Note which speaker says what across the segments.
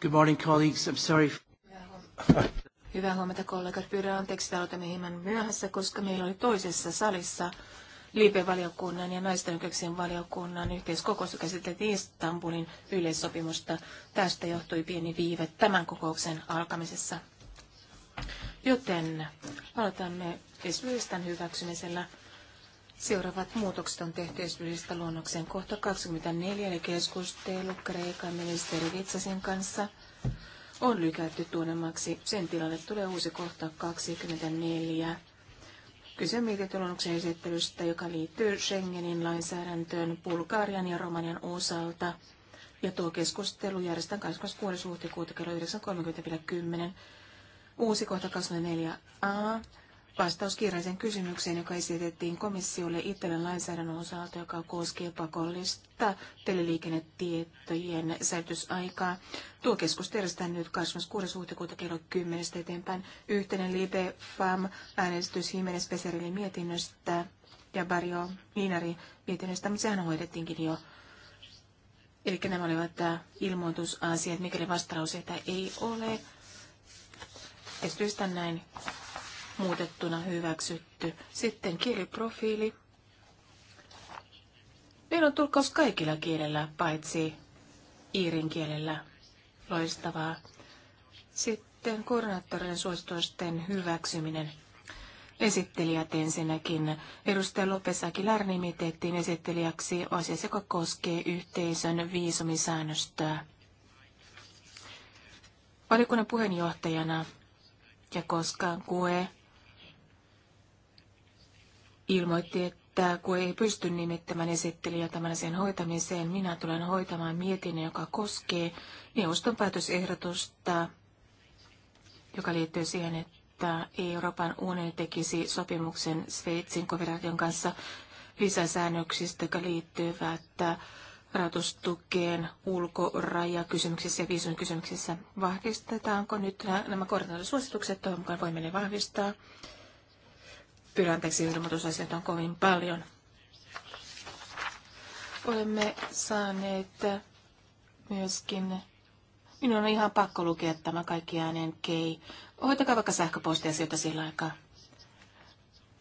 Speaker 1: Good morning, colleagues. I'm sorry.
Speaker 2: Hyvää huomenta kollegat. Pyydän anteeksi, että aloitamme hieman myöhässä, koska meillä oli toisessa salissa liipevaliokunnan ja naisten oikeuksien valiokunnan yhteiskokous, joka käsiteltiin Istanbulin yleissopimusta. Tästä johtui pieni viive tämän kokouksen alkamisessa. Joten aloitamme esityslistan hyväksymisellä. Seuraavat muutokset on tehty esityksestä luonnoksen kohta 24, eli keskustelu Kreikan ministeri Vitsasen kanssa on lykätty tuonemmaksi. Sen tilalle tulee uusi kohta 24. Kyse mietintöluonnoksen esittelystä, joka liittyy Schengenin lainsäädäntöön Bulgarian ja Romanian osalta. Ja tuo keskustelu järjestetään 26. huhtikuuta kello 9.30-10. Uusi kohta 24a vastaus kirjallisen kysymykseen, joka esitettiin komissiolle Italian lainsäädännön osalta, joka koskee pakollista teleliikennetietojen säilytysaikaa. Tuo keskus järjestetään nyt 26. huhtikuuta kello 10 eteenpäin. Yhteinen Libe FAM äänestys Himenes Peserilin mietinnöstä ja Barrio Linari mietinnöstä, mutta sehän hoidettiinkin jo. Eli nämä olivat äh, ilmoitusasiat, mikäli vastalauseita ei ole. Esitystä näin muutettuna hyväksytty. Sitten kieliprofiili. Meillä on tulkkaus kaikilla kielellä, paitsi iirin kielellä. Loistavaa. Sitten koordinaattorien suositusten hyväksyminen. Esittelijät ensinnäkin. Edustaja Lopes Aguilar nimitettiin esittelijäksi asiassa, joka koskee yhteisön viisumisäännöstöä. Valikunnan puheenjohtajana ja koska GUE ilmoitti, että kun ei pysty nimittämään esittelijä tämän asian hoitamiseen, minä tulen hoitamaan mietinnön, joka koskee neuvoston päätösehdotusta, joka liittyy siihen, että Euroopan unioni tekisi sopimuksen Sveitsin konfederaation kanssa lisäsäännöksistä, jotka liittyvät rahoitustukeen ulkorajakysymyksissä ja kysymyksissä. Vahvistetaanko nyt nämä koordinaatisuositukset, toivon mukaan voimme ne vahvistaa. Pyydän anteeksi, on kovin paljon. Olemme saaneet myöskin... Minun on ihan pakko lukea tämä kaikki ääneen kei. Hoitakaa vaikka sieltä sillä aikaa.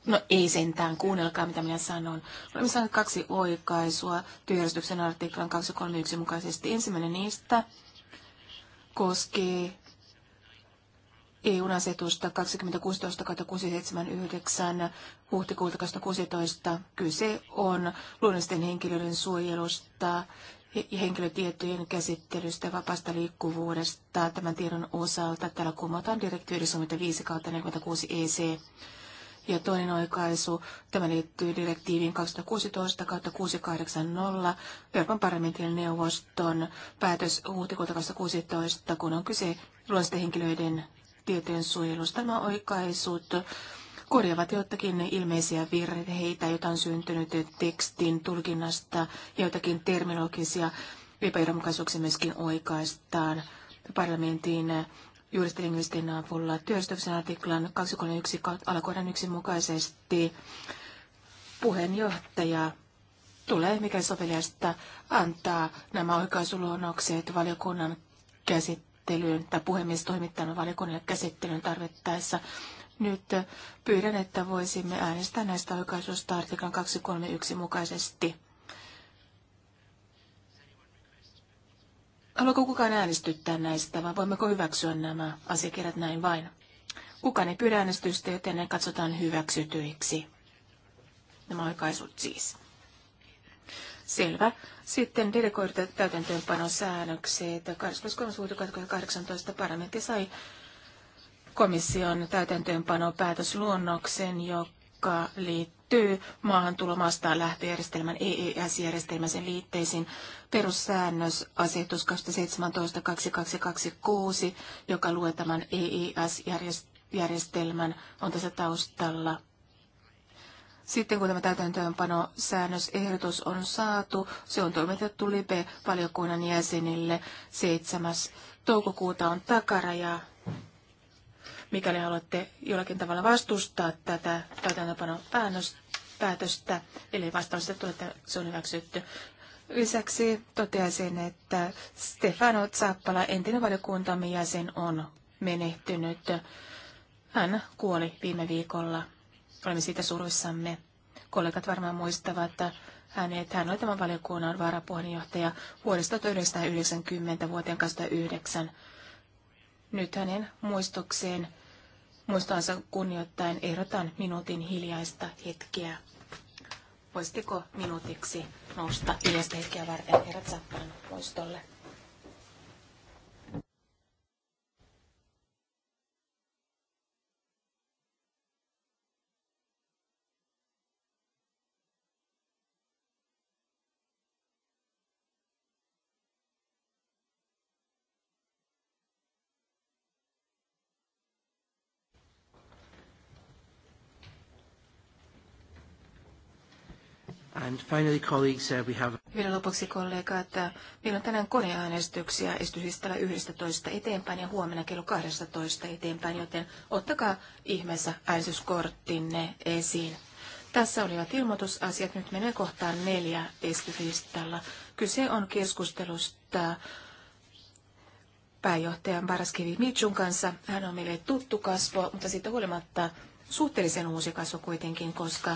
Speaker 2: No ei sentään, kuunnelkaa mitä minä sanon. Olemme saaneet kaksi oikaisua työjärjestyksen artiklan 231 mukaisesti. Ensimmäinen niistä koskee EUn asetusta 2016-679 huhtikuuta 2016. Kyse on luonnollisten henkilöiden suojelusta ja henkilötietojen käsittelystä ja vapaasta liikkuvuudesta tämän tiedon osalta. Täällä kumotaan direktiivi 5 46 EC. Ja toinen oikaisu, tämä liittyy direktiiviin 2016-680 Euroopan parlamentin neuvoston päätös huhtikuuta 2016, kun on kyse luonnollisten henkilöiden tieteen suojelus. Tämä oikaisut korjaavat jotakin ilmeisiä virheitä, joita on syntynyt tekstin tulkinnasta, joitakin terminologisia epäjohdonmukaisuuksia myöskin oikaistaan parlamentin juristilingvistien avulla työllistyksen artiklan 231 alakohdan yksi mukaisesti puheenjohtaja tulee, mikä soveliasta antaa nämä oikaisuluonnokset valiokunnan käsittelyyn käsittelyyn tai puhemies toimittajana valiokunnille käsittelyyn tarvittaessa. Nyt pyydän, että voisimme äänestää näistä oikaisuista artiklan 231 mukaisesti. Haluaako kukaan äänestyttää näistä vai voimmeko hyväksyä nämä asiakirjat näin vain? Kukaan ei pyydä äänestystä, joten ne katsotaan hyväksytyiksi. Nämä oikaisut siis. Selvä. Sitten delegoidut täytäntöönpanosäännökset. 23. huhtikuuta 2018 parlamentti sai komission päätösluonnoksen, joka liittyy maahantulomastaan lähtöjärjestelmän EES-järjestelmän sen liitteisiin perussäännös asetus 2017-2226, joka luetaan EES-järjestelmän on tässä taustalla. Sitten kun tämä täytäntöönpanosäännösehdotus on saatu, se on toimitettu LIBE-valiokunnan jäsenille 7. toukokuuta on takaraja. Mikäli haluatte jollakin tavalla vastustaa tätä täytäntöönpanopäätöstä, eli vastaustettu, että se on hyväksytty, Lisäksi toteaisin, että Stefano Zappala, entinen valiokuntamme jäsen, on menehtynyt. Hän kuoli viime viikolla. Olemme siitä suruissamme. Kollegat varmaan muistavat, että hänet, hän oli tämän valiokunnan varapuheenjohtaja vuodesta 1990 vuoteen 2009. Nyt hänen muistokseen muistoansa kunnioittain ehdotan minuutin hiljaista hetkeä. Voisitteko minuutiksi nousta hiljaista hetkeä varten herrat Sappan muistolle?
Speaker 1: And finally, colleagues, uh, we have...
Speaker 2: Vielä lopuksi kollega, että uh, meillä on tänään koneäänestyksiä esityslistalla 11 eteenpäin ja huomenna kello 12 eteenpäin, joten ottakaa ihmeessä äänestyskorttinne esiin. Tässä olivat ilmoitusasiat. Nyt menee kohtaan neljä esityslistalla. Kyse on keskustelusta pääjohtajan Varaskivi Mitsun kanssa. Hän on meille tuttu kasvo, mutta siitä huolimatta suhteellisen uusi kasvo kuitenkin, koska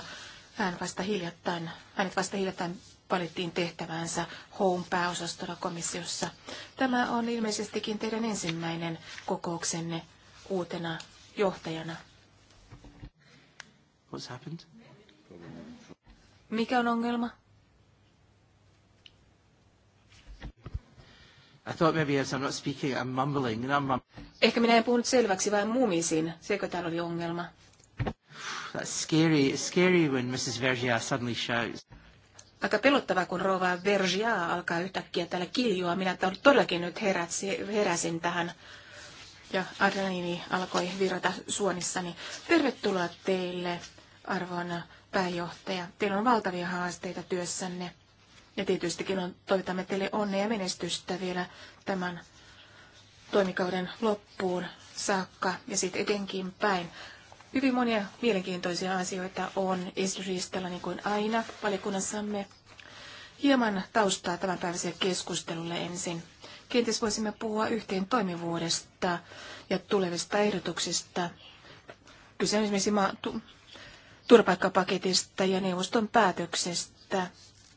Speaker 2: hän vasta hiljattain, hänet vasta hiljattain valittiin tehtävänsä Home pääosastolla komissiossa. Tämä on ilmeisestikin teidän ensimmäinen kokouksenne uutena johtajana. What's happened? Mikä on ongelma?
Speaker 1: I thought maybe as I'm not speaking, I'm mumbling. I'm
Speaker 2: Ehkä minä en puhunut selväksi, vaan mumisin. Sekö täällä oli ongelma?
Speaker 1: That's scary, scary when Mrs. Vergia suddenly shouts.
Speaker 2: Aika pelottavaa, kun rouva Vergia alkaa yhtäkkiä täällä kiljua. Minä todellakin nyt heräsi, heräsin tähän ja adrenaliini alkoi virrata suonissani. Tervetuloa teille, arvon pääjohtaja. Teillä on valtavia haasteita työssänne. Ja tietystikin on, toivotamme teille onnea ja menestystä vielä tämän toimikauden loppuun saakka ja sitten etenkin päin. Hyvin monia mielenkiintoisia asioita on esityslistalla niin kuin aina valikunnassamme. Hieman taustaa tämän tämänpäiväiselle keskustelulle ensin. Kenties voisimme puhua yhteen toimivuudesta ja tulevista ehdotuksista. Kyse on esimerkiksi ma- tu- turvapaikkapaketista ja neuvoston päätöksestä,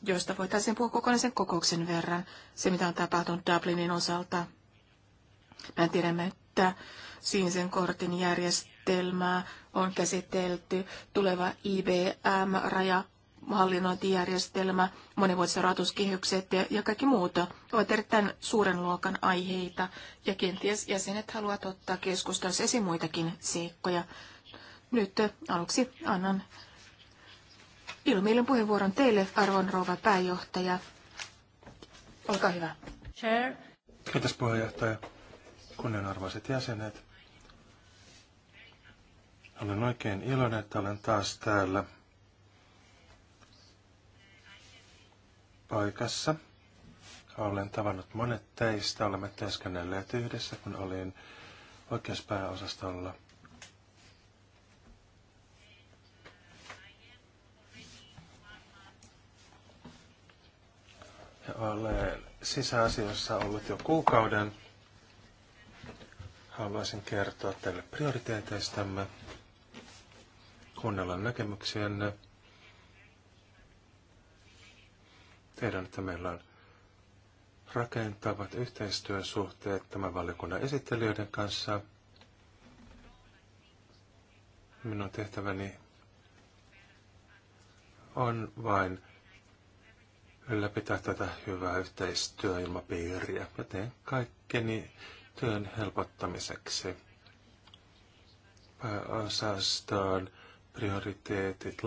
Speaker 2: joista voitaisiin puhua kokonaisen kokouksen verran. Se, mitä on tapahtunut Dublinin osalta. Mä tiedämme, että sinisen kortin järjestelmää on käsitelty tuleva IBM-raja hallinnointijärjestelmä, monivuotiset rahoituskehykset ja kaikki muuta ovat erittäin suuren luokan aiheita. Ja kenties jäsenet haluavat ottaa keskustelussa esiin muitakin seikkoja. Nyt aluksi annan ilmiilön puheenvuoron teille, arvon rouva pääjohtaja. Olkaa hyvä.
Speaker 1: Chair.
Speaker 3: Kiitos puheenjohtaja. Kunnianarvoiset jäsenet. Olen oikein iloinen, että olen taas täällä paikassa. Olen tavannut monet teistä, olemme teeskennelleet yhdessä, kun olin oikeuspääosastolla. Ja olen sisäasioissa ollut jo kuukauden. Haluaisin kertoa teille prioriteeteistämme kuunnella näkemyksiänne. Tiedän, että meillä on rakentavat yhteistyösuhteet tämän valiokunnan esittelijöiden kanssa. Minun tehtäväni on vain ylläpitää tätä hyvää yhteistyöilmapiiriä ja teen kaikkeni työn helpottamiseksi. Pääosastoon prioriteetit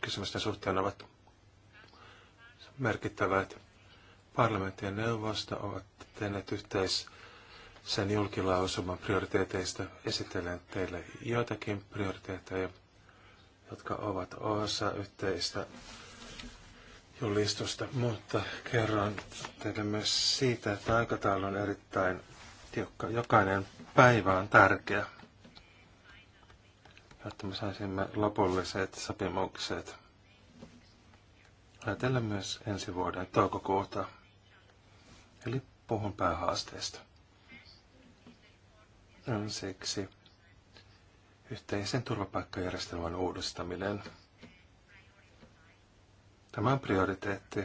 Speaker 3: kysymysten suhteen ovat merkittävät. Parlamentti ja neuvosto ovat tehneet yhteis sen julkilausuman prioriteeteista. Esittelen teille joitakin prioriteetteja, jotka ovat osa yhteistä julistusta, mutta kerron teille myös siitä, että aikataulu on erittäin tiukka. Jokainen päivä on tärkeä jotta me saisimme lopulliset sopimukset. Ajatellen myös ensi vuoden toukokuuta. Eli puhun päähaasteesta. Ensiksi yhteisen turvapaikkajärjestelmän uudistaminen. Tämä on prioriteetti.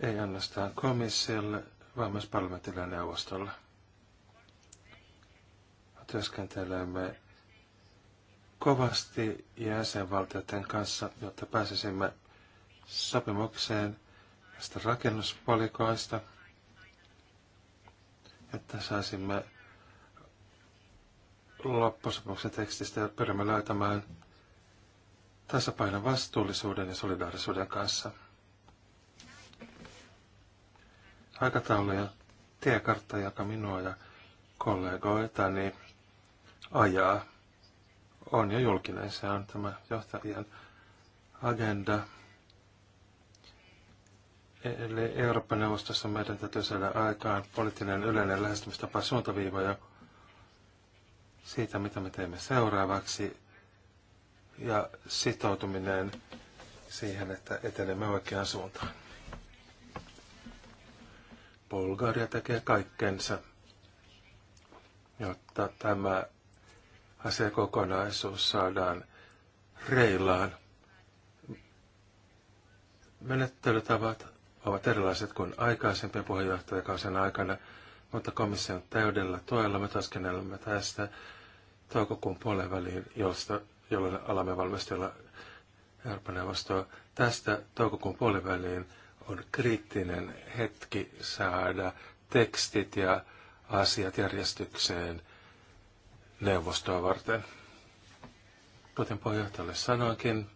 Speaker 3: Ei ainoastaan komissiolle, vaan myös parlamentille ja Työskentelemme kovasti jäsenvaltioiden kanssa, jotta pääsisimme sopimukseen tästä rakennuspolikoista, että saisimme loppusopimuksen tekstistä ja pyrimme löytämään tasapainon vastuullisuuden ja solidaarisuuden kanssa. aikatauluja, ja tiekartta, joka minua ja niin ajaa, on jo julkinen. Se on tämä johtajien agenda. Eli Eurooppa-neuvostossa meidän täytyy saada aikaan poliittinen yleinen lähestymistapa suuntaviivoja siitä, mitä me teemme seuraavaksi ja sitoutuminen siihen, että etenemme oikeaan suuntaan. Bulgaria tekee kaikkensa, jotta tämä asiakokonaisuus saadaan reilaan. Menettelytavat ovat erilaiset kuin aikaisempien puheenjohtajakausien aikana, mutta komission täydellä tuella me taskenelemme tästä toukokuun puolen väliin, josta, jolloin alamme valmistella Euroopan neuvostoa. Tästä toukokuun puolen väliin on kriittinen hetki saada tekstit ja asiat järjestykseen neuvostoa varten. Kuten puheenjohtajalle sanoinkin,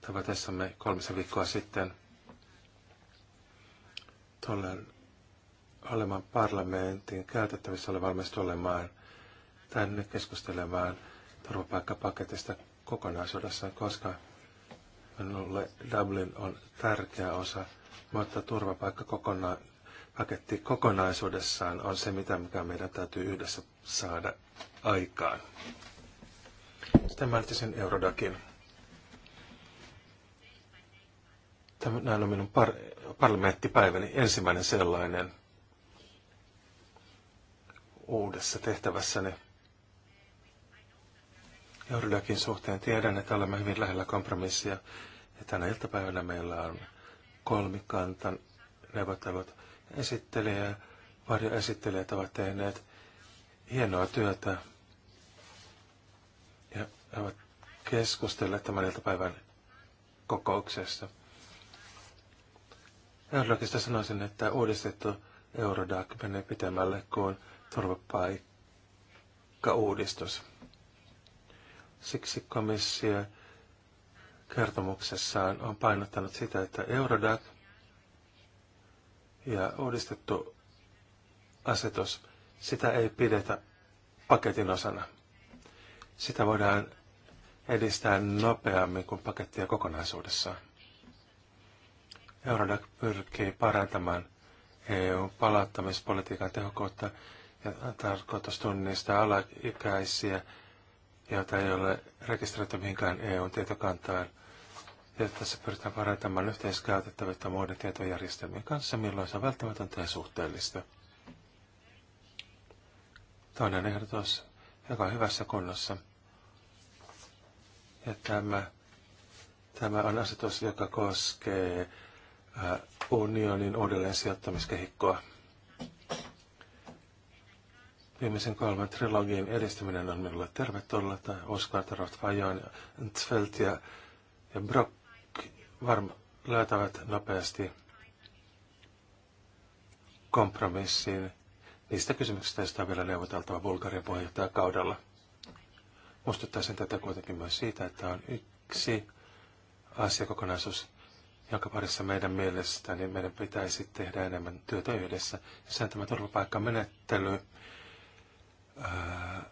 Speaker 3: tavatessamme kolmisen viikkoa sitten tuolle olemaan parlamentin käytettävissä ole valmis olemaan tänne keskustelemaan turvapaikkapaketista kokonaisuudessaan, koska Minulle Dublin on tärkeä osa, mutta turvapaikka kokonaan, paketti kokonaisuudessaan on se, mitä mikä meidän täytyy yhdessä saada aikaan. Sitten mä sen Eurodakin. Tämä on minun par- parlamenttipäiväni ensimmäinen sellainen uudessa tehtävässäni. Eurodakin suhteen tiedän, että olemme hyvin lähellä kompromissia ja tänä iltapäivänä meillä on kolmikantan neuvottelut esittelijä, varjoesittelijät ovat tehneet hienoa työtä ja he ovat keskustelleet tämän iltapäivän kokouksessa. Eurodacista sanoisin, että uudistettu Eurodac menee pitemmälle kuin turvapaikka-uudistus. Siksi komissio kertomuksessaan on painottanut sitä, että Eurodac ja uudistettu asetus, sitä ei pidetä paketin osana. Sitä voidaan edistää nopeammin kuin pakettia kokonaisuudessaan. Eurodac pyrkii parantamaan EU-palauttamispolitiikan tehokkuutta ja tarkoitus tunnistaa alaikäisiä joita ei ole rekisteröity mihinkään EUn tietokantaan. Ja tässä pyritään parantamaan yhteiskäytettävyyttä muiden tietojärjestelmien kanssa, milloin se on välttämätöntä ja suhteellista. Toinen ehdotus, joka on hyvässä kunnossa. Ja tämä, tämä on asetus, joka koskee unionin uudelleen sijoittamiskehikkoa. Viimeisen kolmen trilogian edistyminen on minulle tervetullutta. Uskon, että Rothfajon, Tfelt ja, ja Brock varma, löytävät nopeasti kompromissiin niistä kysymyksistä, sitä on vielä neuvoteltava Bulgarian puheenjohtajakaudella. Muistuttaisin tätä kuitenkin myös siitä, että on yksi asiakokonaisuus, jonka parissa meidän mielestäni niin meidän pitäisi tehdä enemmän työtä yhdessä. Ja sen tämä turvapaikkamenettely menettely ää,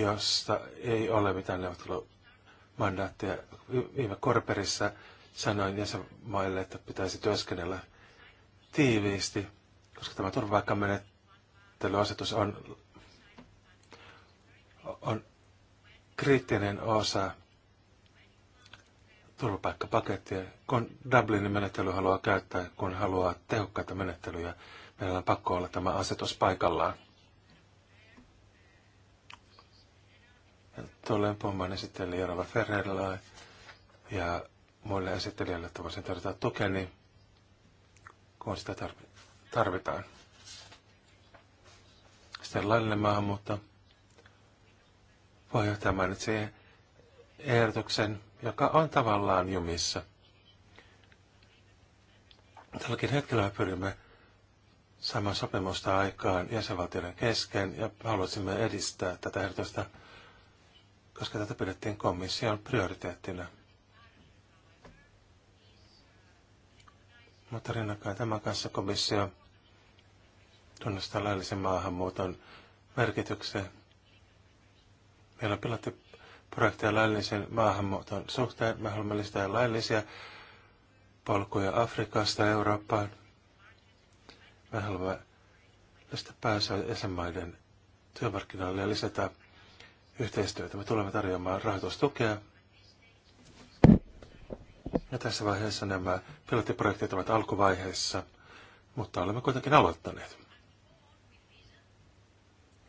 Speaker 3: josta ei ole mitään neuvottelumandaattia. Viime Korperissa sanoin jäsenmaille, että pitäisi työskennellä tiiviisti, koska tämä turvapaikkamenettelyasetus on, on kriittinen osa turvapaikkapakettia, kun Dublinin menettely haluaa käyttää, kun haluaa tehokkaita menettelyjä Meillä on pakko olla tämä asetus paikallaan. Tuolleen pomman esitteli Jarova Ferreira ja muille esittelijöille, että voisin tarjota tukeni, kun sitä tarvitaan. Sitten laillinen maahanmuutto. Puheenjohtaja mainitsi ehdotuksen, joka on tavallaan jumissa. Tälläkin hetkellä me pyrimme saamaan sopimusta aikaan jäsenvaltioiden kesken ja haluaisimme edistää tätä ehdotusta, koska tätä pidettiin komission prioriteettina. Mutta rinnakkain tämän kanssa komissio tunnistaa laillisen maahanmuuton merkityksen. Meillä on pilottiprojekteja laillisen maahanmuuton suhteen. Me haluamme lisätä laillisia polkuja Afrikasta Eurooppaan. Me haluamme lisätä pääsyä jäsenmaiden työmarkkinoille ja lisätä yhteistyötä. Me tulemme tarjoamaan rahoitustukea. Ja tässä vaiheessa nämä pilottiprojektit ovat alkuvaiheessa, mutta olemme kuitenkin aloittaneet.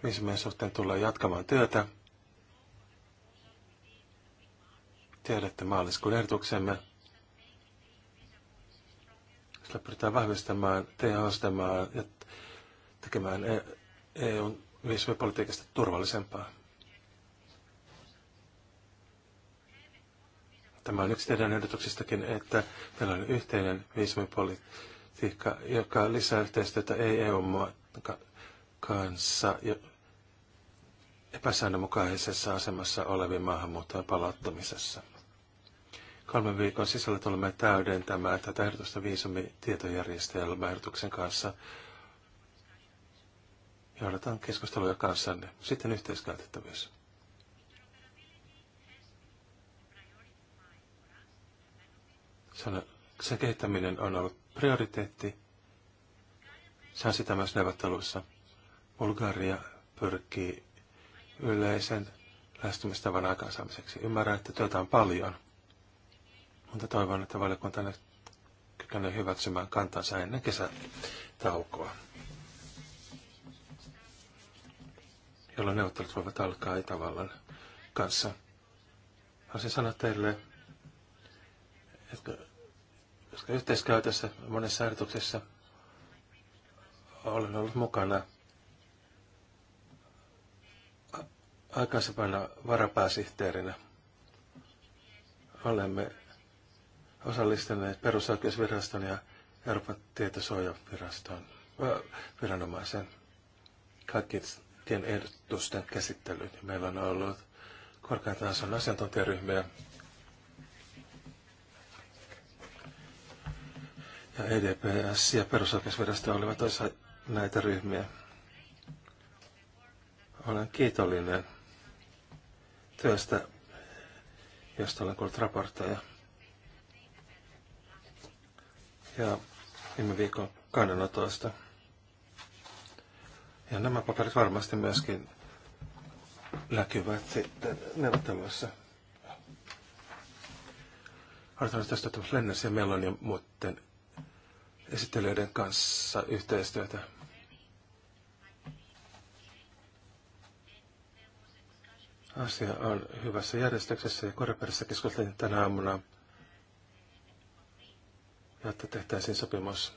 Speaker 3: Viisimien suhteen tulee jatkamaan työtä. Tiedätte maaliskuun ehdotuksemme. Tällä pyritään vahvistamaan, tehostamaan ja tekemään e- EUn viisumipolitiikasta turvallisempaa. Tämä on yksi teidän ehdotuksistakin, että meillä on yhteinen viisumipolitiikka, joka lisää yhteistyötä ei eu kanssa ja epäsäännönmukaisessa asemassa olevien maahanmuuttajien palauttamisessa. Kolmen viikon sisällä tulemme täydentämään tätä ehdotusta ehdotuksen kanssa. Ja odotan keskusteluja kanssanne. Sitten yhteiskäytettävyys. sen kehittäminen on ollut prioriteetti. Se on sitä myös neuvotteluissa. Bulgaria pyrkii yleisen lähestymistavan aikaansaamiseksi. Ymmärrän, että työtä on paljon mutta toivon, että valiokunta nyt kykenee hyväksymään kantansa ennen kesätaukoa, jolloin neuvottelut voivat alkaa Itävallan kanssa. Haluaisin sanoa teille, että koska yhteiskäytössä monessa ajatuksessa olen ollut mukana aikaisempana varapääsihteerinä. Olemme osallistuneet perusoikeusviraston ja Euroopan tietosuojaviraston äh, viranomaisen kaikkien ehdotusten käsittelyyn. Meillä on ollut korkean tason asiantuntijaryhmiä ja EDPS ja perusoikeusvirasto olivat osa näitä ryhmiä. Olen kiitollinen työstä, josta olen kuullut raportteja ja viime viikon kannanotoista. Ja nämä paperit varmasti myöskin läkyvät sitten neuvotteluissa. Haluan tästä Lenners ja Melon ja muiden esittelijöiden kanssa yhteistyötä. Asia on hyvässä järjestyksessä ja Koreperissä keskusteltiin tänä aamuna jotta tehtäisiin sopimus.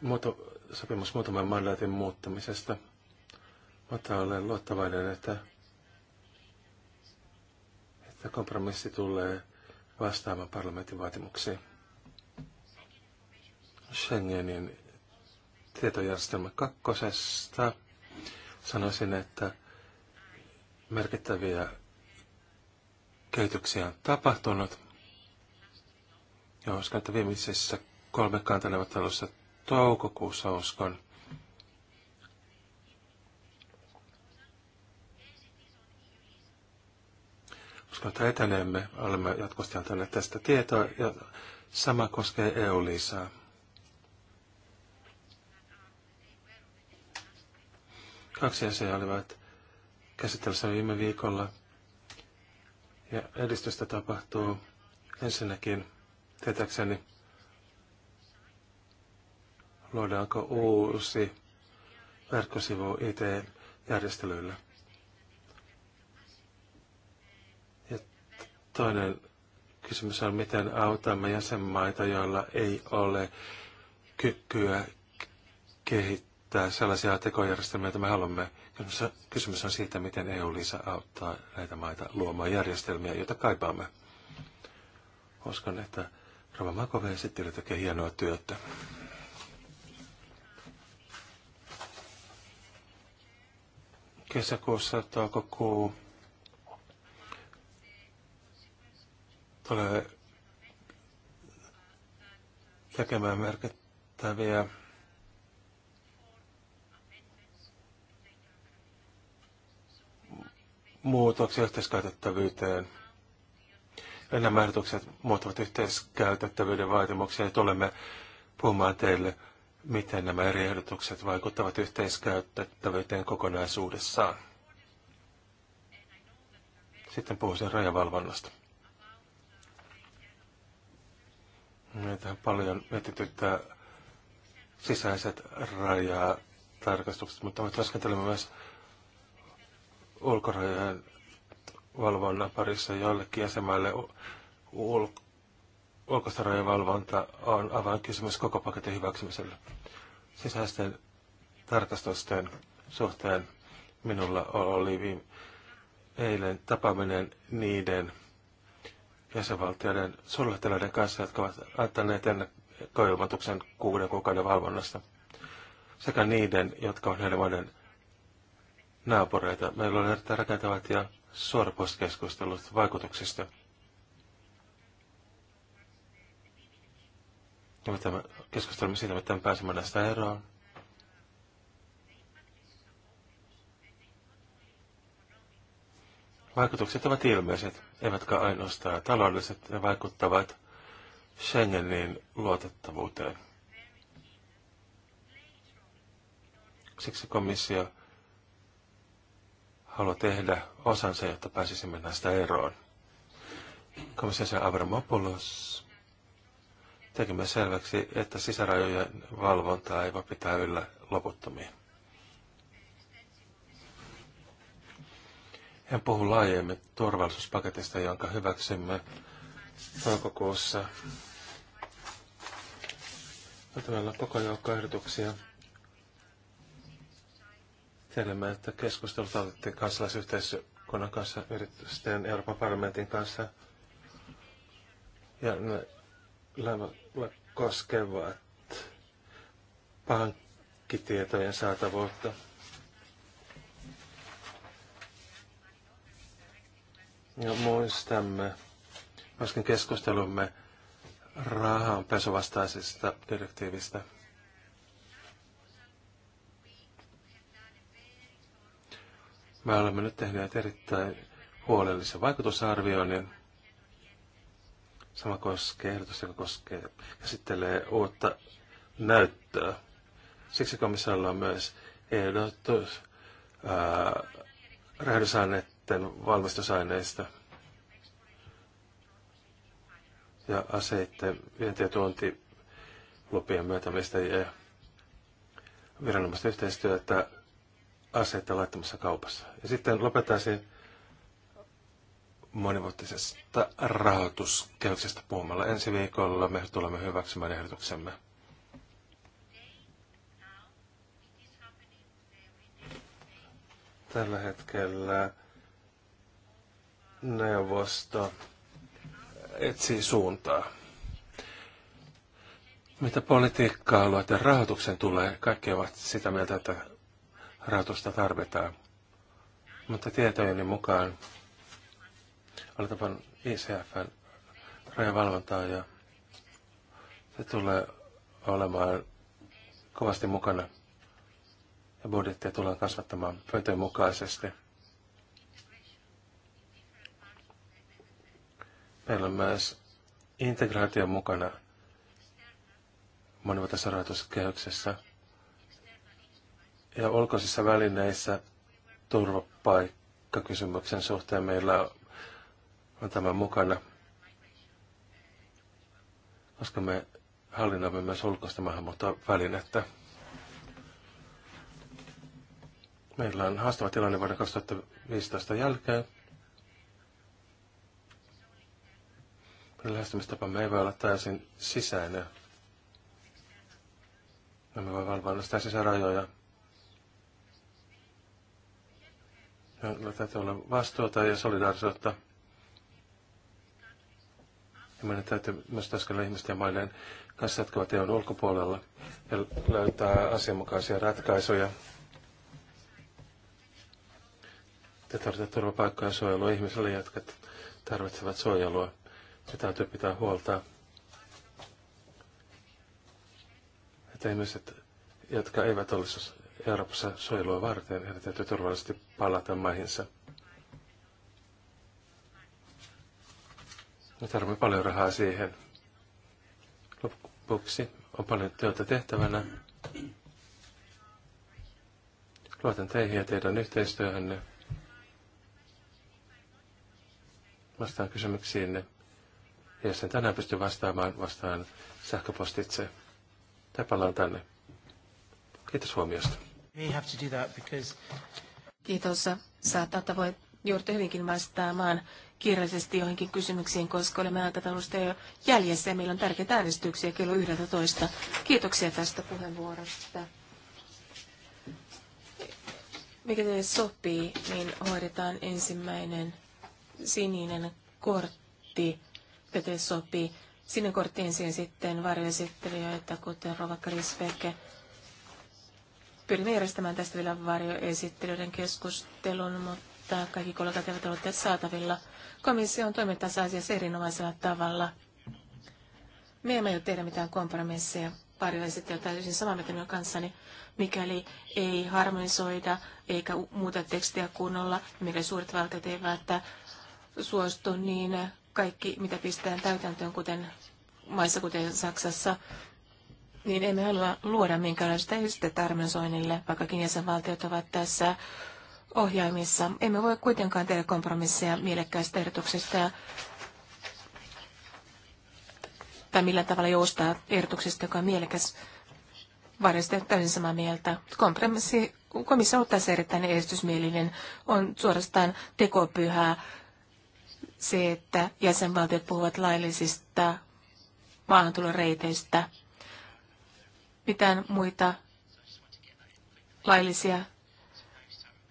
Speaker 3: Muoto, sopimus muutaman mandaatin muuttamisesta, mutta olen luottavainen, että, että kompromissi tulee vastaamaan parlamentin vaatimuksiin. Schengenin tietojärjestelmä kakkosesta sanoisin, että merkittäviä Kehityksiä on tapahtunut. Ja uskon, että viimeisessä kolme kantaneuvottelussa toukokuussa uskon, uskon, että etenemme, olemme jatkuvasti antaneet tästä tietoa ja sama koskee EU-lisää. Kaksi asiaa olivat käsittelyssä viime viikolla. Ja edistystä tapahtuu ensinnäkin tietääkseni, luodaanko uusi verkkosivu IT-järjestelyillä. Ja toinen kysymys on, miten autamme jäsenmaita, joilla ei ole kykyä kehittää käyttää sellaisia tekojärjestelmiä, joita me haluamme. Kysymys on siitä, miten eu liisa auttaa näitä maita luomaan järjestelmiä, joita kaipaamme. Uskon, että Rova Makove esitteli tekee hienoa työtä. Kesäkuussa toukokuu tulee tekemään merkittäviä muutoksia yhteiskäytettävyyteen. Ja nämä ehdotukset muuttavat yhteiskäytettävyyden vaatimuksia. Ja tulemme puhumaan teille, miten nämä eri ehdotukset vaikuttavat yhteiskäytettävyyteen kokonaisuudessaan. Sitten puhuisin rajavalvonnasta. Meitähän paljon mietityttää sisäiset rajatarkastukset, mutta me työskentelemme myös ulkorajojen valvonnan parissa joillekin jäsenmaille ulko valvonta on avainkysymys koko paketin hyväksymiselle. Sisäisten tarkastusten suhteen minulla oli viime, eilen tapaaminen niiden jäsenvaltioiden suunnittelijoiden kanssa, jotka ovat antaneet ennakkoilmoituksen kuuden kuukauden valvonnasta, sekä niiden, jotka on neljän maiden naapureita. Meillä oli erittäin rakentavat ja suorapostkeskustelut vaikutuksista. Ja keskustelemme siitä, miten pääsemme näistä eroon. Vaikutukset ovat ilmeiset, eivätkä ainoastaan taloudelliset, ne vaikuttavat Schengenin luotettavuuteen. Siksi komissio haluaa tehdä osansa, jotta pääsisimme näistä eroon. Komissiossa Avramopoulos tekemme selväksi, että sisärajojen valvontaa ei voi pitää yllä loputtomiin. Hän puhuu laajemmin turvallisuuspaketista, jonka hyväksymme toukokuussa. Meillä on koko joukko ehdotuksia Tiedämme, että keskustelut aloitettiin kansalaisyhteiskunnan kanssa, yritysten Euroopan parlamentin kanssa. Ja ne koskevat pankkitietojen saatavuutta. Ja muistamme myöskin keskustelumme rahanpesuvastaisesta direktiivistä – Me olemme nyt tehneet erittäin huolellisen vaikutusarvioinnin. Sama koskee ehdotus, joka koskee, käsittelee uutta näyttöä. Siksi komissiolla on myös ehdotus räjähdysaineiden valmistusaineista ja aseiden vienti- ja tuontilupien myötämistä ja viranomaisten yhteistyötä aseita laittamassa kaupassa. Ja sitten se monivuotisesta rahoituskehyksestä puhumalla. Ensi viikolla me tulemme hyväksymään ehdotuksemme. Tällä hetkellä neuvosto etsii suuntaa. Mitä politiikkaa alueiden rahoituksen tulee, kaikki ovat sitä mieltä, että rahoitusta tarvitaan. Mutta tietojeni mukaan aletaan tapan ICFn rajavalvontaa ja se tulee olemaan kovasti mukana ja budjettia tullaan kasvattamaan pöytön mukaisesti. Meillä on myös integraatio mukana monivuotisessa rahoituskehyksessä – ja ulkoisissa välineissä turvapaikkakysymyksen suhteen meillä on tämä mukana, koska me hallinnoimme myös ulkoista välinettä Meillä on haastava tilanne vuoden 2015 jälkeen. Lähestymistapamme ei voi olla täysin sisäinen. Me voi valvoa sitä sisärajoja Meillä no, no, täytyy olla vastuuta ja solidaarisuutta. Ja meidän täytyy myös taskella ihmisten ja maiden kanssa, jotka ovat EUn ulkopuolella, ja löytää asianmukaisia ratkaisuja. Te tarvitaan turvapaikkaa ja suojelua ihmisille, jotka tarvitsevat suojelua. Se täytyy pitää huolta, että ihmiset, jotka eivät ole Euroopassa suojelua varten. Heidän täytyy turvallisesti palata maihinsa. Me tarvitsemme paljon rahaa siihen. Lopuksi on paljon työtä tehtävänä. Luotan teihin ja teidän yhteistyöhönne. Vastaan kysymyksiinne. Ja jos en tänään pysty vastaamaan, vastaan sähköpostitse. Tai palaan tänne. Kiitos huomiosta.
Speaker 2: Kiitos. Saattaa voi joudutte hyvinkin vastaamaan kirjallisesti joihinkin kysymyksiin, koska olemme aikataulusta jo jäljessä ja meillä on tärkeitä äänestyksiä kello 11. Kiitoksia tästä puheenvuorosta. Mikä teille sopii, niin hoidetaan ensimmäinen sininen kortti, mikä teille sopii. Sininen kortti ensin sitten varjoesittelijöitä, kuten Rova Krisveke Pyrimme järjestämään tästä vielä varjoesittelyiden keskustelun, mutta kaikki kollegat eivät ole saatavilla. Komissio on toiminut tässä asiassa erinomaisella tavalla. Me emme jo tehdä mitään kompromisseja pari esittäjä täysin samaa mieltä minun kanssani, mikäli ei harmonisoida eikä muuta tekstiä kunnolla, mikäli suuret valtiot eivät suostu, niin kaikki, mitä pistetään täytäntöön, kuten maissa, kuten Saksassa, niin emme halua luoda minkäänlaista estettä harmonisoinnille, vaikkakin jäsenvaltiot ovat tässä ohjaimissa. Emme voi kuitenkaan tehdä kompromisseja mielekkäistä ehdotuksista tai millä tavalla joustaa ehdotuksista, joka on mielekäs. Varjosti täysin samaa mieltä. Kompromissi, komissio on tässä erittäin esitysmielinen, on suorastaan tekopyhää se, että jäsenvaltiot puhuvat laillisista maahantuloreiteistä mitään muita laillisia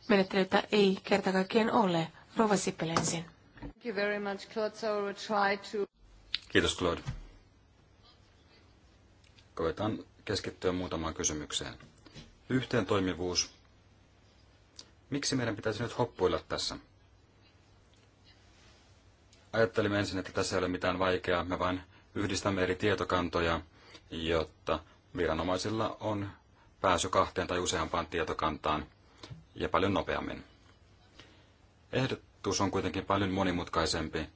Speaker 2: menettelyitä ei kerta ole. Rova Sippel
Speaker 4: Kiitos Claude. Koetaan keskittyä muutamaan kysymykseen. Yhteen toimivuus. Miksi meidän pitäisi nyt hoppuilla tässä? Ajattelimme ensin, että tässä ei ole mitään vaikeaa, me vain yhdistämme eri tietokantoja, jotta viranomaisilla on pääsy kahteen tai useampaan tietokantaan ja paljon nopeammin. Ehdotus on kuitenkin paljon monimutkaisempi.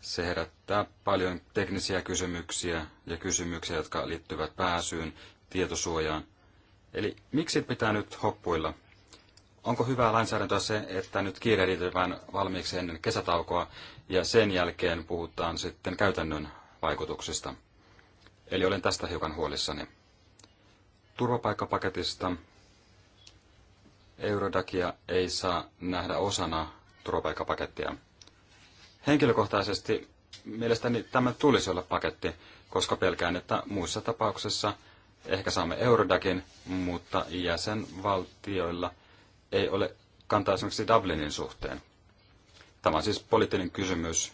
Speaker 4: Se herättää paljon teknisiä kysymyksiä ja kysymyksiä, jotka liittyvät pääsyyn, tietosuojaan. Eli miksi pitää nyt hoppuilla? Onko hyvää lainsäädäntöä se, että nyt kiirehditään valmiiksi ennen kesätaukoa ja sen jälkeen puhutaan sitten käytännön vaikutuksista? Eli olen tästä hiukan huolissani. Turvapaikkapaketista Eurodakia ei saa nähdä osana turvapaikkapakettia. Henkilökohtaisesti mielestäni tämä tulisi olla paketti, koska pelkään, että muissa tapauksissa ehkä saamme Eurodakin, mutta jäsenvaltioilla ei ole kantaa esimerkiksi Dublinin suhteen. Tämä on siis poliittinen kysymys,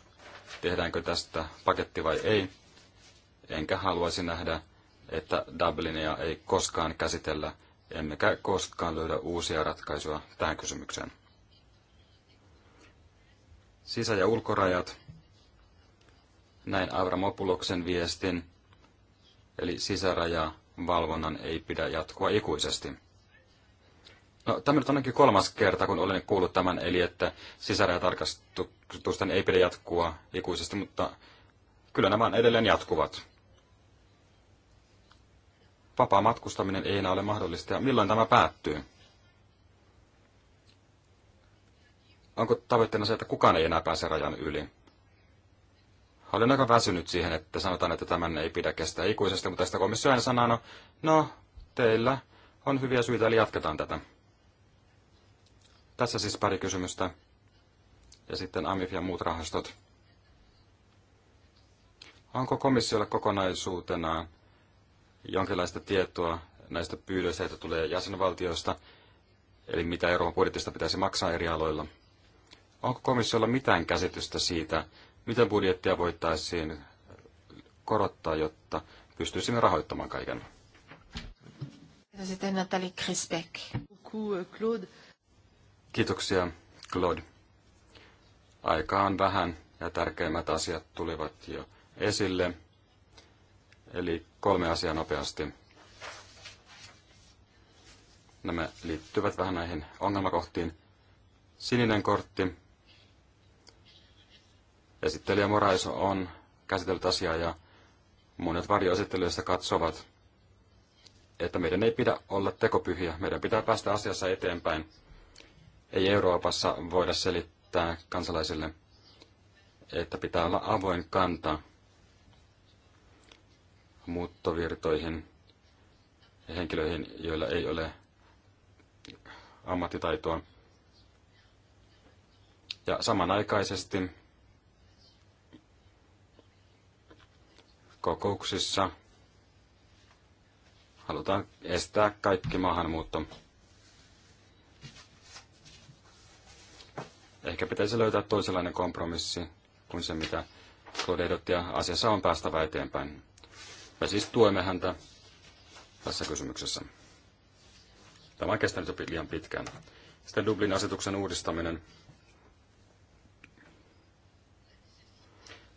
Speaker 4: tehdäänkö tästä paketti vai ei enkä haluaisi nähdä, että Dublinia ei koskaan käsitellä, emmekä koskaan löydä uusia ratkaisuja tähän kysymykseen. Sisä- ja ulkorajat. Näin Avramopuloksen viestin, eli sisäraja valvonnan ei pidä jatkua ikuisesti. No, tämä nyt on ainakin kolmas kerta, kun olen kuullut tämän, eli että sisärajatarkastusten ei pidä jatkua ikuisesti, mutta kyllä nämä edelleen jatkuvat vapaa matkustaminen ei enää ole mahdollista ja milloin tämä päättyy? Onko tavoitteena se, että kukaan ei enää pääse rajan yli? Olen aika väsynyt siihen, että sanotaan, että tämän ei pidä kestää ikuisesti, mutta tästä komissio aina sanoo, no, no, teillä on hyviä syitä, eli jatketaan tätä. Tässä siis pari kysymystä. Ja sitten AMIF ja muut rahastot. Onko komissiolla kokonaisuutena jonkinlaista tietoa näistä pyydöistä, joita tulee jäsenvaltioista, eli mitä Euroopan budjetista pitäisi maksaa eri aloilla. Onko komissiolla mitään käsitystä siitä, miten budjettia voitaisiin korottaa, jotta pystyisimme rahoittamaan kaiken?
Speaker 2: Sitten Nathalie Claude.
Speaker 4: Kiitoksia, Claude. Aikaan on vähän ja tärkeimmät asiat tulivat jo esille Eli kolme asiaa nopeasti. Nämä liittyvät vähän näihin ongelmakohtiin. Sininen kortti. Esittelijä Moraiso on käsitellyt asiaa ja monet varjoesittelijöistä katsovat, että meidän ei pidä olla tekopyhiä. Meidän pitää päästä asiassa eteenpäin. Ei Euroopassa voida selittää kansalaisille, että pitää olla avoin kanta muuttovirtoihin ja henkilöihin, joilla ei ole ammattitaitoa. Ja samanaikaisesti kokouksissa halutaan estää kaikki maahanmuutto. Ehkä pitäisi löytää toisenlainen kompromissi kuin se, mitä Claude ehdotti, ja asiassa on päästävä eteenpäin. Me siis tuemme häntä tässä kysymyksessä. Tämä on kestänyt jo liian pitkään. Sitten Dublin asetuksen uudistaminen.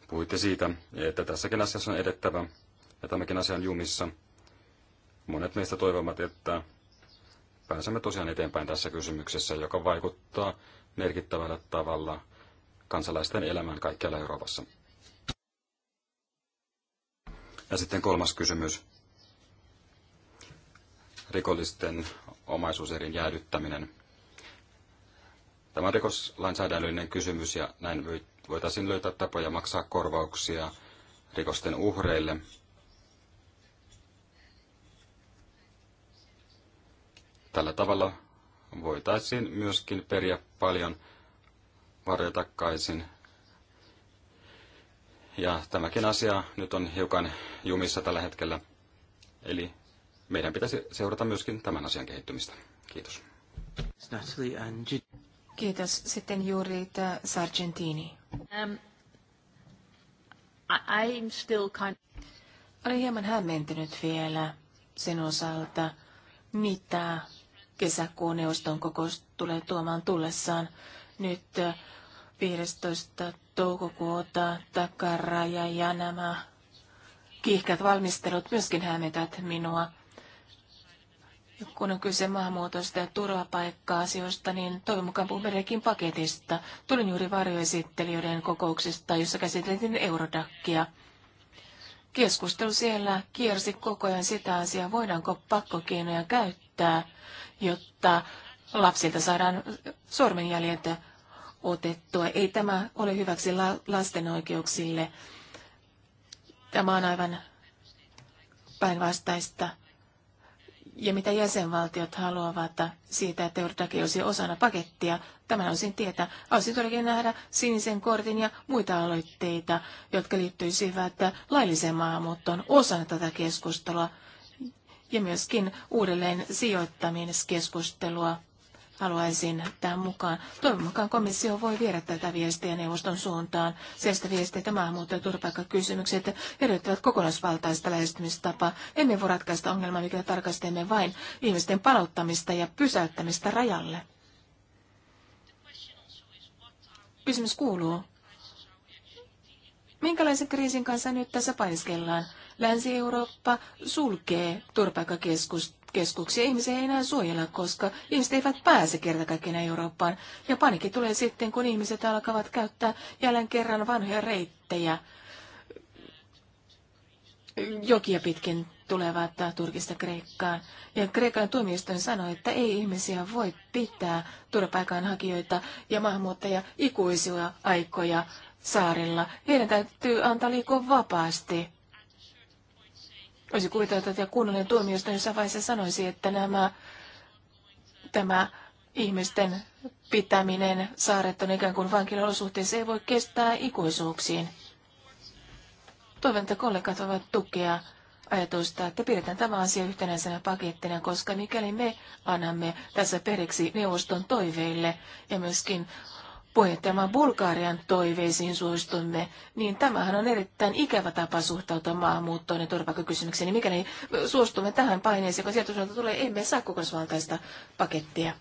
Speaker 4: Puhuitte siitä, että tässäkin asiassa on edettävä ja tämäkin asia on jumissa. Monet meistä toivomat, että pääsemme tosiaan eteenpäin tässä kysymyksessä, joka vaikuttaa merkittävällä tavalla kansalaisten elämään kaikkialla Euroopassa. Ja sitten kolmas kysymys. Rikollisten omaisuuserin jäädyttäminen. Tämä on rikoslainsäädännöllinen kysymys ja näin voitaisiin löytää tapoja maksaa korvauksia rikosten uhreille. Tällä tavalla voitaisiin myöskin periä paljon varjotakkaisin ja tämäkin asia nyt on hiukan jumissa tällä hetkellä. Eli meidän pitäisi seurata myöskin tämän asian kehittymistä.
Speaker 1: Kiitos.
Speaker 2: Kiitos. Sitten juuri Sargentini. Um, I'm still kind Olen hieman hämmentynyt vielä sen osalta, mitä kesäkuun neuvoston kokous tulee tuomaan tullessaan. Nyt 15. toukokuuta takaraja ja nämä kiihkät valmistelut myöskin hämetät minua. Kun on kyse maahanmuutosta ja turvapaikka-asioista, niin toivon mukaan puhumme paketista. Tulin juuri varjoesittelijöiden kokouksesta, jossa käsiteltiin Eurodakkia. Keskustelu siellä kiersi koko ajan sitä asiaa, voidaanko pakkokeinoja käyttää, jotta lapsilta saadaan sormenjäljet otettua. Ei tämä ole hyväksi lasten oikeuksille. Tämä on aivan päinvastaista. Ja mitä jäsenvaltiot haluavat siitä, että Jordaki olisi osana pakettia, on haluaisin tietä. Haluaisin todellakin nähdä sinisen kortin ja muita aloitteita, jotka liittyisivät lailliseen maahanmuuttoon osana tätä keskustelua ja myöskin uudelleen sijoittamiskeskustelua haluaisin tähän mukaan. Toivon mukaan komissio voi viedä tätä viestiä neuvoston suuntaan. Sieltä viestiä, että maahanmuutto- ja turvapaikkakysymykset edellyttävät kokonaisvaltaista lähestymistapaa. Emme voi ratkaista ongelmaa, mikä tarkastelemme vain ihmisten palauttamista ja pysäyttämistä rajalle. Kysymys kuuluu, minkälaisen kriisin kanssa nyt tässä painiskellaan? Länsi-Eurooppa sulkee turvapaikkakeskus keskuksia. Ihmisiä ei enää suojella, koska ihmiset eivät pääse kerta kaikkiaan Eurooppaan. Ja panikki tulee sitten, kun ihmiset alkavat käyttää jälleen kerran vanhoja reittejä. Jokia pitkin tulevat Turkista Kreikkaan. Ja Kreikan tuomioistuin sanoi, että ei ihmisiä voi pitää turvapaikanhakijoita ja maahanmuuttajia ikuisia aikoja saarilla. Heidän täytyy antaa liikkua vapaasti olisi kuvitella, että kunnollinen tuomioistuin jossain vaiheessa sanoisi, että nämä, tämä ihmisten pitäminen on ikään kuin vankilaolosuhteissa ei voi kestää ikuisuuksiin. Toivon, että kollegat voivat tukea ajatusta, että pidetään tämä asia yhtenäisenä pakettina, koska mikäli me annamme tässä periksi neuvoston toiveille ja myöskin puheenjohtajamaan Bulgarian toiveisiin suostumme, niin tämähän on erittäin ikävä tapa suhtautua maahanmuuttoon ja turvapaikkakysymykseen. Niin mikäli suostumme tähän paineeseen, kun sieltä tulee, emme saa kokonaisvaltaista pakettia.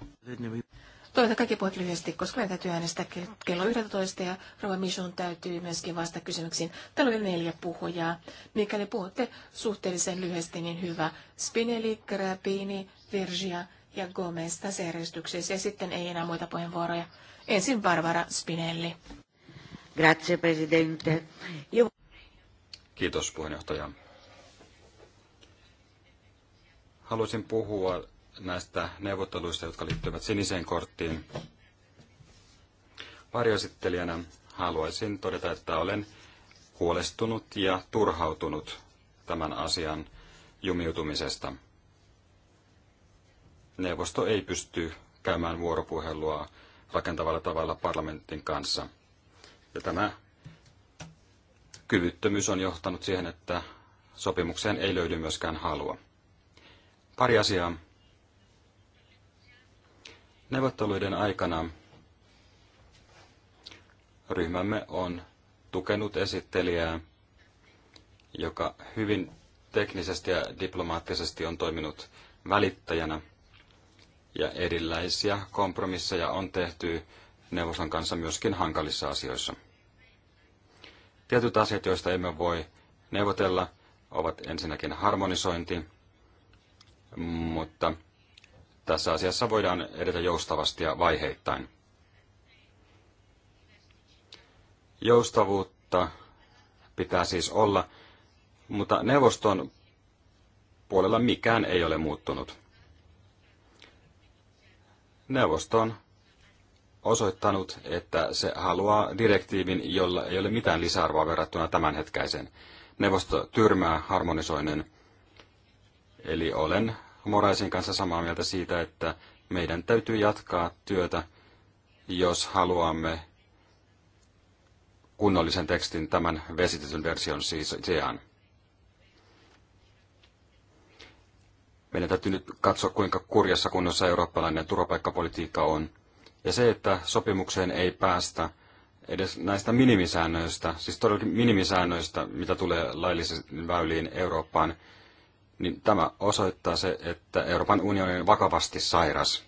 Speaker 2: Toivotan kaikki puheet lyhyesti, koska meidän täytyy äänestää kello 11 ja Rova Michon täytyy myöskin vastata kysymyksiin. Täällä oli neljä puhujaa. Mikäli puhutte suhteellisen lyhyesti, niin hyvä. Spinelli, Grappini, Virgia ja Gomez tässä järjestyksessä ja sitten ei enää muita puheenvuoroja. Ensin Barbara Spinelli.
Speaker 3: Grazie, presidente.
Speaker 2: Io...
Speaker 4: Kiitos, puheenjohtaja. Haluaisin puhua näistä neuvotteluista, jotka liittyvät siniseen korttiin. Varjoesittelijänä haluaisin todeta, että olen huolestunut ja turhautunut tämän asian jumiutumisesta. Neuvosto ei pysty käymään vuoropuhelua rakentavalla tavalla parlamentin kanssa. Ja tämä kyvyttömyys on johtanut siihen, että sopimukseen ei löydy myöskään halua. Pari asiaa. Neuvotteluiden aikana ryhmämme on tukenut esittelijää, joka hyvin teknisesti ja diplomaattisesti on toiminut välittäjänä – ja erilaisia kompromisseja on tehty neuvoston kanssa myöskin hankalissa asioissa. Tietyt asiat, joista emme voi neuvotella, ovat ensinnäkin harmonisointi, mutta tässä asiassa voidaan edetä joustavasti ja vaiheittain. Joustavuutta pitää siis olla, mutta neuvoston puolella mikään ei ole muuttunut neuvosto on osoittanut, että se haluaa direktiivin, jolla ei ole mitään lisäarvoa verrattuna tämänhetkäiseen. Neuvosto tyrmää harmonisoinnin. Eli olen Moraisin kanssa samaa mieltä siitä, että meidän täytyy jatkaa työtä, jos haluamme kunnollisen tekstin tämän vesitetyn version siis sijaan. Meidän täytyy nyt katsoa, kuinka kurjassa kunnossa eurooppalainen turvapaikkapolitiikka on. Ja se, että sopimukseen ei päästä edes näistä minimisäännöistä, siis todellakin minimisäännöistä, mitä tulee laillisiin väyliin Eurooppaan, niin tämä osoittaa se, että Euroopan unioni on vakavasti sairas.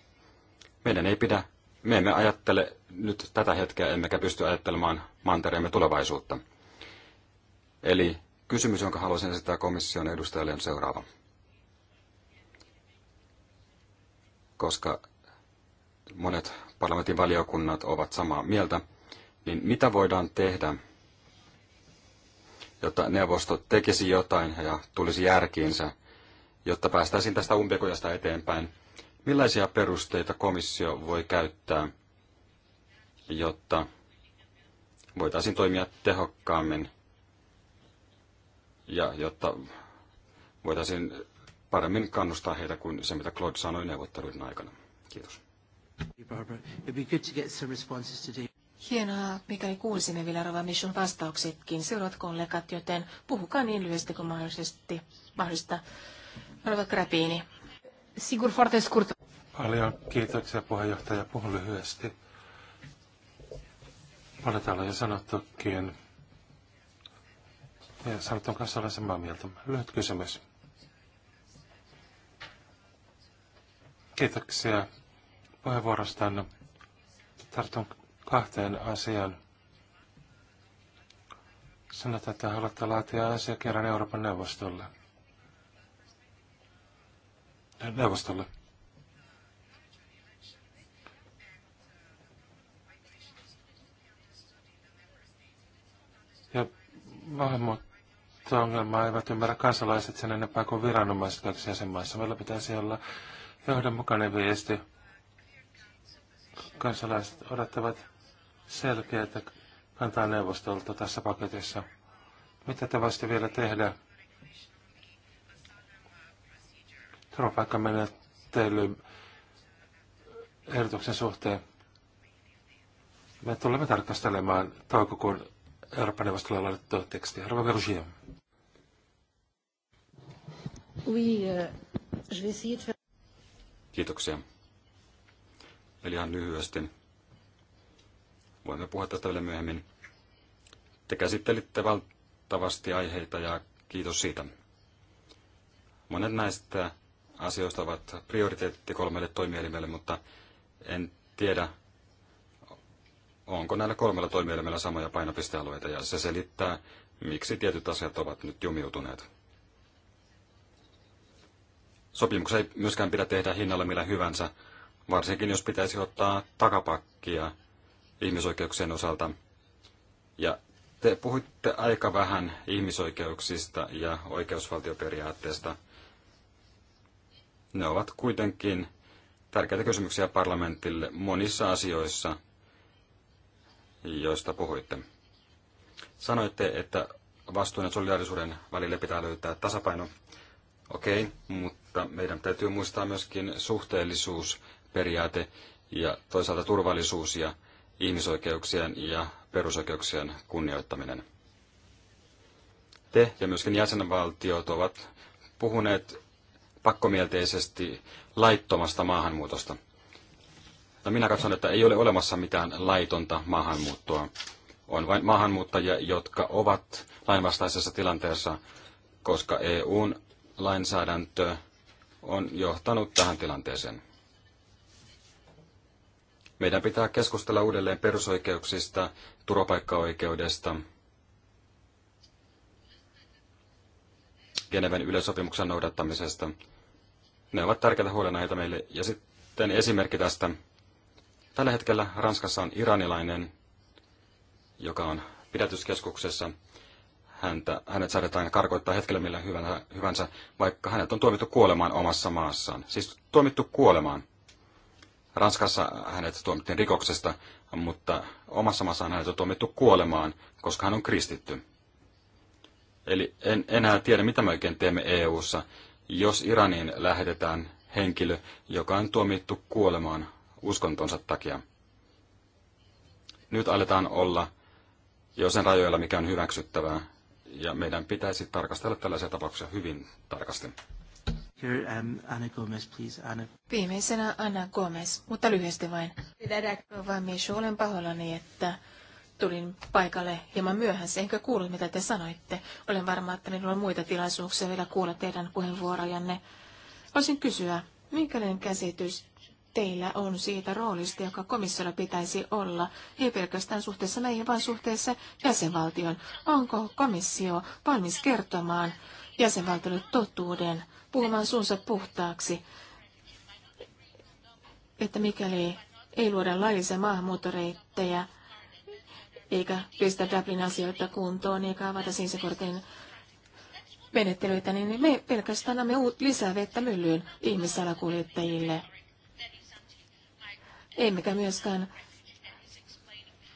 Speaker 4: Meidän ei pidä, me emme ajattele nyt tätä hetkeä, emmekä pysty ajattelemaan mantereemme tulevaisuutta. Eli kysymys, jonka haluaisin esittää komission edustajalle, on seuraava. koska monet parlamentin valiokunnat ovat samaa mieltä, niin mitä voidaan tehdä, jotta neuvosto tekisi jotain ja tulisi järkiinsä, jotta päästäisiin tästä umpikujasta eteenpäin? Millaisia perusteita komissio voi käyttää, jotta voitaisiin toimia tehokkaammin ja jotta voitaisiin paremmin kannustaa heitä kuin se, mitä Claude sanoi neuvotteluiden aikana.
Speaker 1: Kiitos.
Speaker 2: Hienoa, mikäli kuulisimme vielä Rova Mission vastauksetkin. Seuraavat kollegat, joten puhukaa niin lyhyesti kuin mahdollisesti, mahdollista. Rova Grappini. Sigur forte
Speaker 3: Paljon kiitoksia puheenjohtaja. Puhun lyhyesti. Paljon täällä on jo sanottukin. Ja sanottu on kanssa olen samaa mieltä. Lyhyt kysymys. Kiitoksia puheenvuorostanne. Tartun kahteen asiaan. Sanotaan, että haluatte laatia asiakirjan Euroopan neuvostolle. Neuvostolle. Ja maahanmuutto-ongelmaa eivät ymmärrä kansalaiset sen enempää kuin viranomaiset kaikissa jäsenmaissa. Meillä pitäisi olla johdonmukainen viesti. Kansalaiset odottavat selkeätä kantaa neuvostolta tässä paketissa. Mitä te voisitte vielä tehdä turvapaikkamenettelyn ehdotuksen suhteen? Me tulemme tarkastelemaan toukokuun Euroopan neuvostolle laadittua teksti. Arvo Vergion.
Speaker 1: Oui, euh, je vais essayer de faire...
Speaker 3: Kiitoksia.
Speaker 4: Eli ihan lyhyesti. Voimme puhua tästä vielä myöhemmin. Te käsittelitte valtavasti aiheita ja kiitos siitä. Monet näistä asioista ovat prioriteetti kolmelle toimielimelle, mutta en tiedä, onko näillä kolmella toimielimellä samoja painopistealueita, ja se selittää, miksi tietyt asiat ovat nyt jumiutuneet. Sopimus ei myöskään pidä tehdä hinnalla millä hyvänsä, varsinkin jos pitäisi ottaa takapakkia ihmisoikeuksien osalta. Ja te puhuitte aika vähän ihmisoikeuksista ja oikeusvaltioperiaatteesta. Ne ovat kuitenkin tärkeitä kysymyksiä parlamentille monissa asioissa, joista puhuitte. Sanoitte, että vastuun ja solidaarisuuden välille pitää löytää tasapaino. Okei, okay, mutta meidän täytyy muistaa myöskin suhteellisuusperiaate ja toisaalta turvallisuus ja ihmisoikeuksien ja perusoikeuksien kunnioittaminen. Te ja myöskin jäsenvaltiot ovat puhuneet pakkomielteisesti laittomasta maahanmuutosta. No minä katson, että ei ole olemassa mitään laitonta maahanmuuttoa. On vain maahanmuuttajia, jotka ovat lainvastaisessa tilanteessa, koska EUn lainsäädäntö on johtanut tähän tilanteeseen. Meidän pitää keskustella uudelleen perusoikeuksista, turvapaikkaoikeudesta, Geneven yleisopimuksen noudattamisesta. Ne ovat tärkeitä huolenaiheita meille. Ja sitten esimerkki tästä. Tällä hetkellä Ranskassa on iranilainen, joka on pidätyskeskuksessa – häntä, hänet saadetaan karkoittaa hetkellä millä hyvänsä, vaikka hänet on tuomittu kuolemaan omassa maassaan. Siis tuomittu kuolemaan. Ranskassa hänet tuomittiin rikoksesta, mutta omassa maassaan hänet on tuomittu kuolemaan, koska hän on kristitty. Eli en enää tiedä, mitä me oikein teemme EU-ssa, jos Iraniin lähetetään henkilö, joka on tuomittu kuolemaan uskontonsa takia. Nyt aletaan olla jo sen rajoilla, mikä on hyväksyttävää, ja meidän pitäisi tarkastella tällaisia tapauksia hyvin
Speaker 3: tarkasti. Um, Anna Gomez, please, Anna.
Speaker 2: Viimeisenä Anna Gomez, mutta lyhyesti vain. olen pahoillani, että tulin paikalle hieman myöhässä, enkä kuullut mitä te sanoitte. Olen varma, että minulla on muita tilaisuuksia vielä kuulla teidän puheenvuorojanne. Voisin kysyä, minkälainen käsitys teillä on siitä roolista, joka komissiolla pitäisi olla, ei pelkästään suhteessa meihin, vaan suhteessa jäsenvaltion. Onko komissio valmis kertomaan jäsenvaltiolle totuuden, puhumaan suunsa puhtaaksi, että mikäli ei luoda laillisia maahanmuuttoreittejä, eikä pistä Dublin asioita kuntoon, eikä avata sinisikortin menettelyitä, niin me pelkästään annamme lisää vettä myllyyn ihmissalakuljettajille. Emmekä myöskään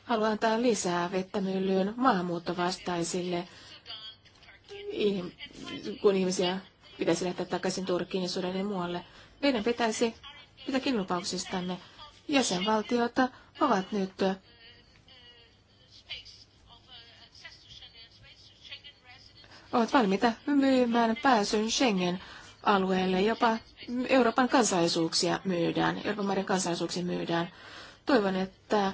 Speaker 2: halua antaa lisää vettä myllyyn maahanmuuttovastaisille, kun ihmisiä pitäisi lähteä takaisin Turkkiin ja Sudanin ja muualle. Meidän pitäisi pitääkin lupauksistamme. Jäsenvaltiota ovat nyt ovat valmiita myymään pääsyn Schengen-alueelle jopa Euroopan kansalaisuuksia myydään, Euroopan maiden kansalaisuuksia myydään. Toivon, että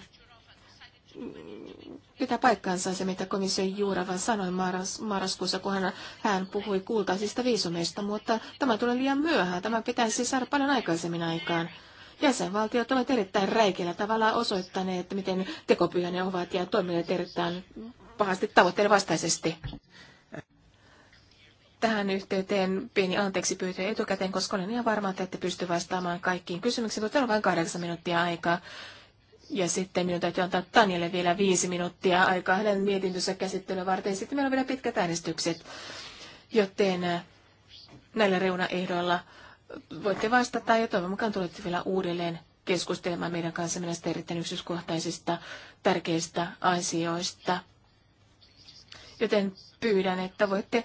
Speaker 2: pitää paikkansa se, mitä komissio Juurava sanoi marras, marraskuussa, kun hän, hän puhui kultaisista viisumeista, mutta tämä tulee liian myöhään. Tämä pitäisi saada paljon aikaisemmin aikaan. Jäsenvaltiot ovat erittäin räikeillä tavalla osoittaneet, miten tekopyhä ne ovat ja toimineet erittäin pahasti tavoitteiden vastaisesti tähän yhteyteen pieni anteeksi pyytö etukäteen, koska olen ihan varma, että ette pysty vastaamaan kaikkiin kysymyksiin, mutta on vain kahdeksan minuuttia aikaa. Ja sitten minun täytyy antaa Tanjalle vielä viisi minuuttia aikaa hänen mietintönsä käsittelyä varten. Sitten meillä on vielä pitkät äänestykset, joten äh, näillä reunaehdoilla voitte vastata ja toivon mukaan tulette vielä uudelleen keskustelemaan meidän kanssamme näistä erittäin yksityiskohtaisista tärkeistä asioista. Joten pyydän, että voitte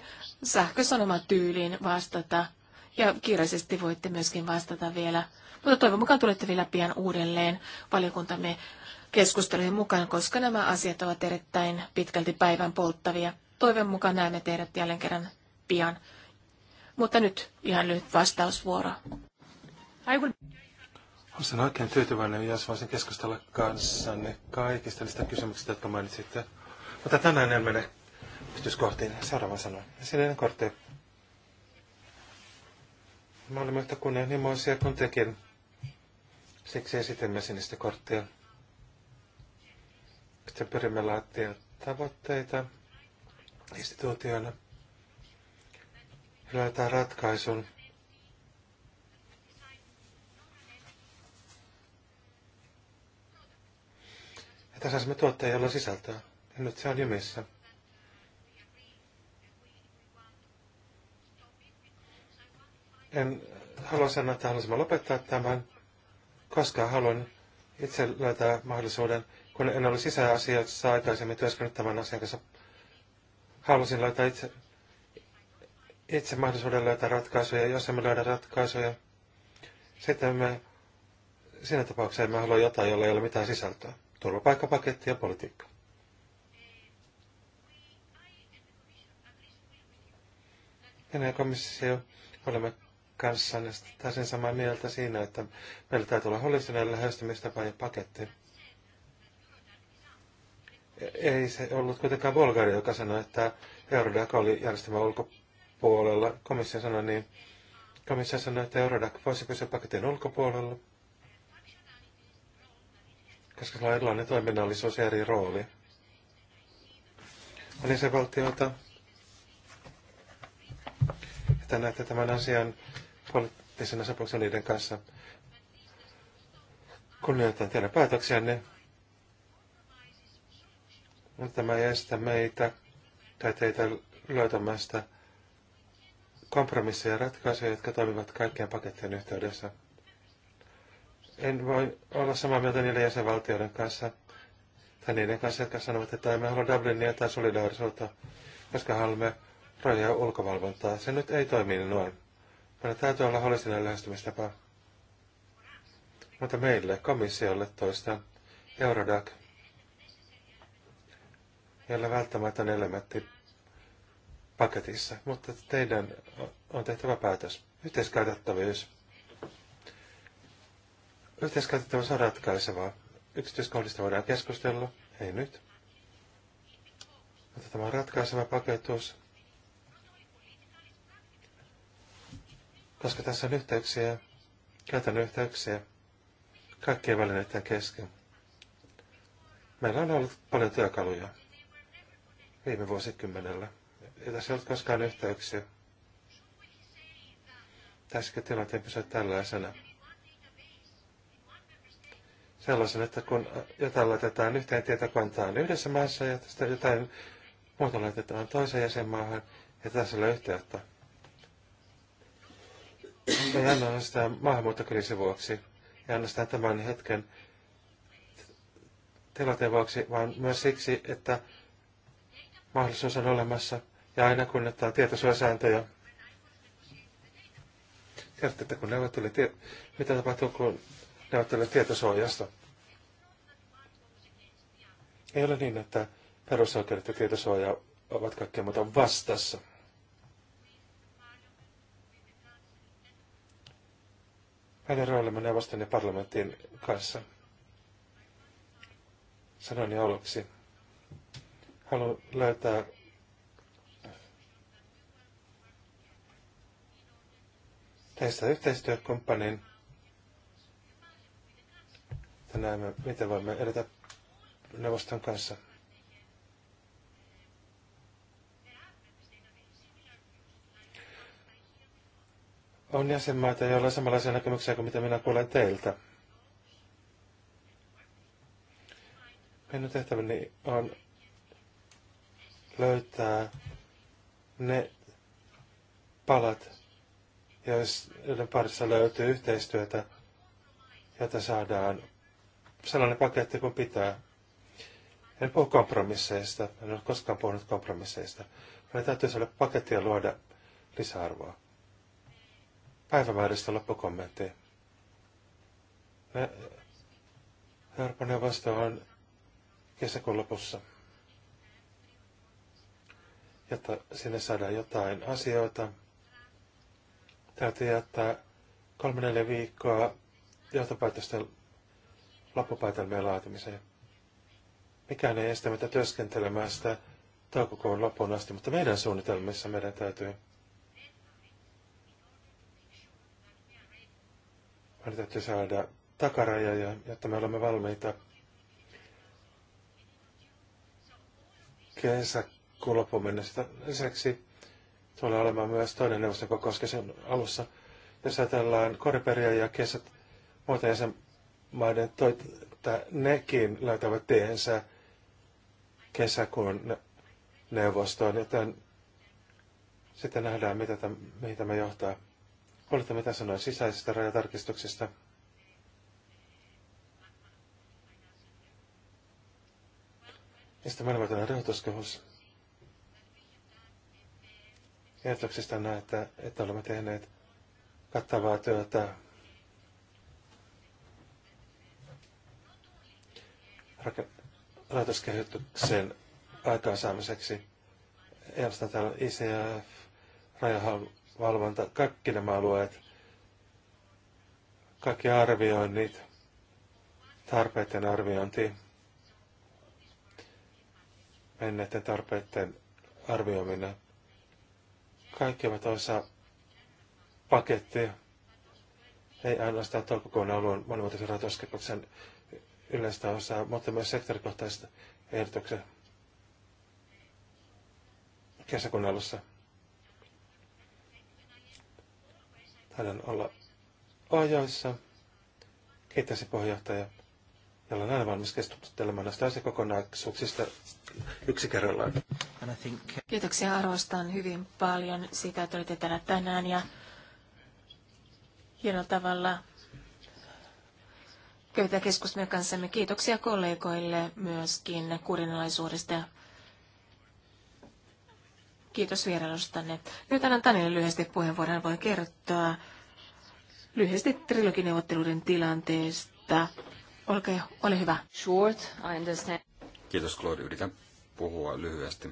Speaker 2: tyyliin vastata ja kirjallisesti voitte myöskin vastata vielä. Mutta toivon mukaan tulette vielä pian uudelleen valiokuntamme keskustelujen mukaan, koska nämä asiat ovat erittäin pitkälti päivän polttavia. Toivon mukaan näemme teidät jälleen kerran pian. Mutta nyt ihan lyhyt vastausvuoro.
Speaker 3: Olen oikein tyytyväinen, jos voisin keskustella kanssanne kaikista niistä kysymyksistä, jotka mainitsitte. Mutta tänään en mene yksityiskohtiin. Seuraava sana. Sininen kortti. Me olemme yhtä kunnianhimoisia kuin tekin. Siksi esitimme sinistä korttia. Sitten pyrimme laittamaan tavoitteita instituutiona. Löytää ratkaisun. Ja tässä me tuotteja, jolla sisältöä. Ja nyt se on jumissa. En halua sanoa, että haluaisimme lopettaa tämän, koska haluan itse löytää mahdollisuuden, kun en ole sisäasioissa aikaisemmin työskennellyt tämän asian kanssa, halusin löytää itse, itse mahdollisuuden löytää ratkaisuja, jos emme löydä ratkaisuja. Sitten me, siinä tapauksessa emme halua jotain, jolla ei ole mitään sisältöä. Turvapaikkapaketti ja politiikka. Venäjä komissio olemme kanssanne niin täysin samaa mieltä siinä, että meillä täytyy olla holistinen lähestymistapa ja paketti. Ei se ollut kuitenkaan Bulgari, joka sanoi, että Eurodac oli järjestelmä ulkopuolella. Komissio sanoi niin. Komissio sanoi, että Eurodac voisi pysyä paketin ulkopuolella, koska sillä on erilainen toiminnallisuus ja eri rooli. Oli se valtiota, että näette tämän asian poliittisen sopimuksen niiden kanssa. Kunnioitan teidän päätöksiänne. Mutta tämä ei estä meitä tai teitä löytämästä kompromisseja ja ratkaisuja, jotka toimivat kaikkien pakettien yhteydessä. En voi olla samaa mieltä niiden jäsenvaltioiden kanssa tai niiden kanssa, jotka sanovat, että emme halua Dublinia tai solidaarisuutta, koska haluamme rajoja ulkovalvontaa. Se nyt ei toimi noin. Meillä täytyy olla holistinen lähestymistapa. Mutta meille, komissiolle toista, Eurodac, jolla välttämättä elementti paketissa, mutta teidän on tehtävä päätös. Yhteiskäytettävyys. Yhteiskäytettävyys on ratkaisevaa. Yksityiskohdista voidaan keskustella, ei nyt. Mutta tämä on ratkaiseva paketus. koska tässä on yhteyksiä, käytännön yhteyksiä kaikkien välineiden kesken. Meillä on ollut paljon työkaluja viime vuosikymmenellä. Ei tässä ollut koskaan yhteyksiä. Tässäkin tilanteen pysyä tällaisena. Sellaisen, että kun jotain laitetaan yhteen tietokantaan yhdessä maassa ja tästä jotain muuta laitetaan toiseen jäsenmaahan, ja tässä ei ole yhteyttä ei ainoastaan maahanmuuttokriisin vuoksi, ja ainoastaan tämän hetken tilanteen vuoksi, vaan myös siksi, että mahdollisuus on olemassa ja aina kunnioittaa tietosuojasääntöjä. Tiedätte, että kun neuvottelee, tie- mitä tapahtuu, kun neuvottelee tietosuojasta? Ei ole niin, että perusoikeudet ja tietosuoja ovat kaikkea muuta vastassa. hänen roolimme neuvoston ja parlamentin kanssa. Sanoin jo aluksi, haluan löytää teistä yhteistyökumppanin. Näemme, miten voimme edetä neuvoston kanssa. on jäsenmaita, joilla on samanlaisia näkemyksiä kuin mitä minä kuulen teiltä. Minun tehtäväni on löytää ne palat, joiden parissa löytyy yhteistyötä, jota saadaan sellainen paketti kuin pitää. En puhu kompromisseista, en ole koskaan puhunut kompromisseista. Meidän täytyy saada pakettia luoda lisäarvoa päivämääristä loppukommentteja. Euroopan neuvosto on kesäkuun lopussa. Jotta sinne saadaan jotain asioita, täytyy jättää kolme neljä viikkoa johtopäätösten loppupäätelmien laatimiseen. Mikään ei estä meitä työskentelemästä toukokuun loppuun asti, mutta meidän suunnitelmissa meidän täytyy Meidän täytyy saada ja jotta me olemme valmiita kesäkuun loppuun mennessä. Lisäksi tulee olemaan myös toinen neuvoston kokous kesän alussa, jos ajatellaan koriperia ja kesät muita jäsenmaiden toita, nekin löytävät tiensä kesäkuun neuvostoon, joten sitten nähdään, mitä tämän, mihin tämä johtaa. Kuulitte, mitä sanoin sisäisestä rajatarkistuksesta. Ja sitten maailmantainen rahoituskehus. Ajatuksesta näitä, että olemme tehneet kattavaa työtä rahoituskehityksen aikaansaamiseksi. Ei ainoastaan täällä ICF, rajahallinto, valvonta, kaikki nämä alueet, kaikki arvioinnit, tarpeiden arviointi, menneiden tarpeiden arvioiminen. Kaikki ovat osa pakettia. Ei ainoastaan toukokuun alueen monimuotoisen rahoituskeskuksen yleistä osaa, mutta myös sektorikohtaiset ehdotukset kesäkuun alussa. Haluan olla ajoissa. Kiitos puheenjohtaja. Ja on aina valmis keskustelemaan näistä asiakokonaisuuksista yksi kerrallaan.
Speaker 2: Kiitoksia arvostan hyvin paljon sitä, että olitte tänä tänään ja hienolla tavalla käytä keskustelun kanssamme. Kiitoksia kollegoille myöskin kurinalaisuudesta Kiitos vierailustanne. Nyt annan Tanille lyhyesti puheenvuoron. Hän voi kertoa lyhyesti trilogineuvotteluiden tilanteesta. Olke, ole hyvä. Short, I understand.
Speaker 4: Kiitos Claude. Yritän puhua lyhyesti.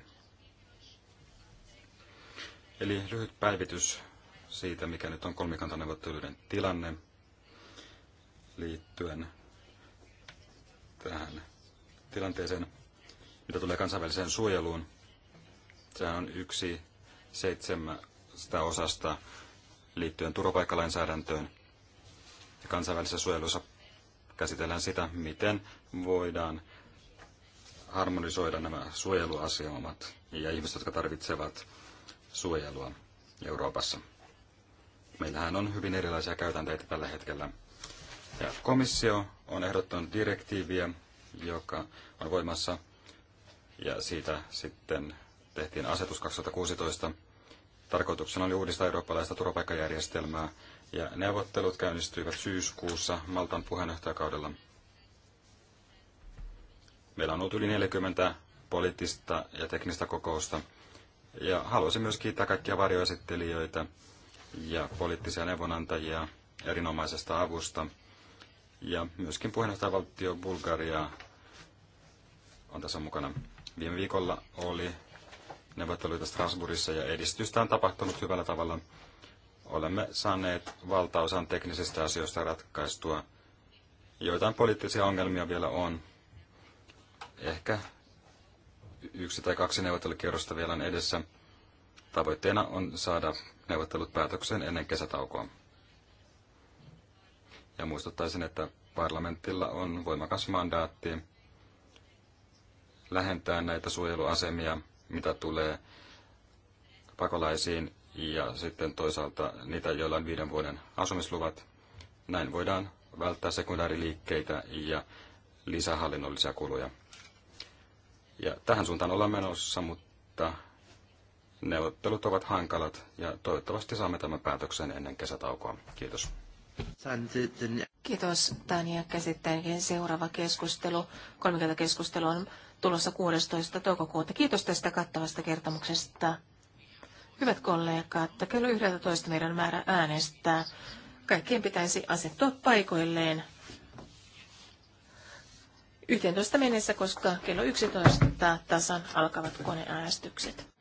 Speaker 4: Eli lyhyt päivitys siitä, mikä nyt on kolmikantaneuvotteluiden tilanne liittyen tähän tilanteeseen, mitä tulee kansainväliseen suojeluun. Tämä on yksi seitsemästä osasta liittyen turvapaikkalainsäädäntöön. Ja kansainvälisessä suojelussa käsitellään sitä, miten voidaan harmonisoida nämä suojeluasiomat ja ihmiset, jotka tarvitsevat suojelua Euroopassa. Meillähän on hyvin erilaisia käytänteitä tällä hetkellä. Ja komissio on ehdottanut direktiiviä, joka on voimassa, ja siitä sitten tehtiin asetus 2016. Tarkoituksena oli uudistaa eurooppalaista turvapaikkajärjestelmää ja neuvottelut käynnistyivät syyskuussa Maltan puheenjohtajakaudella. Meillä on ollut yli 40 poliittista ja teknistä kokousta ja haluaisin myös kiittää kaikkia varjoesittelijöitä ja poliittisia neuvonantajia erinomaisesta avusta. Ja myöskin puheenjohtajavaltio Bulgaria on tässä mukana. Viime viikolla oli neuvotteluita Strasbourgissa ja edistystä on tapahtunut hyvällä tavalla. Olemme saaneet valtaosan teknisistä asioista ratkaistua. Joitain poliittisia ongelmia vielä on. Ehkä yksi tai kaksi neuvottelukierrosta vielä on edessä. Tavoitteena on saada neuvottelut päätökseen ennen kesätaukoa. Ja muistuttaisin, että parlamentilla on voimakas mandaatti lähentää näitä suojeluasemia mitä tulee pakolaisiin ja sitten toisaalta niitä, joilla on viiden vuoden asumisluvat. Näin voidaan välttää sekundääriliikkeitä ja lisähallinnollisia kuluja. Ja tähän suuntaan ollaan menossa, mutta neuvottelut ovat hankalat ja toivottavasti saamme tämän päätöksen ennen kesätaukoa. Kiitos.
Speaker 2: Kiitos Tania. Käsittääkin seuraava keskustelu. 30 keskustelu on tulossa 16. toukokuuta. Kiitos tästä kattavasta kertomuksesta. Hyvät kollegat, kello 11 meidän määrä äänestää. Kaikkien pitäisi asettua paikoilleen 11 mennessä, koska kello 11 tasan alkavat koneäänestykset.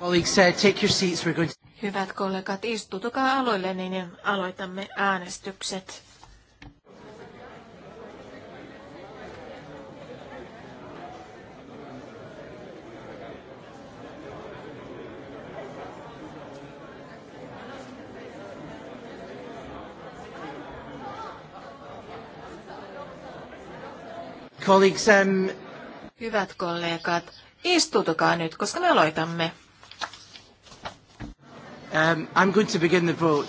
Speaker 2: Uh, Hyvät kollegat, istutukaa aloille, niin aloitamme äänestykset. Um, Hyvät kollegat, istutukaa nyt, koska me aloitamme.
Speaker 1: Um, I'm going to begin the vote.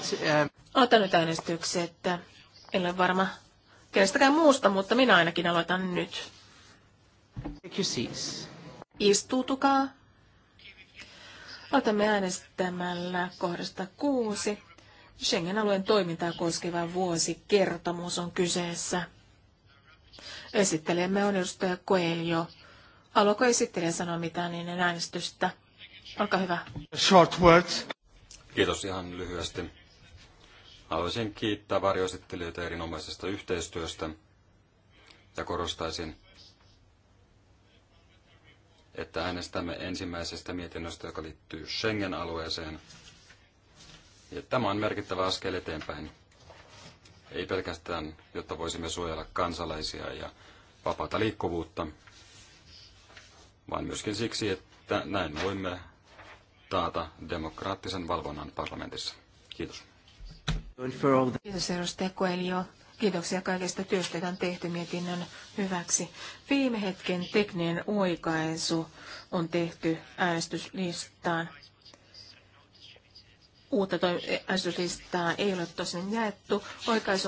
Speaker 2: Um... nyt äänestyksen, että en ole varma kenestäkään muusta, mutta minä ainakin aloitan nyt. Take your seats. Istuutukaa. Otamme äänestämällä kohdasta kuusi. Schengen-alueen toimintaa koskeva vuosikertomus on kyseessä. Esittelemme on edustaja Coelho. Haluatko esittelijä sanoa mitään niin äänestystä? Olkaa hyvä.
Speaker 1: Short words.
Speaker 4: Kiitos ihan lyhyesti. Haluaisin kiittää varjoesittelijöitä erinomaisesta yhteistyöstä ja korostaisin, että äänestämme ensimmäisestä mietinnöstä, joka liittyy Schengen-alueeseen. Ja tämä on merkittävä askel eteenpäin. Ei pelkästään, jotta voisimme suojella kansalaisia ja vapaata liikkuvuutta, vaan myöskin siksi, että näin voimme taata demokraattisen valvonnan parlamentissa. Kiitos.
Speaker 2: Kiitos edustaja Koelio. Kiitoksia kaikesta työstä, jota on tehty mietinnön hyväksi. Viime hetken tekninen oikaisu on tehty äänestyslistaan. Uutta äänestyslistaa ei ole tosin jaettu.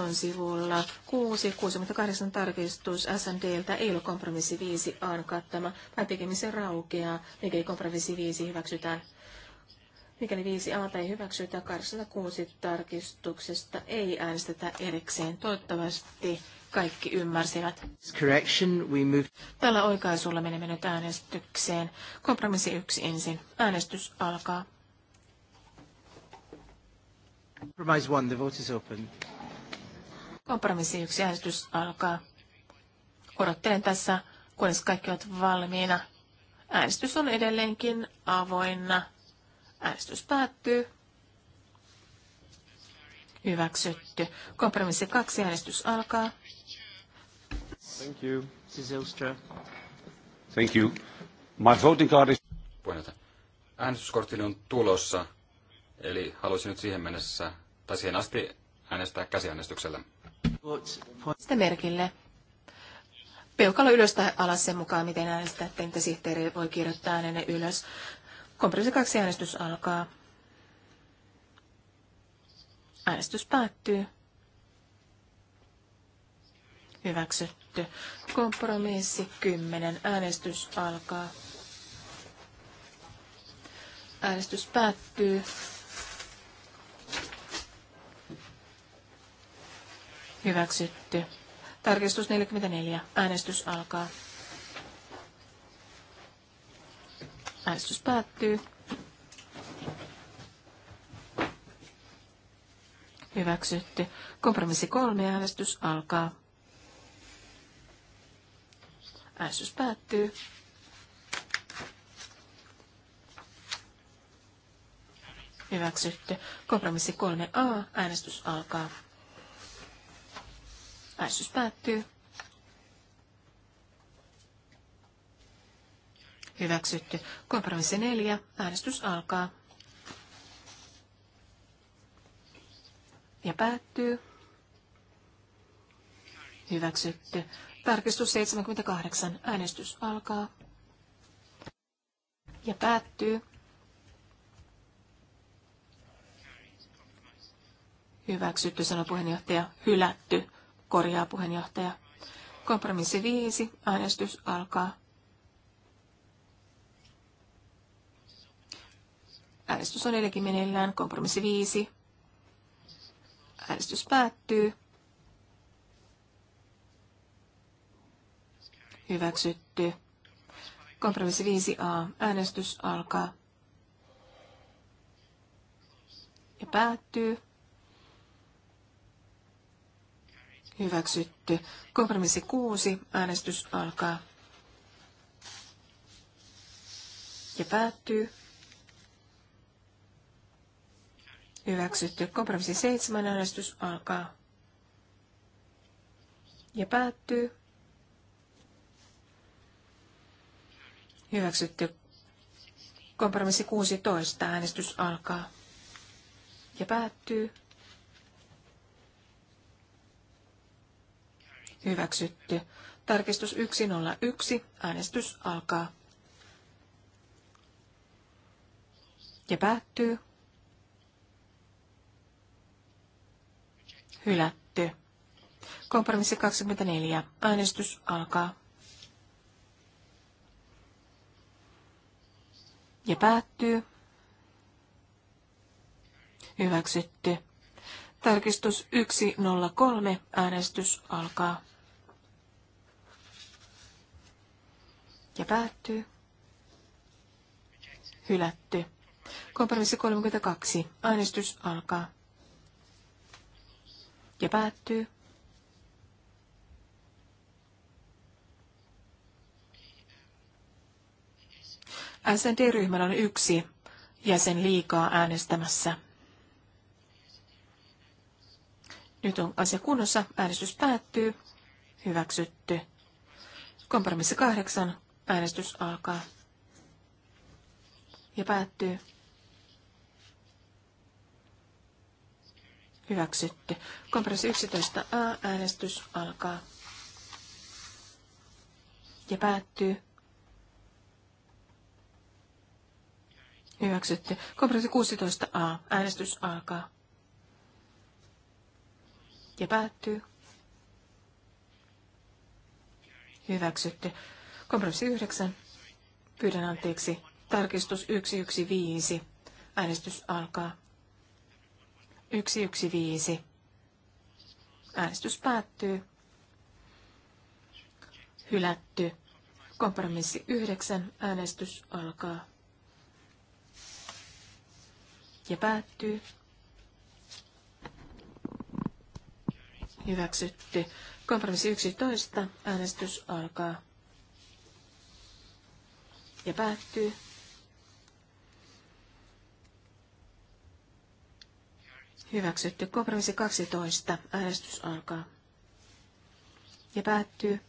Speaker 2: on sivulla 6, 68 tarkistus SMDltä ei ole kompromissi 5 an kattama. Päätekemisen raukeaa, mikäli kompromissi 5 hyväksytään. Mikäli 5a ei hyväksytä, 86 tarkistuksesta ei äänestetä erikseen. Toivottavasti kaikki ymmärsivät. Tällä oikaisulla menemme nyt äänestykseen. Kompromissi yksi ensin. Äänestys alkaa.
Speaker 1: Compromise one, the vote is open.
Speaker 2: Kompromissi yksi äänestys alkaa. Odottelen tässä, kunnes kaikki ovat valmiina. Äänestys on edelleenkin avoinna. Äänestys päättyy. Hyväksytty. Kompromissi kaksi. Äänestys alkaa.
Speaker 1: Thank you.
Speaker 3: Thank you. My voting card is... Puheenjohtaja.
Speaker 4: Äänestyskorttini on tulossa, eli haluaisin nyt siihen mennessä, tai siihen asti äänestää käsiäänestyksellä.
Speaker 2: Sitä merkille. Peukalo ylös tai alas sen mukaan, miten äänestätte, että sihteeri voi kirjoittaa äänenne ylös. Kompressi kaksi äänestys alkaa. Äänestys päättyy. Hyväksytty. Kompromissi 10. Äänestys alkaa. Äänestys päättyy. Hyväksytty. Tarkistus 44. Äänestys alkaa. Äänestys päättyy. Hyväksytty. Kompromissi kolme äänestys alkaa. Äänestys päättyy. Hyväksytty. Kompromissi 3a. Äänestys alkaa. Äänestys päättyy. Hyväksytty. Kompromissi 4. Äänestys alkaa. Ja päättyy. Hyväksytty. Tarkistus 78. Äänestys alkaa. Ja päättyy. Hyväksytty, sanoi puheenjohtaja. Hylätty, korjaa puheenjohtaja. Kompromissi 5. Äänestys alkaa. Äänestys on edelläkin meneillään. Kompromissi 5. Äänestys päättyy. Hyväksytty. Kompromissi 5a. Äänestys alkaa. Ja päättyy. Hyväksytty. Kompromissi 6. Äänestys alkaa. Ja päättyy. Hyväksytty. Kompromissi seitsemän äänestys alkaa. Ja päättyy. Hyväksytty. Kompromissi 16. Äänestys alkaa. Ja päättyy. Hyväksytty. Tarkistus 101. Äänestys alkaa. Ja päättyy. Hylätty. Kompromissi 24. Äänestys alkaa. Ja päättyy. Hyväksytty. Tarkistus 103. Äänestys alkaa. Ja päättyy. Hylätty. Kompromissi 32. Äänestys alkaa ja päättyy. SND-ryhmällä on yksi jäsen liikaa äänestämässä. Nyt on asia kunnossa. Äänestys päättyy. Hyväksytty. Kompromissi kahdeksan. Äänestys alkaa. Ja päättyy. Hyväksytty. Kompressi 11a. Äänestys alkaa. Ja päättyy. Hyväksytty. Kompressi 16a. Äänestys alkaa. Ja päättyy. Hyväksytty. Kompressi 9. Pyydän anteeksi. Tarkistus 115. Äänestys alkaa. 115. Äänestys päättyy. Hylätty. Kompromissi 9. Äänestys alkaa. Ja päättyy. Hyväksytty. Kompromissi 11. Äänestys alkaa. Ja päättyy. Hyväksytty. Kompromissi 12. Äänestys alkaa. Ja päättyy.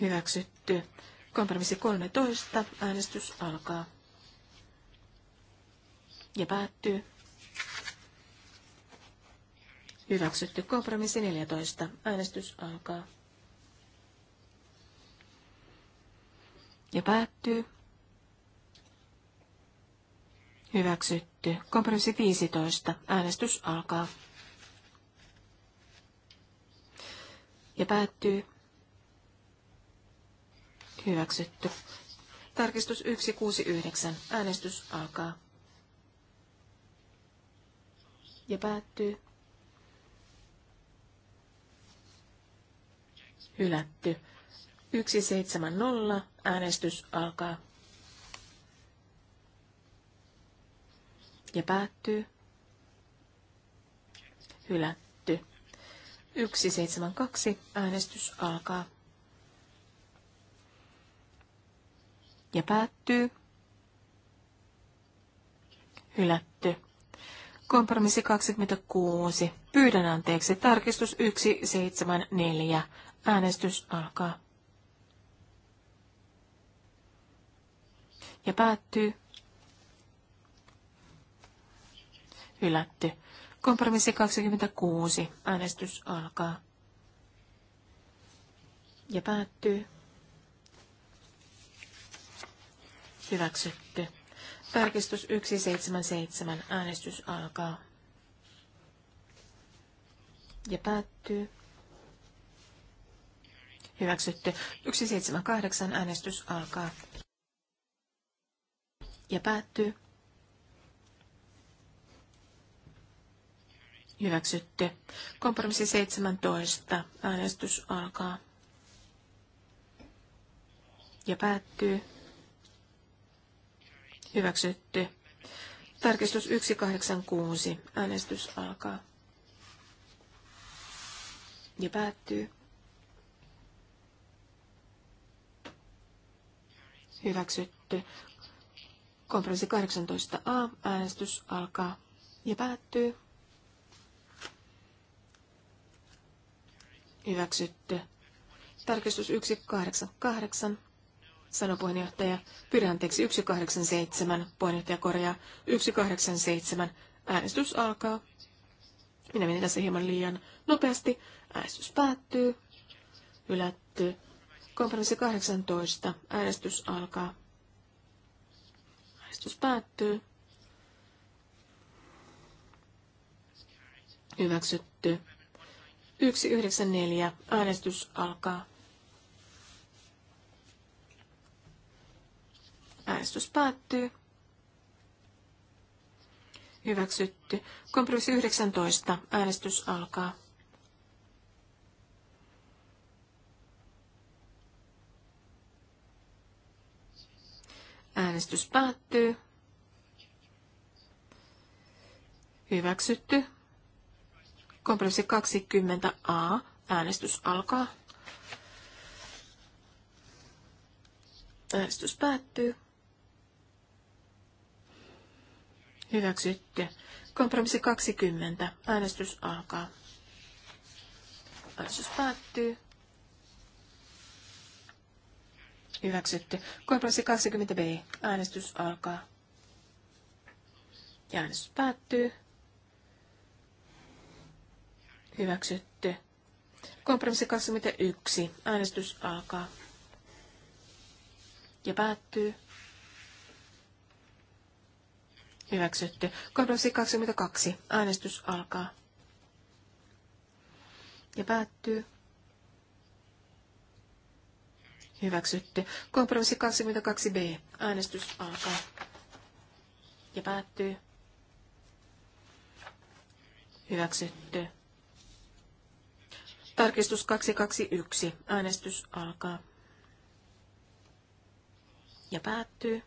Speaker 2: Hyväksytty. Kompromissi 13. Äänestys alkaa. Ja päättyy. Hyväksytty. Kompromissi 14. Äänestys alkaa. Ja päättyy. Hyväksytty. Kompromissi 15. Äänestys alkaa. Ja päättyy. Hyväksytty. Tarkistus 169. Äänestys alkaa. Ja päättyy. Hylätty. 170. Äänestys alkaa. ja päättyy. Hylätty. 172. Äänestys alkaa. Ja päättyy. Hylätty. Kompromissi 26. Pyydän anteeksi. Tarkistus 174. Äänestys alkaa. Ja päättyy. hylätty. Kompromissi 26. Äänestys alkaa. Ja päättyy. Hyväksytty. Tarkistus 177. Äänestys alkaa. Ja päättyy. Hyväksytty. 178. Äänestys alkaa. Ja päättyy. hyväksytty. Kompromissi 17. Äänestys alkaa ja päättyy. Hyväksytty. Tarkistus 186. Äänestys alkaa ja päättyy. Hyväksytty. Kompromissi 18a. Äänestys alkaa ja päättyy. Hyväksytty. Tarkistus 188, Sano puheenjohtaja. Pyydän anteeksi 187, puheenjohtaja korjaa 187. Äänestys alkaa. Minä menen tässä hieman liian nopeasti. Äänestys päättyy. Ylätty. Kompromissi 18. Äänestys alkaa. Äänestys päättyy. Hyväksytty. 194. Äänestys alkaa. Äänestys päättyy. Hyväksytty. Kompromissi 19. Äänestys alkaa. Äänestys päättyy. Hyväksytty. Kompromissi 20a. Äänestys alkaa. Äänestys päättyy. Hyväksytty. Kompromissi 20. Äänestys alkaa. Äänestys päättyy. Hyväksytty. Kompromissi 20b. Äänestys alkaa. Ja äänestys päättyy. Hyväksytty. Kompromissi 21. Äänestys alkaa. Ja päättyy. Hyväksytty. Kompromissi 22. Äänestys alkaa. Ja päättyy. Hyväksytty. Kompromissi 22b. Äänestys alkaa. Ja päättyy. Hyväksytty. Tarkistus 221. Äänestys alkaa. Ja päättyy.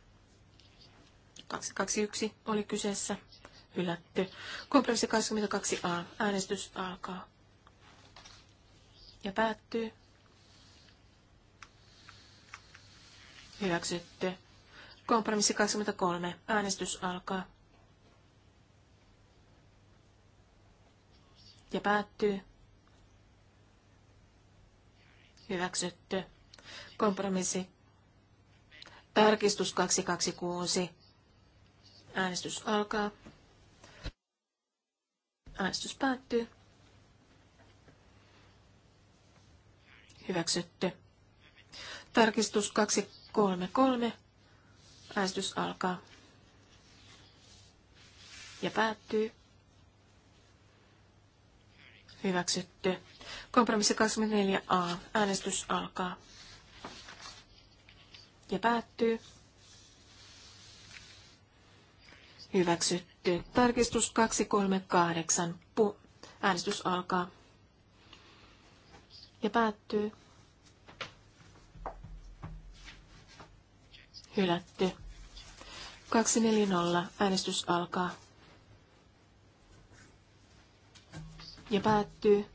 Speaker 2: 221 oli kyseessä. Hylätty. Kompressi 22a. Äänestys alkaa. Ja päättyy. Hyväksytty. Kompromissi 23. Äänestys alkaa. Ja päättyy hyväksytty. Kompromissi. Tarkistus 226. Äänestys alkaa. Äänestys päättyy. Hyväksytty. Tarkistus 233. Äänestys alkaa. Ja päättyy. Hyväksytty. Kompromissi 24a. Äänestys alkaa. Ja päättyy. Hyväksytty. Tarkistus 238. Pu- Äänestys alkaa. Ja päättyy. Hylätty. 240. Äänestys alkaa. Ja päättyy.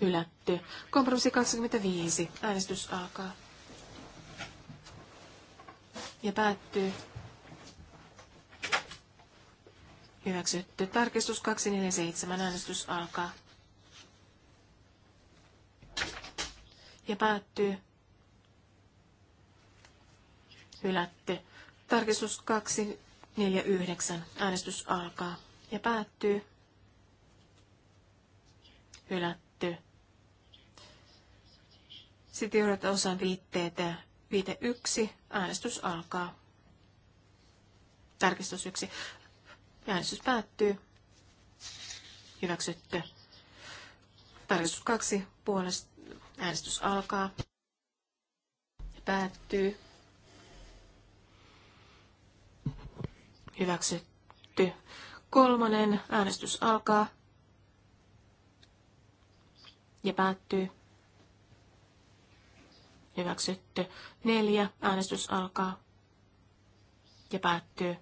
Speaker 2: hylätty. Kompromissi 25. Äänestys alkaa. Ja päättyy. Hyväksytty. Tarkistus 247. Äänestys alkaa. Ja päättyy. Hylätty. Tarkistus 249. Äänestys alkaa. Ja päättyy. Hylätty. Sitten joudutaan osan viitteitä. Viite yksi Äänestys alkaa. Tarkistus yksi Äänestys päättyy. Hyväksytty. Tarkistus kaksi Puolesta. Äänestys alkaa. Päättyy. Hyväksytty. Kolmonen. Äänestys alkaa. Ja päättyy hyväksytty. Neljä, äänestys alkaa ja päättyy.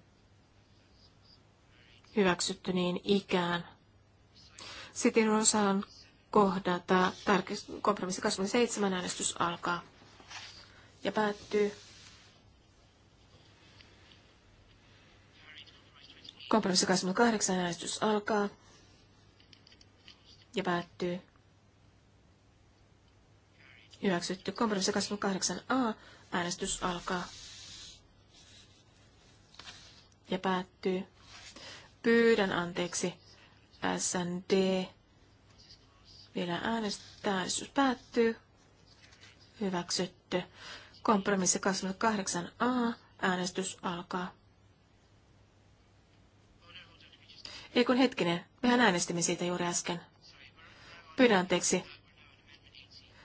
Speaker 2: Hyväksytty niin ikään. Sitten osaan kohdata tarkist- kompromissi 27 äänestys alkaa ja päättyy. Kompromissi 28 äänestys alkaa ja päättyy. Hyväksytty. Kompromissi 28a. Äänestys alkaa. Ja päättyy. Pyydän anteeksi. SND. Vielä äänestää. Äänestys päättyy. Hyväksytty. Kompromissi 28a. Äänestys alkaa. Ei kun hetkinen, mehän äänestimme siitä juuri äsken. Pyydän anteeksi.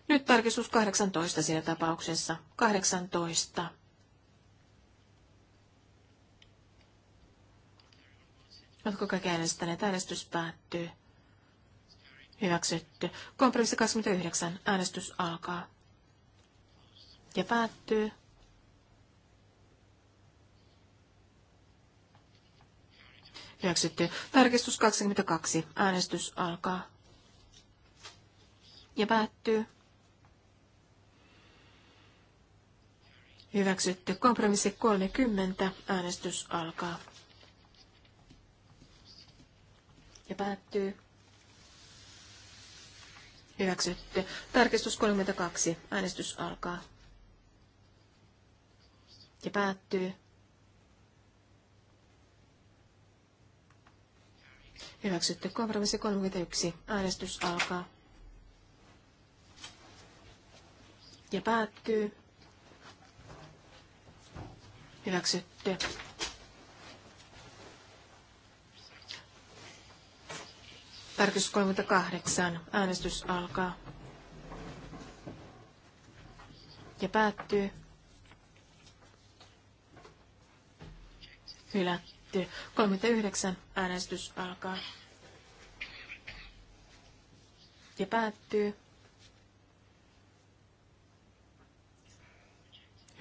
Speaker 2: Nyt tarkistus 18 siinä tapauksessa. 18. Oletko kaikki äänestäneet? Äänestys päättyy. Hyväksytty. Kompromissi 29. Äänestys alkaa. Ja päättyy. Hyväksytty. Tarkistus 22. Äänestys alkaa. Ja päättyy. Hyväksytty. Kompromissi 30. Äänestys alkaa. Ja päättyy. Hyväksytty. Tarkistus 32. Äänestys alkaa. Ja päättyy. Hyväksytty. Kompromissi 31. Äänestys alkaa. Ja päättyy. Hyväksytty. Tarkistus 38. Äänestys alkaa. Ja päättyy. Hylätty. 39. Äänestys alkaa. Ja päättyy.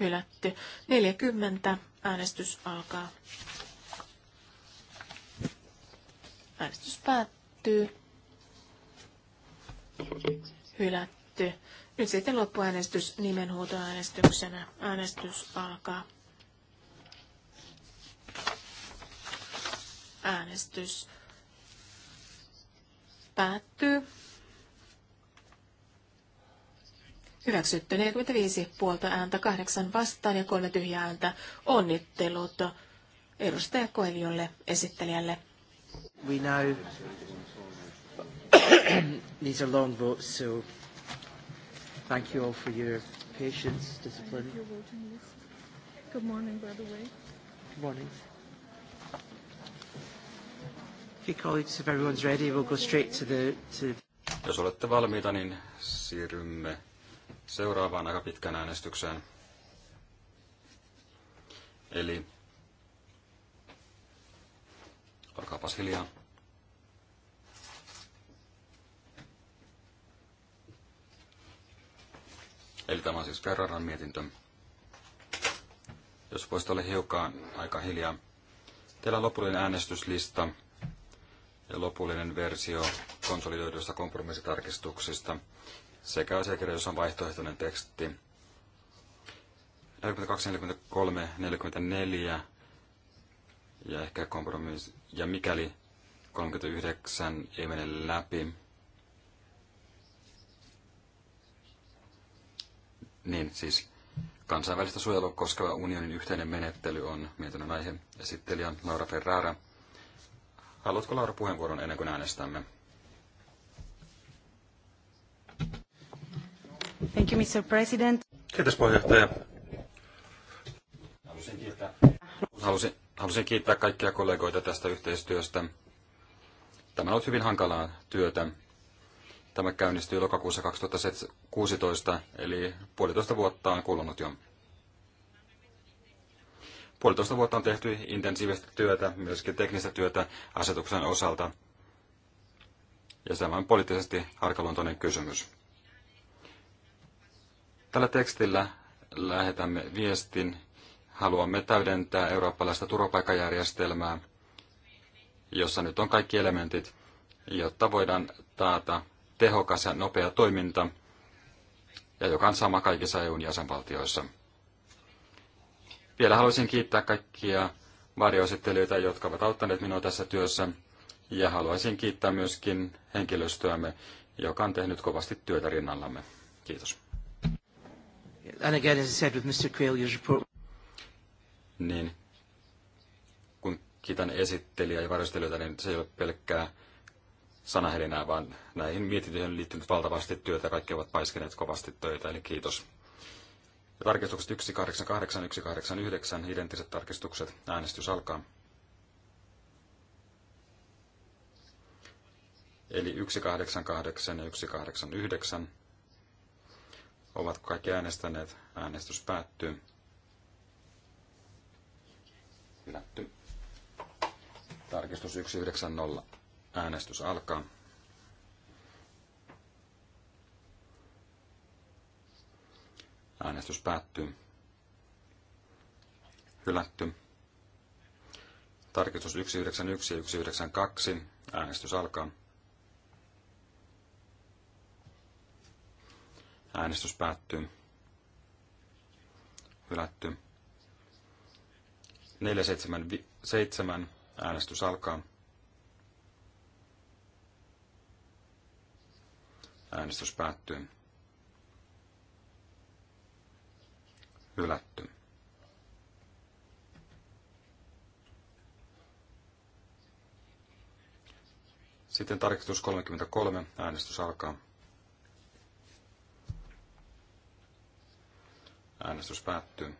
Speaker 2: hylätty. 40 äänestys alkaa. Äänestys päättyy. Hylätty. Nyt sitten loppuäänestys nimenhuutoäänestyksenä. Äänestys alkaa. Äänestys päättyy. Hyväksytty 45 puolta ääntä, 8 vastaan ja 3 tyhjää ääntä. Onnittelut edustaja Koiviolle, esittelijälle.
Speaker 1: We now... These are long votes, so thank you all for your patience, discipline. Good morning, by the way. Good morning. Okay, colleagues, if everyone's ready, we'll go straight to the... To...
Speaker 4: Jos olette valmiita, niin siirrymme seuraavaan aika pitkän äänestykseen. Eli olkaapas hiljaa. Eli tämä on siis Ferraran mietintö. Jos voisit olla hiukan aika hiljaa. Teillä on lopullinen äänestyslista ja lopullinen versio konsolidoiduista kompromissitarkistuksista, sekä asiakirja, jossa on vaihtoehtoinen teksti. 42, 43, 44 ja ehkä kompromissi. Ja mikäli 39 ei mene läpi, niin siis kansainvälistä suojelua koskeva unionin yhteinen menettely on mietinnön aihe. Esittelijä Laura Ferrara. Haluatko Laura puheenvuoron ennen kuin
Speaker 2: äänestämme? Thank you, Mr. President.
Speaker 3: Kiitos puheenjohtaja.
Speaker 1: Halusin
Speaker 4: kiittää, kiittää kaikkia kollegoita tästä yhteistyöstä. Tämä on ollut hyvin hankalaa työtä. Tämä käynnistyi lokakuussa 2016, eli puolitoista vuotta on kulunut jo. Puolitoista vuotta on tehty intensiivistä työtä, myöskin teknistä työtä asetuksen osalta. Ja tämä on poliittisesti arkaluontoinen kysymys. Tällä tekstillä lähetämme viestin. Haluamme täydentää eurooppalaista turvapaikajärjestelmää, jossa nyt on kaikki elementit, jotta voidaan taata tehokas ja nopea toiminta, ja joka on sama kaikissa EUn jäsenvaltioissa. Vielä haluaisin kiittää kaikkia varjoesittelijöitä, jotka ovat auttaneet minua tässä työssä, ja haluaisin kiittää myöskin henkilöstöämme, joka on tehnyt kovasti työtä rinnallamme. Kiitos
Speaker 1: and again, as I said with Mr. Coelho's report...
Speaker 4: Niin, kun kiitän esittelijä ja varjostelijoita, niin se ei ole pelkkää sanahelinää, vaan näihin mietintöihin on liittynyt valtavasti työtä ja kaikki ovat paiskeneet kovasti töitä, eli kiitos. Ja tarkistukset 188 189, identtiset tarkistukset, äänestys alkaa. Eli 188 ja 189 Ovatko kaikki äänestäneet? Äänestys päättyy. Hylätty. Tarkistus 190. Äänestys alkaa. Äänestys päättyy. Hylätty. Tarkistus 191 ja 192. Äänestys alkaa. Äänestys päättyy. Hylätty. 477. Äänestys alkaa. Äänestys päättyy. Hylätty. Sitten tarkistus 33. Äänestys alkaa. Äänestys päättyy.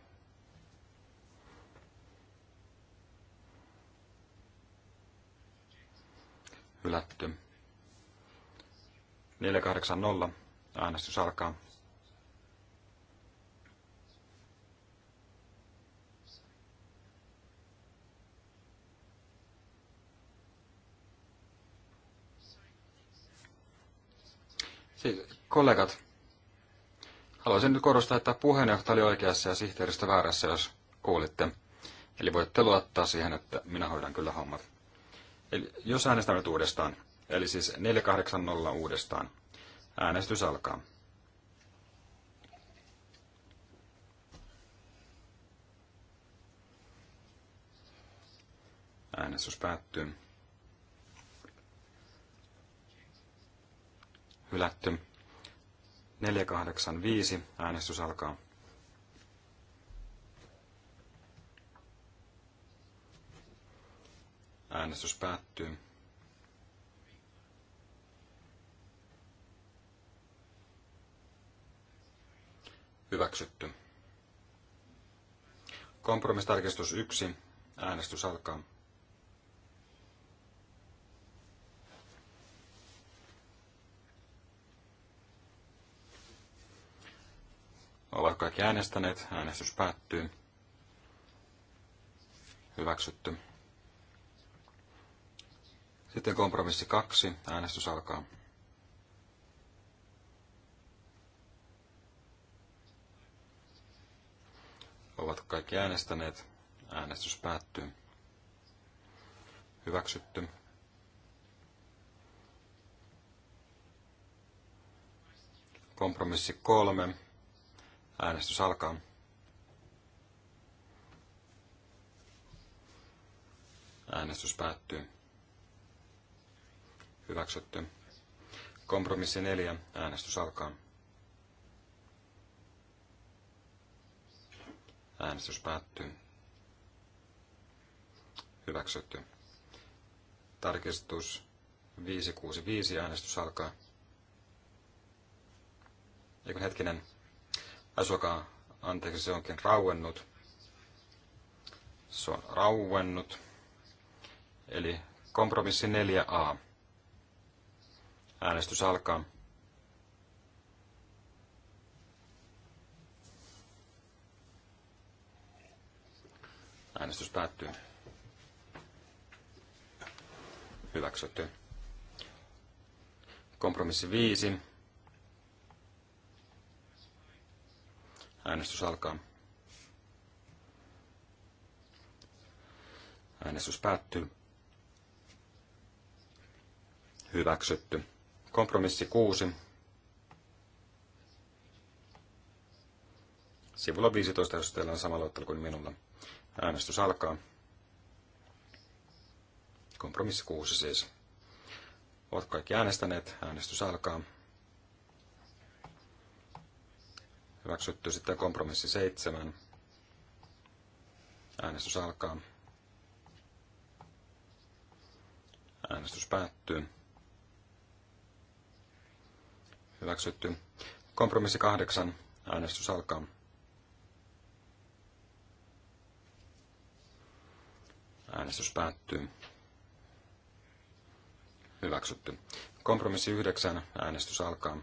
Speaker 4: Hylätty. 480. Äänestys alkaa. Siis kollegat, Haluaisin nyt korostaa, että puheenjohtaja oli oikeassa ja sihteeristä väärässä, jos kuulitte. Eli voitte luottaa siihen, että minä hoidan kyllä hommat. Eli jos äänestämme nyt uudestaan, eli siis 480 uudestaan, äänestys alkaa. Äänestys päättyy. Hylätty. 485. Äänestys alkaa. Äänestys päättyy. Hyväksytty. Kompromistarkistus 1. Äänestys alkaa. Ovat kaikki äänestäneet. Äänestys päättyy. Hyväksytty. Sitten kompromissi kaksi. Äänestys alkaa. Ovat kaikki äänestäneet. Äänestys päättyy. Hyväksytty. Kompromissi kolme. Äänestys alkaa. Äänestys päättyy. Hyväksytty. Kompromissi neljä. Äänestys alkaa. Äänestys päättyy. Hyväksytty. Tarkistus 565. Äänestys alkaa. Eikö hetkinen? Asuakaa, anteeksi, se onkin rauennut. Se on rauennut. Eli kompromissi 4a. Äänestys alkaa. Äänestys päättyy. Hyväksytty. Kompromissi 5. Äänestys alkaa. Äänestys päättyy. Hyväksytty. Kompromissi 6. Sivulla 15, jos teillä on sama luettelo kuin minulla. Äänestys alkaa. Kompromissi 6 siis. Olet kaikki äänestäneet. Äänestys alkaa. Hyväksytty sitten kompromissi 7. Äänestys alkaa. Äänestys päättyy. Hyväksytty. Kompromissi 8. Äänestys alkaa. Äänestys päättyy. Hyväksytty. Kompromissi 9. Äänestys alkaa.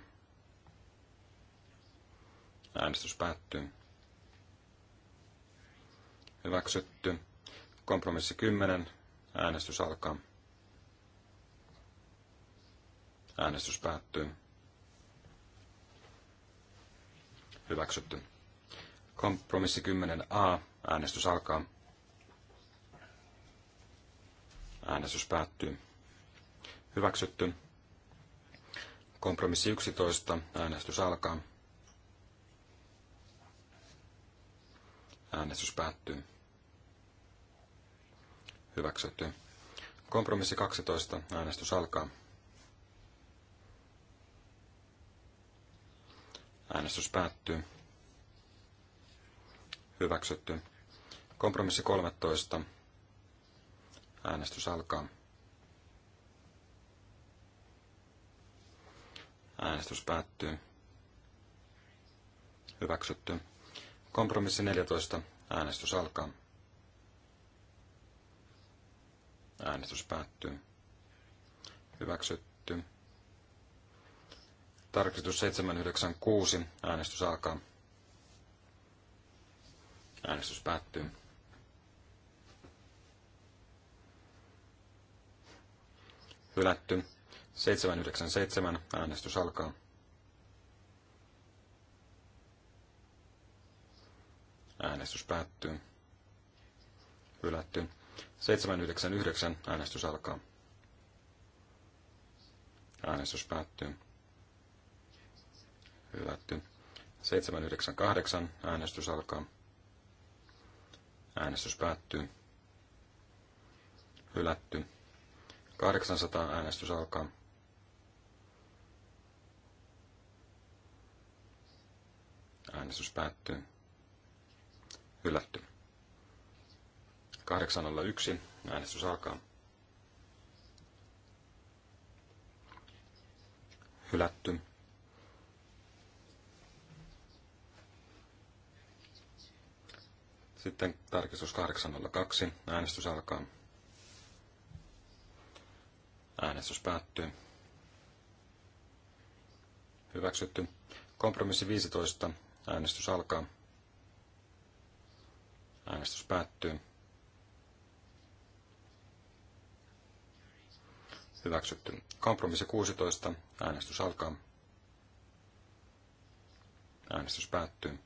Speaker 4: Äänestys päättyy. Hyväksytty. Kompromissi 10. Äänestys alkaa. Äänestys päättyy. Hyväksytty. Kompromissi 10a. Äänestys alkaa. Äänestys päättyy. Hyväksytty. Kompromissi 11. Äänestys alkaa. Äänestys päättyy. Hyväksytty. Kompromissi 12. Äänestys alkaa. Äänestys päättyy. Hyväksytty. Kompromissi 13. Äänestys alkaa. Äänestys päättyy. Hyväksytty. Kompromissi 14. Äänestys alkaa. Äänestys päättyy. Hyväksytty. Tarkistus 796. Äänestys alkaa. Äänestys päättyy. Hylätty. 797. Äänestys alkaa. Äänestys päättyy. Hylätty. 799. Äänestys alkaa. Äänestys päättyy. Hylätty. 798. Äänestys alkaa. Äänestys päättyy. Hylätty. 800. Äänestys alkaa. Äänestys päättyy hylätty. 801. Äänestys alkaa. Hylätty. Sitten tarkistus 802. Äänestys alkaa. Äänestys päättyy. Hyväksytty. Kompromissi 15. Äänestys alkaa. Äänestys päättyy. Hyväksytty. Kompromissi 16. Äänestys alkaa. Äänestys päättyy.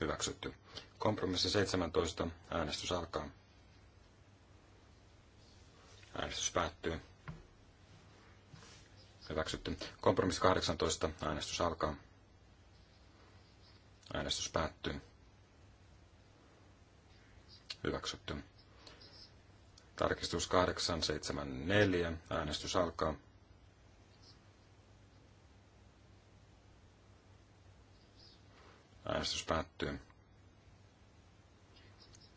Speaker 4: Hyväksytty. Kompromissi 17. Äänestys alkaa. Äänestys päättyy. Hyväksytty. Kompromissi 18. Äänestys alkaa. Äänestys päättyy. Hyväksytty. Tarkistus 874. Äänestys alkaa. Äänestys päättyy.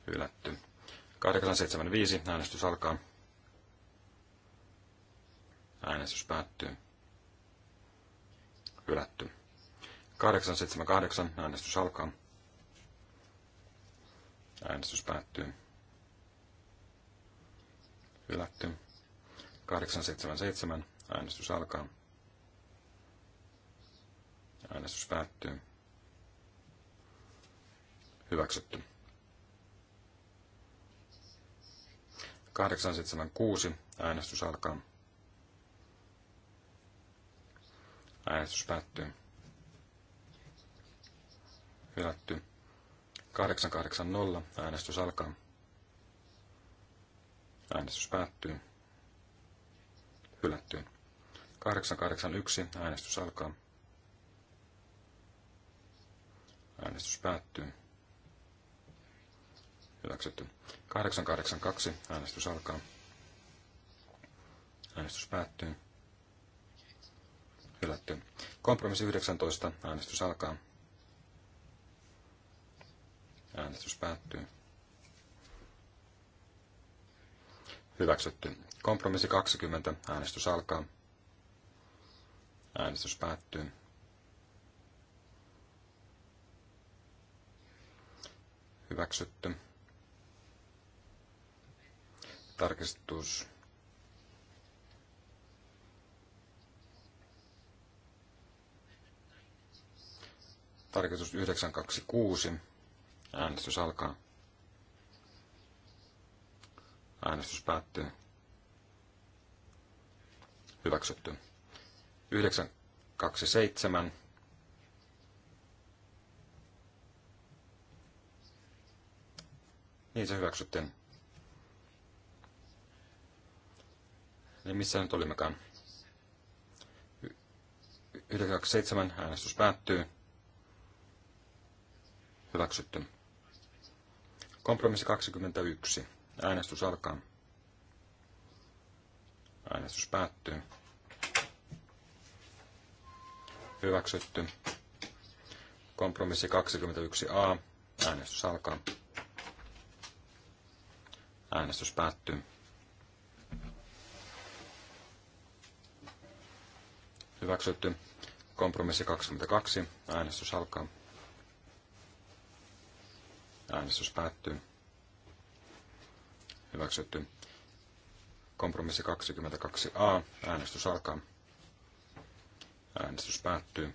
Speaker 4: Hylätty. 875. Äänestys alkaa. Äänestys päättyy. Hylätty. 878. Äänestys alkaa. Äänestys päättyy. Hylätty. 877. Äänestys alkaa. Äänestys päättyy. Hyväksytty. 876. Äänestys alkaa. Äänestys päättyy hylätty. 880 äänestys alkaa. Äänestys päättyy. Hylätty. 881 äänestys alkaa. Äänestys päättyy. Hyväksytty. 882 äänestys alkaa. Äänestys päättyy. Hylätty. Kompromissi 19. Äänestys alkaa. Äänestys päättyy. Hyväksytty. Kompromissi 20. Äänestys alkaa. Äänestys päättyy. Hyväksytty. Tarkistus. Tarkistus 926. Äänestys alkaa. Äänestys päättyy. Hyväksytty. 927. Niin se hyväksyttiin. Niin missä nyt olimmekaan? 927 äänestys päättyy. Hyväksytty. Kompromissi 21. Äänestys alkaa. Äänestys päättyy. Hyväksytty. Kompromissi 21a. Äänestys alkaa. Äänestys päättyy. Hyväksytty. Kompromissi 22. Äänestys alkaa. Äänestys päättyy. Hyväksytty. Kompromissi 22a. Äänestys alkaa. Äänestys päättyy.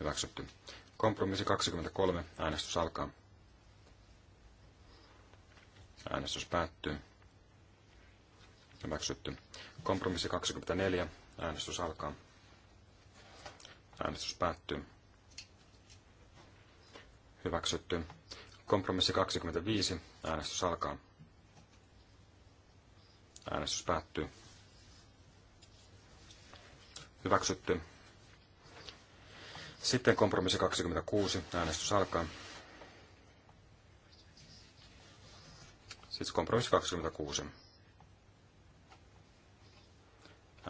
Speaker 4: Hyväksytty. Kompromissi 23. Äänestys alkaa. Äänestys päättyy. Hyväksytty. Kompromissi 24. Äänestys alkaa. Äänestys päättyy hyväksytty. Kompromissi 25, äänestys alkaa. Äänestys päättyy. Hyväksytty. Sitten kompromissi 26, äänestys alkaa. Siis kompromissi 26.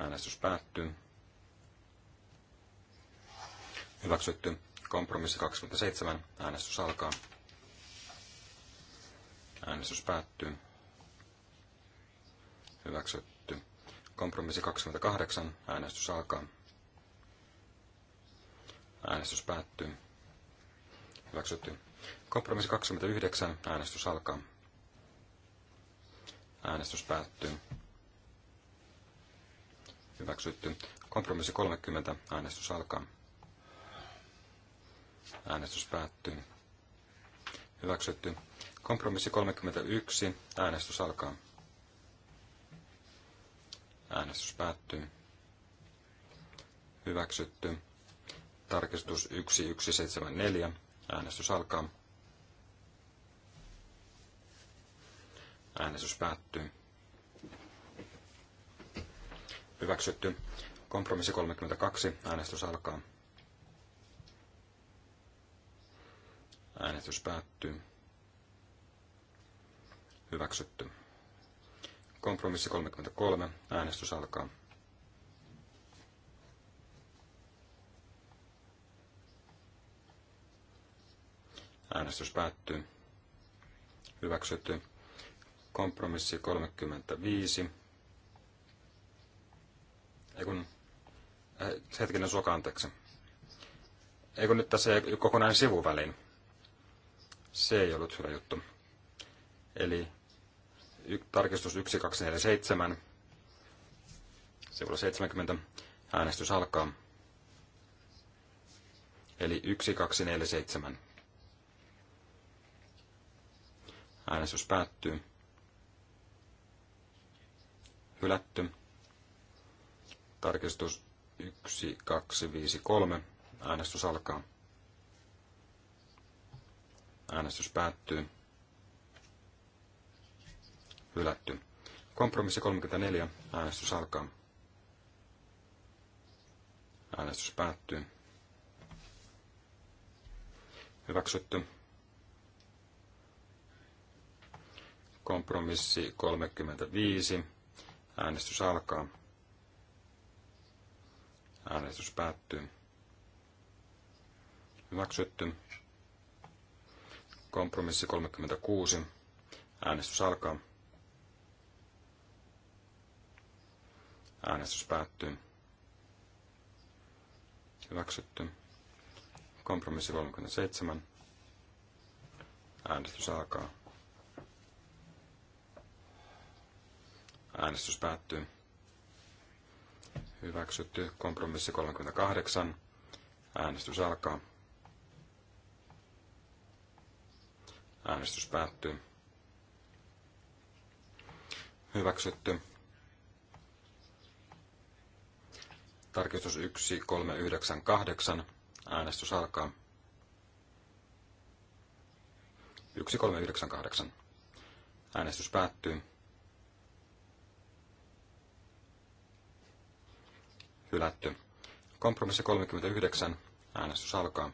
Speaker 4: Äänestys päättyy. Hyväksytty. Kompromissi 27. Äänestys alkaa. Äänestys päättyy. Hyväksytty. Kompromissi 28. Äänestys alkaa. Äänestys päättyy. Hyväksytty. Kompromissi 29. Äänestys alkaa. Äänestys päättyy. Hyväksytty. Kompromissi 30. Äänestys alkaa. Äänestys päättyy. Hyväksytty. Kompromissi 31. Äänestys alkaa. Äänestys päättyy. Hyväksytty. Tarkistus 1174. Äänestys alkaa. Äänestys päättyy. Hyväksytty. Kompromissi 32. Äänestys alkaa. Äänestys päättyy. Hyväksytty. Kompromissi 33. Äänestys alkaa. Äänestys päättyy. Hyväksytty. Kompromissi 35. Ei kun, eh, hetkinen suoka anteeksi. Ei kun nyt tässä ei kokonainen sivuvälin. Se ei ollut hyvä juttu. Eli y- tarkistus 1247, sivulla 70, äänestys alkaa. Eli 1247. Äänestys päättyy. Hylätty. Tarkistus 1253. Äänestys alkaa. Äänestys päättyy. Hylätty. Kompromissi 34. Äänestys alkaa. Äänestys päättyy. Hyväksytty. Kompromissi 35. Äänestys alkaa. Äänestys päättyy. Hyväksytty. Kompromissi 36. Äänestys alkaa. Äänestys päättyy. Hyväksytty. Kompromissi 37. Äänestys alkaa. Äänestys päättyy. Hyväksytty. Kompromissi 38. Äänestys alkaa. Äänestys päättyy. Hyväksytty. Tarkistus 1398. Äänestys alkaa. 1398. Äänestys päättyy. Hylätty. Kompromissi 39. Äänestys alkaa.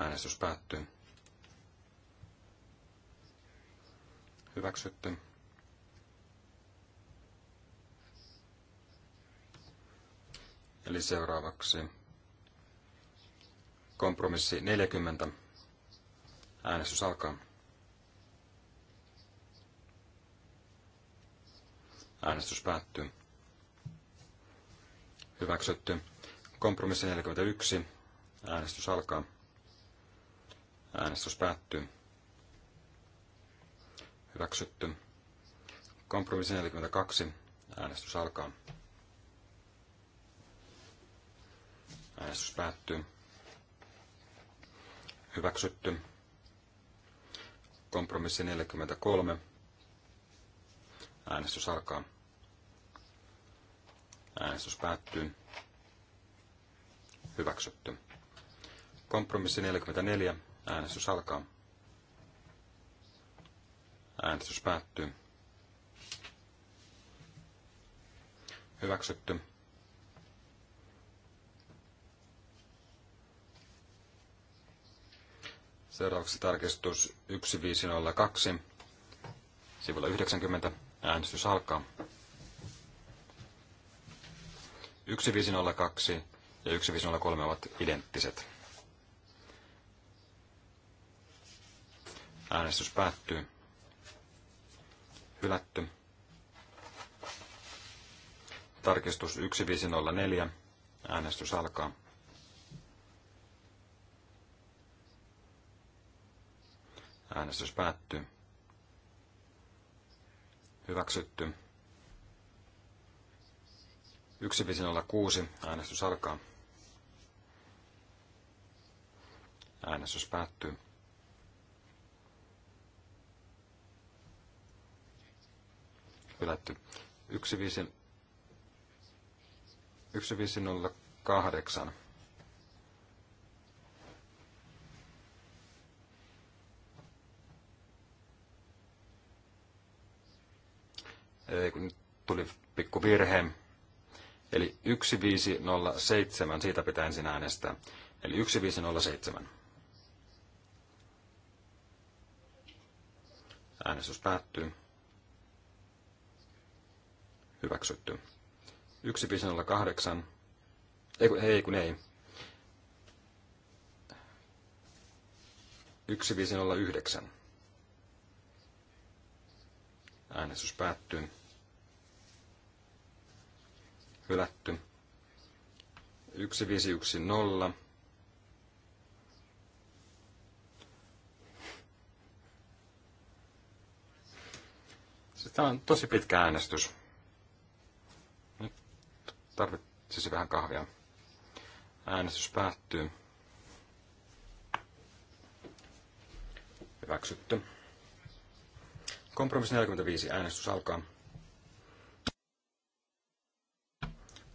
Speaker 4: Äänestys päättyy. Hyväksytty. Eli seuraavaksi kompromissi 40. Äänestys alkaa. Äänestys päättyy. Hyväksytty. Kompromissi 41. Äänestys alkaa. Äänestys päättyy. Hyväksytty. Kompromissi 42. Äänestys alkaa. Äänestys päättyy. Hyväksytty. Kompromissi 43. Äänestys alkaa. Äänestys päättyy. Hyväksytty. Kompromissi 44. Äänestys alkaa. Äänestys päättyy. Hyväksytty. Seuraavaksi tarkistus 1502, sivulla 90. Äänestys alkaa. 1502 ja 1503 ovat identtiset. Äänestys päättyy. Hylätty. Tarkistus 1504. Äänestys alkaa. Äänestys päättyy. Hyväksytty. 1506. Äänestys alkaa. Äänestys päättyy. pelätty. 1508. Ei, kun nyt tuli pikku virhe. Eli 1507, siitä pitää ensin äänestää. Eli 1507. Äänestys päättyy hyväksytty. 1.08, ei kun ei, kun ei. 1509. Äänestys päättyy. Hylätty. 1510. Siis Tämä on tosi pitkä äänestys tarvitsisi vähän kahvia. Äänestys päättyy. Hyväksytty. Kompromissi 45. Äänestys alkaa.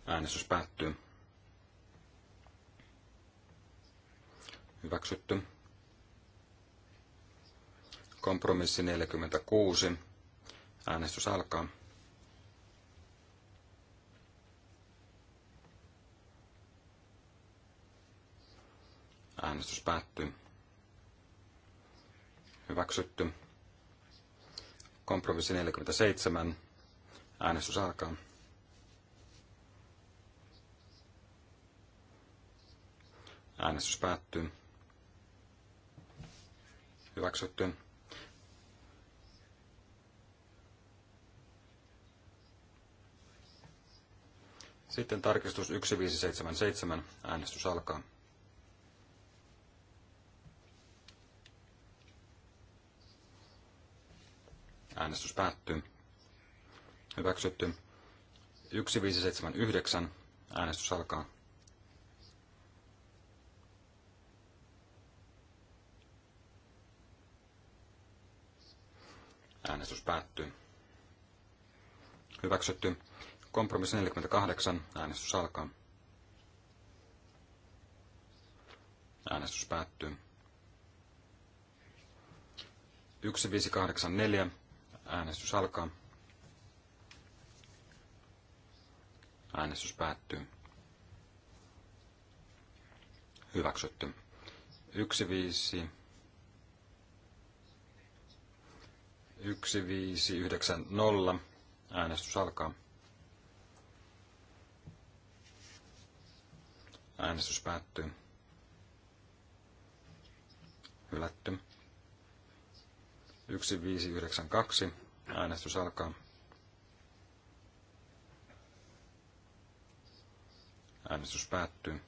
Speaker 4: Äänestys päättyy. Hyväksytty. Kompromissi 46. Äänestys alkaa. Äänestys päättyy. Hyväksytty. Kompromissi 47. Äänestys alkaa. Äänestys päättyy. Hyväksytty. Sitten tarkistus 1577. Äänestys alkaa. Äänestys päättyy. Hyväksytty. 1579. Äänestys alkaa. Äänestys päättyy. Hyväksytty. Kompromissi 48. Äänestys alkaa. Äänestys päättyy. 1584. Äänestys alkaa. Äänestys päättyy. Hyväksytty. Yksi viisi. Yksi viisi yhdeksän nolla. Äänestys alkaa. Äänestys päättyy. Hylätty. 1592. Äänestys alkaa. Äänestys päättyy.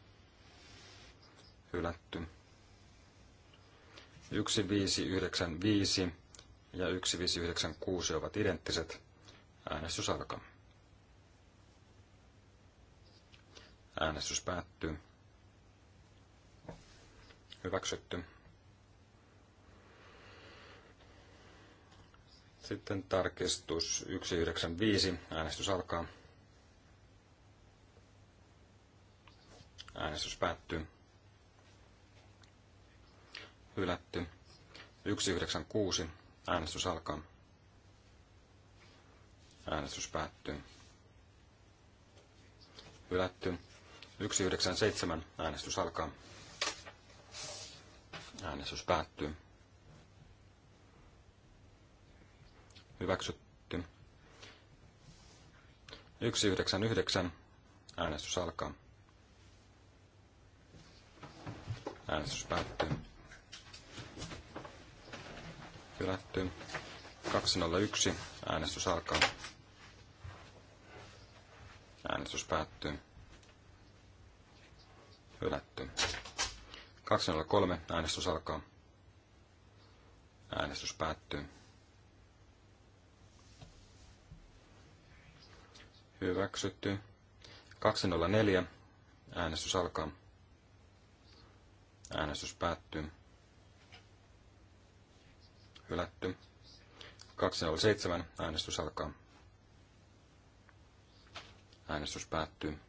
Speaker 4: Hylätty. 1595 ja 1596 ovat identtiset. Äänestys alkaa. Äänestys päättyy. Hyväksytty. Sitten tarkistus 195. Äänestys alkaa. Äänestys päättyy. Hylätty. 196. Äänestys alkaa. Äänestys päättyy. Hylätty. 197. Äänestys alkaa. Äänestys päättyy. hyväksytty. 199 äänestys alkaa. Äänestys päättyy. Hylätty. 201 äänestys alkaa. Äänestys päättyy. Hylätty. 203 äänestys alkaa. Äänestys päättyy. Hyväksytty. 204. Äänestys alkaa. Äänestys päättyy. Hylätty. 207. Äänestys alkaa. Äänestys päättyy.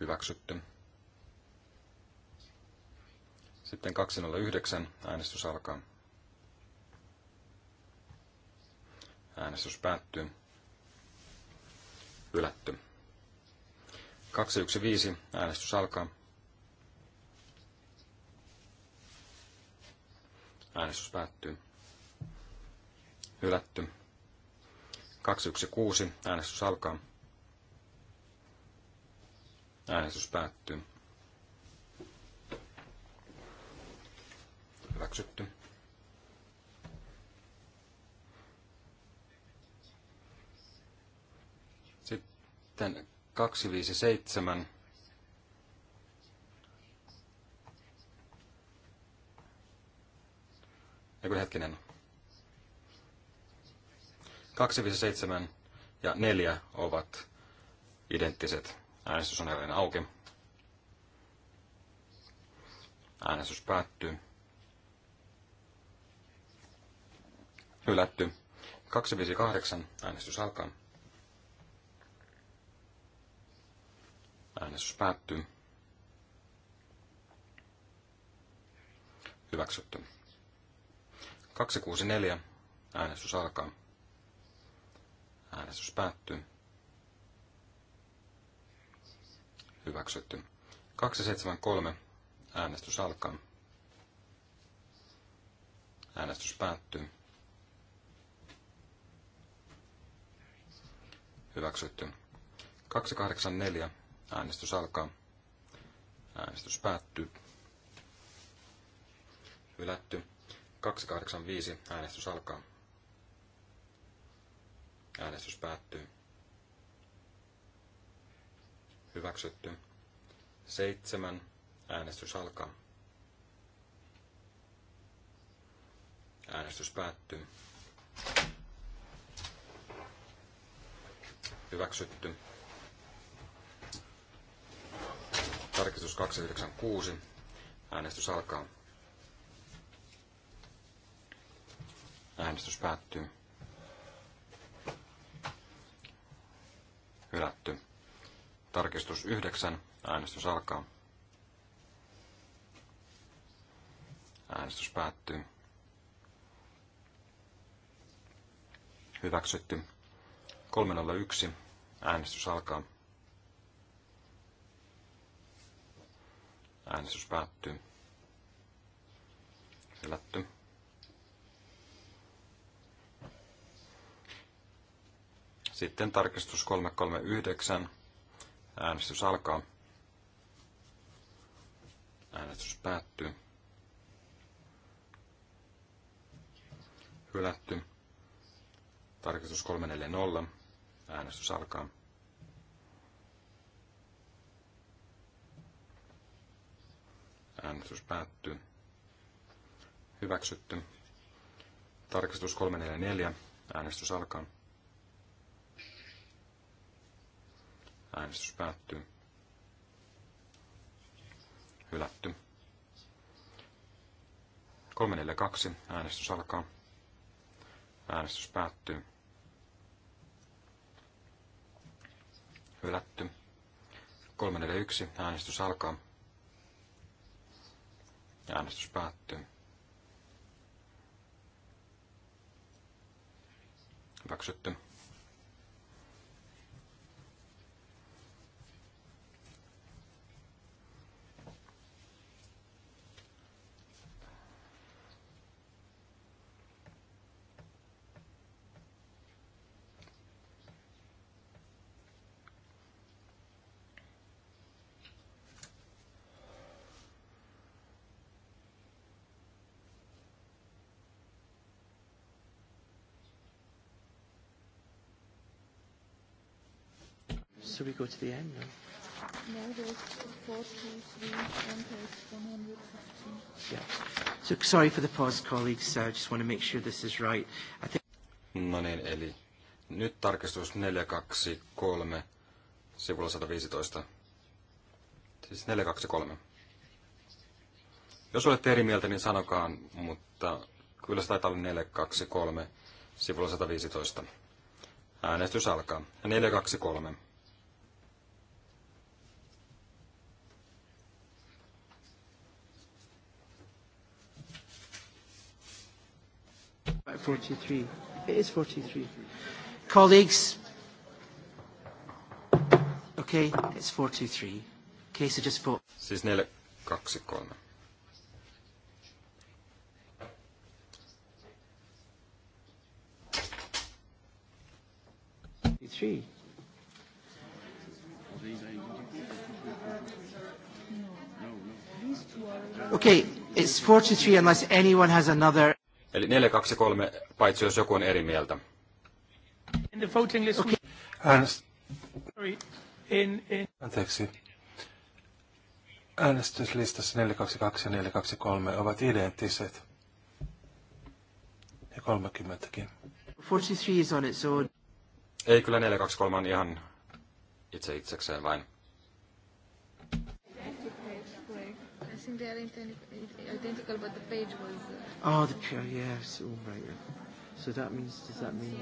Speaker 4: Hyväksytty. Sitten 209. Äänestys alkaa. Äänestys päättyy. Ylätty. 215. Äänestys alkaa. Äänestys päättyy. Ylätty. 216. Äänestys alkaa. Äänestys päättyy. Hyväksytty. Sitten 257. Eikö hetkinen. 257 ja 4 ovat identtiset. Äänestys on edelleen auki. Äänestys päättyy. Hylätty. 258. Äänestys alkaa. Äänestys päättyy. Hyväksytty. 264. Äänestys alkaa. Äänestys päättyy. Hyväksytty. 273. Äänestys alkaa. Äänestys päättyy. Hyväksytty. 284. Äänestys alkaa. Äänestys päättyy. Hylätty. 285. Äänestys alkaa. Äänestys päättyy. Hyväksytty. 7. Äänestys alkaa. Äänestys päättyy. Hyväksytty. Tarkistus 296. Äänestys alkaa. Äänestys päättyy. Hylätty. Tarkistus 9. Äänestys alkaa. Äänestys päättyy. Hyväksytty. 301. Äänestys alkaa. Äänestys päättyy. Selätty. Sitten tarkistus 339. Äänestys alkaa. Äänestys päättyy. Hylätty. Tarkistus 340. Äänestys alkaa. Äänestys päättyy. Hyväksytty. Tarkistus 344. Äänestys alkaa. Äänestys päättyy. Hylätty. 342. Äänestys alkaa. Äänestys päättyy. Hylätty. 341. Äänestys alkaa. Äänestys päättyy. Hyväksytty.
Speaker 1: so we go to the end now. No, there's four, two, three, one page, 115. Yeah. So sorry for the pause, colleagues. I just
Speaker 4: want to make sure this is right. I think... No niin, eli nyt tarkistus 423 sivulla 115. Siis 423. Jos olette eri mieltä, niin sanokaan, mutta kyllä se taitaa olla 423 sivulla 115. Äänestys alkaa. 423.
Speaker 1: 43. It is 43. Colleagues. Okay, it's 43. Case just vote. Siis
Speaker 4: 423.
Speaker 3: Three.
Speaker 1: Okay, it's 43 unless anyone has another.
Speaker 3: Eli
Speaker 4: 4, 2, 3, paitsi jos joku on eri mieltä.
Speaker 3: In the voting list... Okay. Äänest... Sorry. In, in... Anteeksi. Äänestyslistassa 422 ja 423 ovat identtiset. Ja 30kin.
Speaker 1: 43 is on its own.
Speaker 4: Ei, kyllä 423 on ihan itse itsekseen vain.
Speaker 2: think the are identical, but the page was.
Speaker 1: Uh, oh, the pure, yes. All right. Yeah. So that means, does that mean?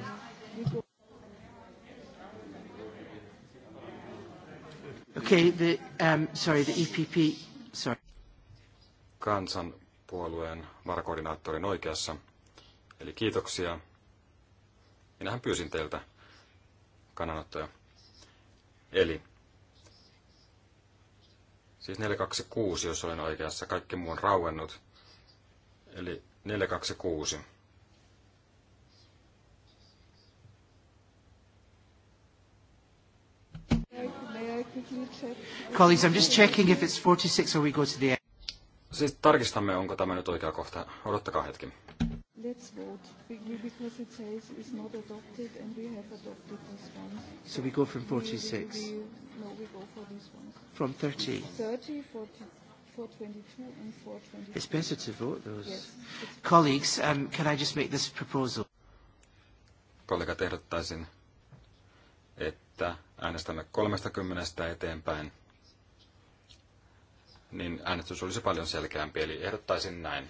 Speaker 1: Okay, the, um, sorry, the EPP, sorry.
Speaker 4: Kansan puolueen varakoordinaattorin oikeassa. Eli kiitoksia. Minähän pyysin teiltä kannanottoja. Eli Siis 426, jos olen oikeassa. Kaikki muu on rauennut. Eli 426.
Speaker 1: Colleagues, I'm just checking if it's 46
Speaker 4: or we go to the end. Siis tarkistamme, onko tämä nyt oikea kohta. Odottakaa hetki
Speaker 2: let's vote because it says it's not adopted and we have adopted this one. So we go from 46? We, we, we, no, we go for this one.
Speaker 1: From 30?
Speaker 2: 30, 40.
Speaker 1: 422 and 423. It's better to vote those. Yes, Colleagues, um, can I just make this proposal? Kollega,
Speaker 4: ehdottaisin, että äänestämme 30 eteenpäin, niin äänestys olisi paljon selkeämpi. Eli ehdottaisin näin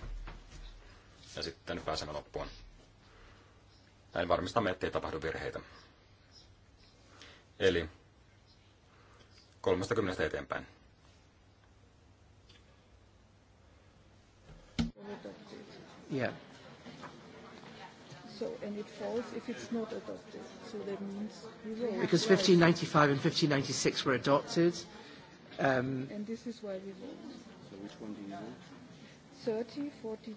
Speaker 4: ja sitten pääsemme loppuun. Näin varmistamme, ettei tapahdu virheitä. Eli 30 eteenpäin.
Speaker 1: Yeah.
Speaker 2: So, and it falls if it's not adopted. So that means we Because
Speaker 1: 1595 and 1596 were adopted. Um,
Speaker 2: and this is why we vote.
Speaker 1: So which one do you vote?
Speaker 2: 30, 40,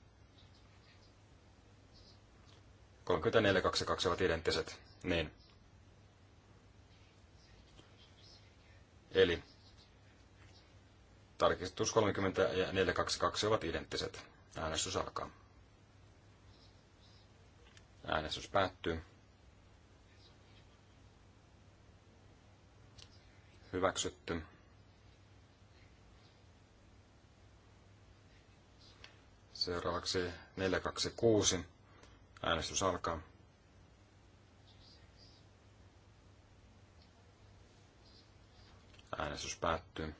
Speaker 4: 3422 ovat identtiset. Niin. Eli tarkistus 30 ja 422 ovat identtiset. Äänestys alkaa. Äänestys päättyy. Hyväksytty. Seuraavaksi 426 Äänestys alkaa. Äänestys päättyy.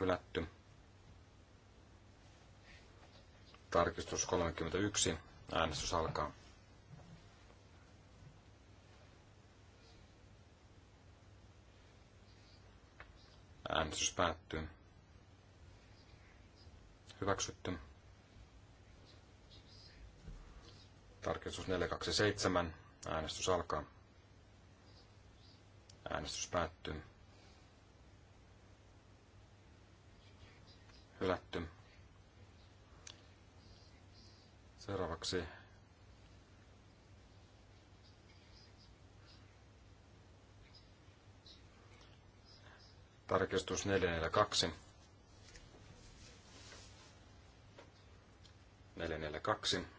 Speaker 4: Hylätty. Tarkistus 31. Äänestys alkaa. Äänestys päättyy. Hyväksytty. Tarkistus 427. Äänestys alkaa. Äänestys päättyy. Hylätty. Seuraavaksi tarkistus 442. 442.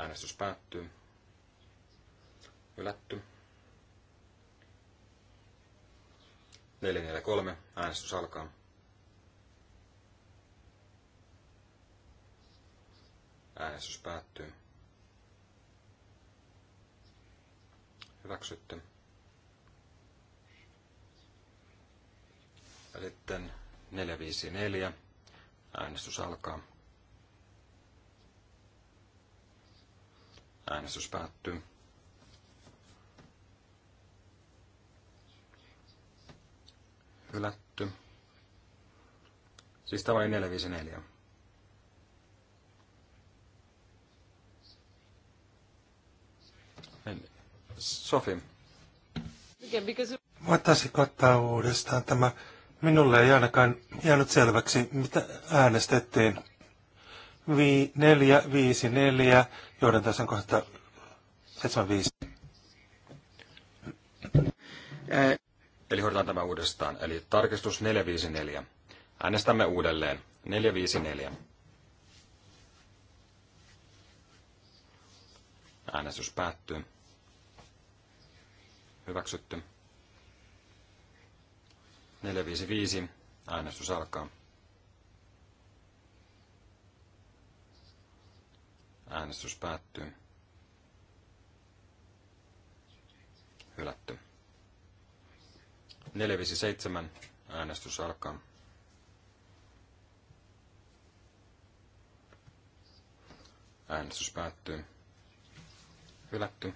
Speaker 4: Äänestys päättyy. Ylätty. 443. Äänestys alkaa. Äänestys päättyy. Hyväksytty. Ja sitten 454. Äänestys alkaa. Äänestys päättyy. Hylätty. Siis tämä oli 454.
Speaker 3: Sofi. Voitaisiko ottaa uudestaan tämä? Minulle ei ainakaan jäänyt selväksi, mitä äänestettiin. 454, johdan tässä on kohta 75.
Speaker 4: Eli hoidetaan tämä uudestaan. Eli tarkistus 454. Äänestämme uudelleen. 454. Äänestys päättyy. Hyväksytty. 455. Äänestys alkaa. Äänestys päättyy. Hylätty. 457. Äänestys alkaa. Äänestys päättyy. Hylätty.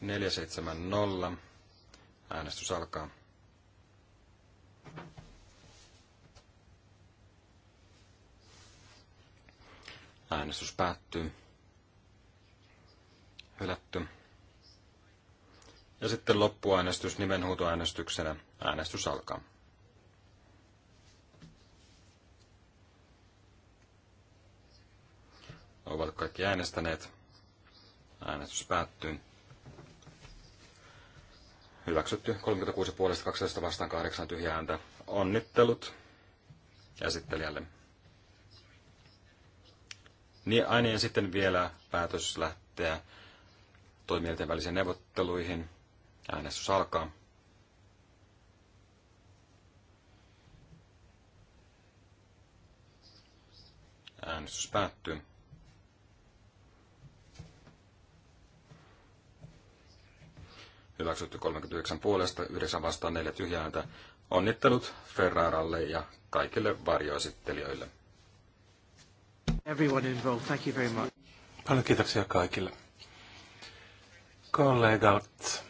Speaker 4: 470. Äänestys alkaa. Äänestys päättyy. Hylätty. Ja sitten loppuäänestys nimenhuutoäänestyksenä. Äänestys alkaa. Ovat kaikki äänestäneet. Äänestys päättyy. Hyväksytty 36 puolesta 12 vastaan 8 tyhjää ääntä. Onnittelut esittelijälle. Niin aina niin, ja sitten vielä päätös lähteä toimijoiden välisiin neuvotteluihin. Äänestys alkaa. Äänestys päättyy. Hyväksytty 39 puolesta, 9 vastaan 4 tyhjääntä. Onnittelut Ferraralle ja kaikille varjoesittelijöille.
Speaker 3: Everyone involved. Thank you very much. Paljon kiitoksia kaikille. Kollegat.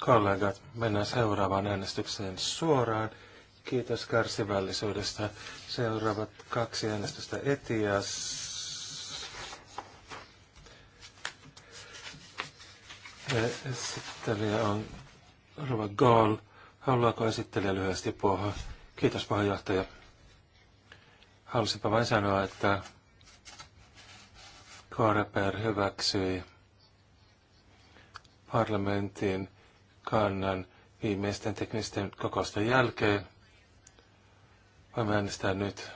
Speaker 3: Kollegat, mennään seuraavaan äänestykseen suoraan. Kiitos kärsivällisyydestä. Seuraavat kaksi äänestystä Etias. Esittelijä on Rova Gall. Haluaako esittelijä lyhyesti puhua? Kiitos puheenjohtaja. Halusinpa vain sanoa, että Koreper hyväksyi parlamentin kannan viimeisten teknisten kokousten jälkeen. Voimme äänestää nyt.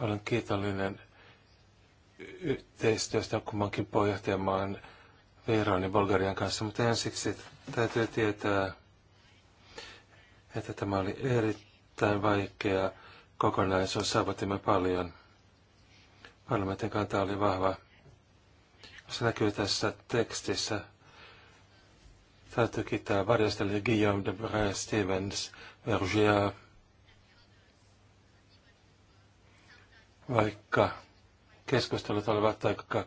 Speaker 3: Olen kiitollinen yhteistyöstä kummankin puheenjohtajamaan Veronin Bulgarian kanssa, mutta ensiksi Täytyy tietää, että tämä oli erittäin vaikea kokonaisuus. Saavutimme paljon. Parlamentin kanta oli vahva. Se näkyy tässä tekstissä. Täytyy kiittää varjostelijoita Guillaume de Bray, Stevens, Vergia. Vaikka keskustelut olivat aika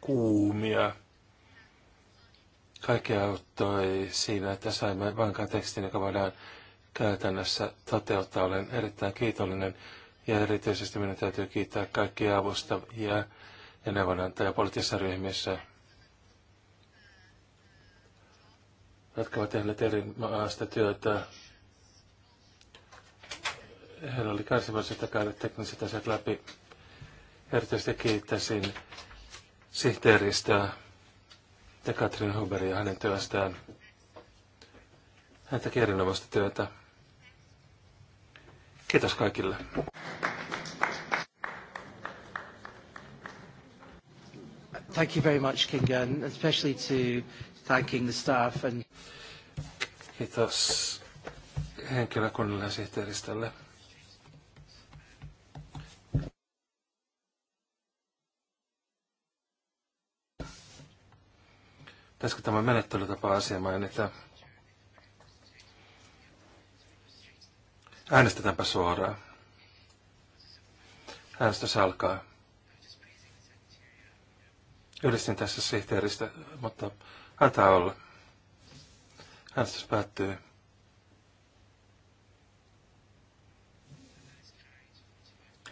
Speaker 3: kuumia Kaikkea auttoi siinä, että saimme vankan tekstin, joka voidaan käytännössä toteuttaa. Olen erittäin kiitollinen ja erityisesti minun täytyy kiittää kaikkia avustajia ja neuvonantajia poliittisissa ryhmissä, jotka ovat tehneet eri maasta työtä. Heillä oli kärsivällisyyttä käydä tekniset asiat läpi. Erityisesti kiittäisin sihteeristöä ja Katrin ja hänen työstään. Hän teki erinomaista työtä. Kiitos kaikille. Thank you very much, Kinga, and especially to thanking the staff and... Kiitos henkilökunnalle ja sihteeristölle. Pitäisikö tämä menettelytapa-asia mainita? Äänestetäänpä suoraan. Äänestys alkaa. Ylistin tässä sihteeristä, mutta antaa olla. Äänestys päättyy.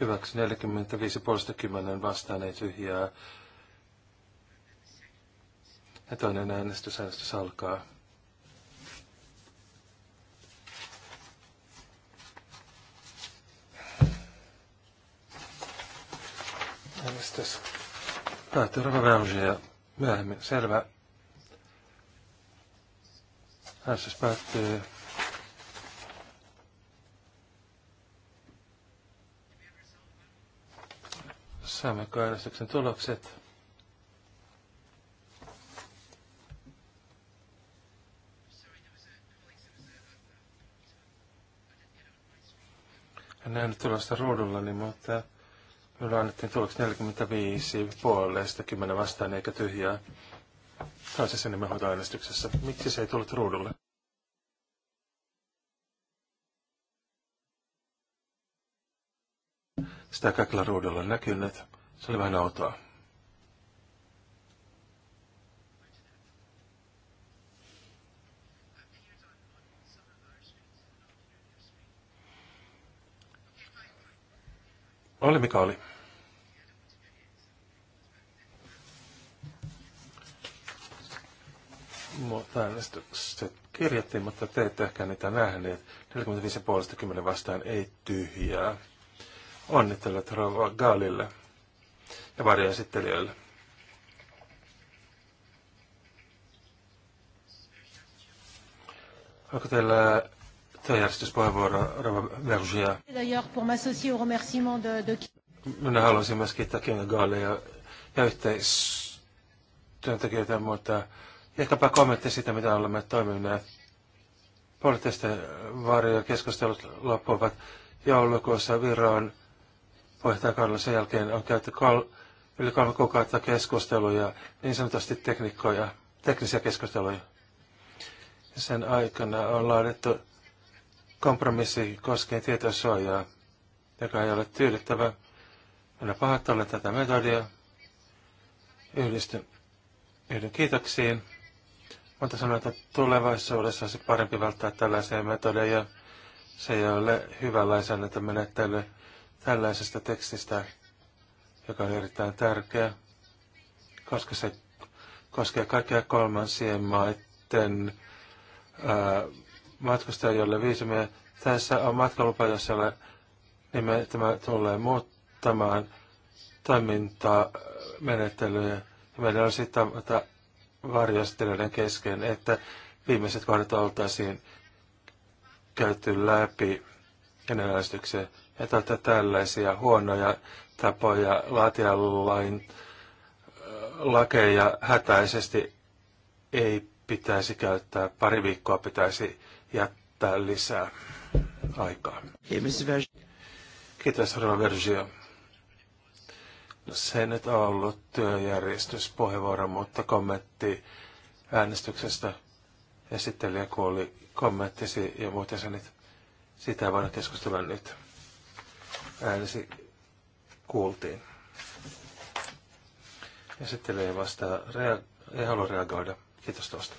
Speaker 3: Hyväksi 45 puolesta 10 vastaan ei tyhjää. Ja toinen äänestys, äänestys alkaa. Äänestys päättyy ja myöhemmin. Selvä. Äänestys päättyy Saammeko äänestyksen tulokset? En nähnyt tulosta ruudullani, mutta minulla annettiin tuloksi 45 puolesta, 10 vastaan eikä tyhjää. Toisessa nimenhoitoäänestyksessä. Miksi se ei tullut ruudulle? Sitä kaikilla ruudulla näkynyt. Se oli vähän outoa. Oli mikä oli. Mutta se kirjattiin, mutta te ette ehkä niitä nähneet. 45,5 10 vastaan ei tyhjää. Onnittelut Rova Gaalille ja varjoesittelijöille. Onko teillä Rova Minä haluaisin myös kiittää Kina Gaalle ja ja yhteistyöntekijöitä, mutta ehkäpä kommentti siitä, mitä olemme toimineet. Poliittisten keskustelut loppuvat joulukuussa Viroon puheenjohtajakaudella sen jälkeen on käyty kol- yli kolme kuukautta keskusteluja, niin sanotusti teknikkoja, teknisiä keskusteluja. Sen aikana on laadittu kompromissi koskee tietosuojaa, joka ei ole tyydyttävä. Minä pahoittelen tätä metodia. Yhdistyn, yhdyn kiitoksiin. Mutta sanoin, että tulevaisuudessa olisi parempi välttää tällaisia metodeja. Se ei ole hyvä lainsäädäntömenettely tällaisesta tekstistä, joka on erittäin tärkeä, koska se koskee kaikkia kolmansien maiden ää, matkustajalle viisumia. Tässä on matkailupa, jossa ole, niin me, tämä tulee muuttamaan toimintaa menettelyjä. meillä on sitten varjostelijoiden kesken, että viimeiset kohdat oltaisiin käyty läpi ennen että että tällaisia huonoja tapoja laatia lain äh, lakeja hätäisesti ei pitäisi käyttää. Pari viikkoa pitäisi jättää lisää aikaa. Kiitos, Rova Vergio. No, se nyt on ollut työjärjestyspuheenvuoro, mutta kommentti äänestyksestä esittelijä kuoli kommenttisi ja muuten sen nyt sitä voidaan keskustella nyt. Äänesi kuultiin. Esittelijä vastaa, rea- ei halua reagoida. Kiitos tuosta.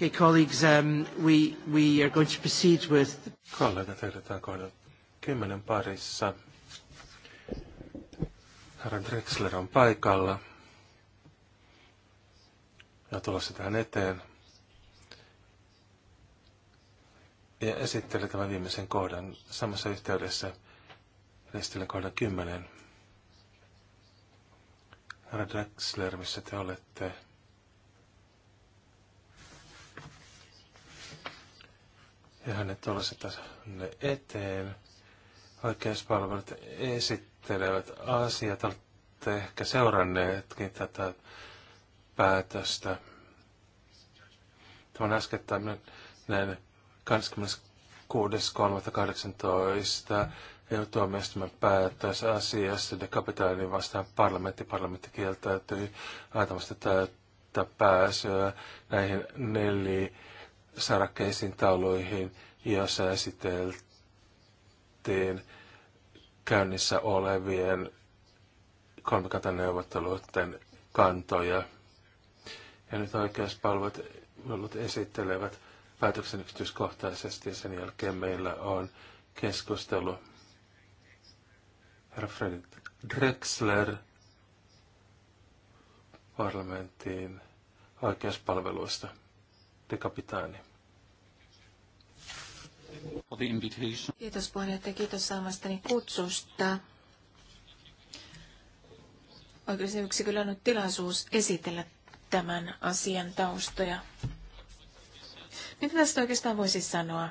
Speaker 3: Okay, colleagues, um, we, we are going to proceed with... Kollegat, ehdotetaan kymmenen parissa. Herra Drexler on paikalla ja tulossa tähän eteen. Ja esitteli tämän viimeisen kohdan samassa yhteydessä Ristille kohdan kymmenen Herra Drexler, missä te olette? ja hänet tullessa tänne eteen. Oikeuspalvelut esittelevät asiat, olette ehkä seuranneetkin tätä päätöstä. Tämä on äskettäin näin 26.3.18 EU-tuomioistuimen päätös asiassa de kapitaalin vastaan parlamentti. Parlamentti kieltäytyi antamasta täyttä pääsyä näihin neljä sarakkeisiin tauluihin, joissa esiteltiin käynnissä olevien kolmikantaneuvotteluiden kantoja. Ja nyt oikeuspalvelut esittelevät päätöksen yksityiskohtaisesti ja sen jälkeen meillä on keskustelu. Herra Fredrik Drexler parlamenttiin oikeuspalveluista de Capitani.
Speaker 2: Kiitos puheenjohtaja, kiitos saamastani kutsusta. Oikeastaan yksi on nyt tilaisuus esitellä tämän asian taustoja. Mitä tästä oikeastaan voisi sanoa?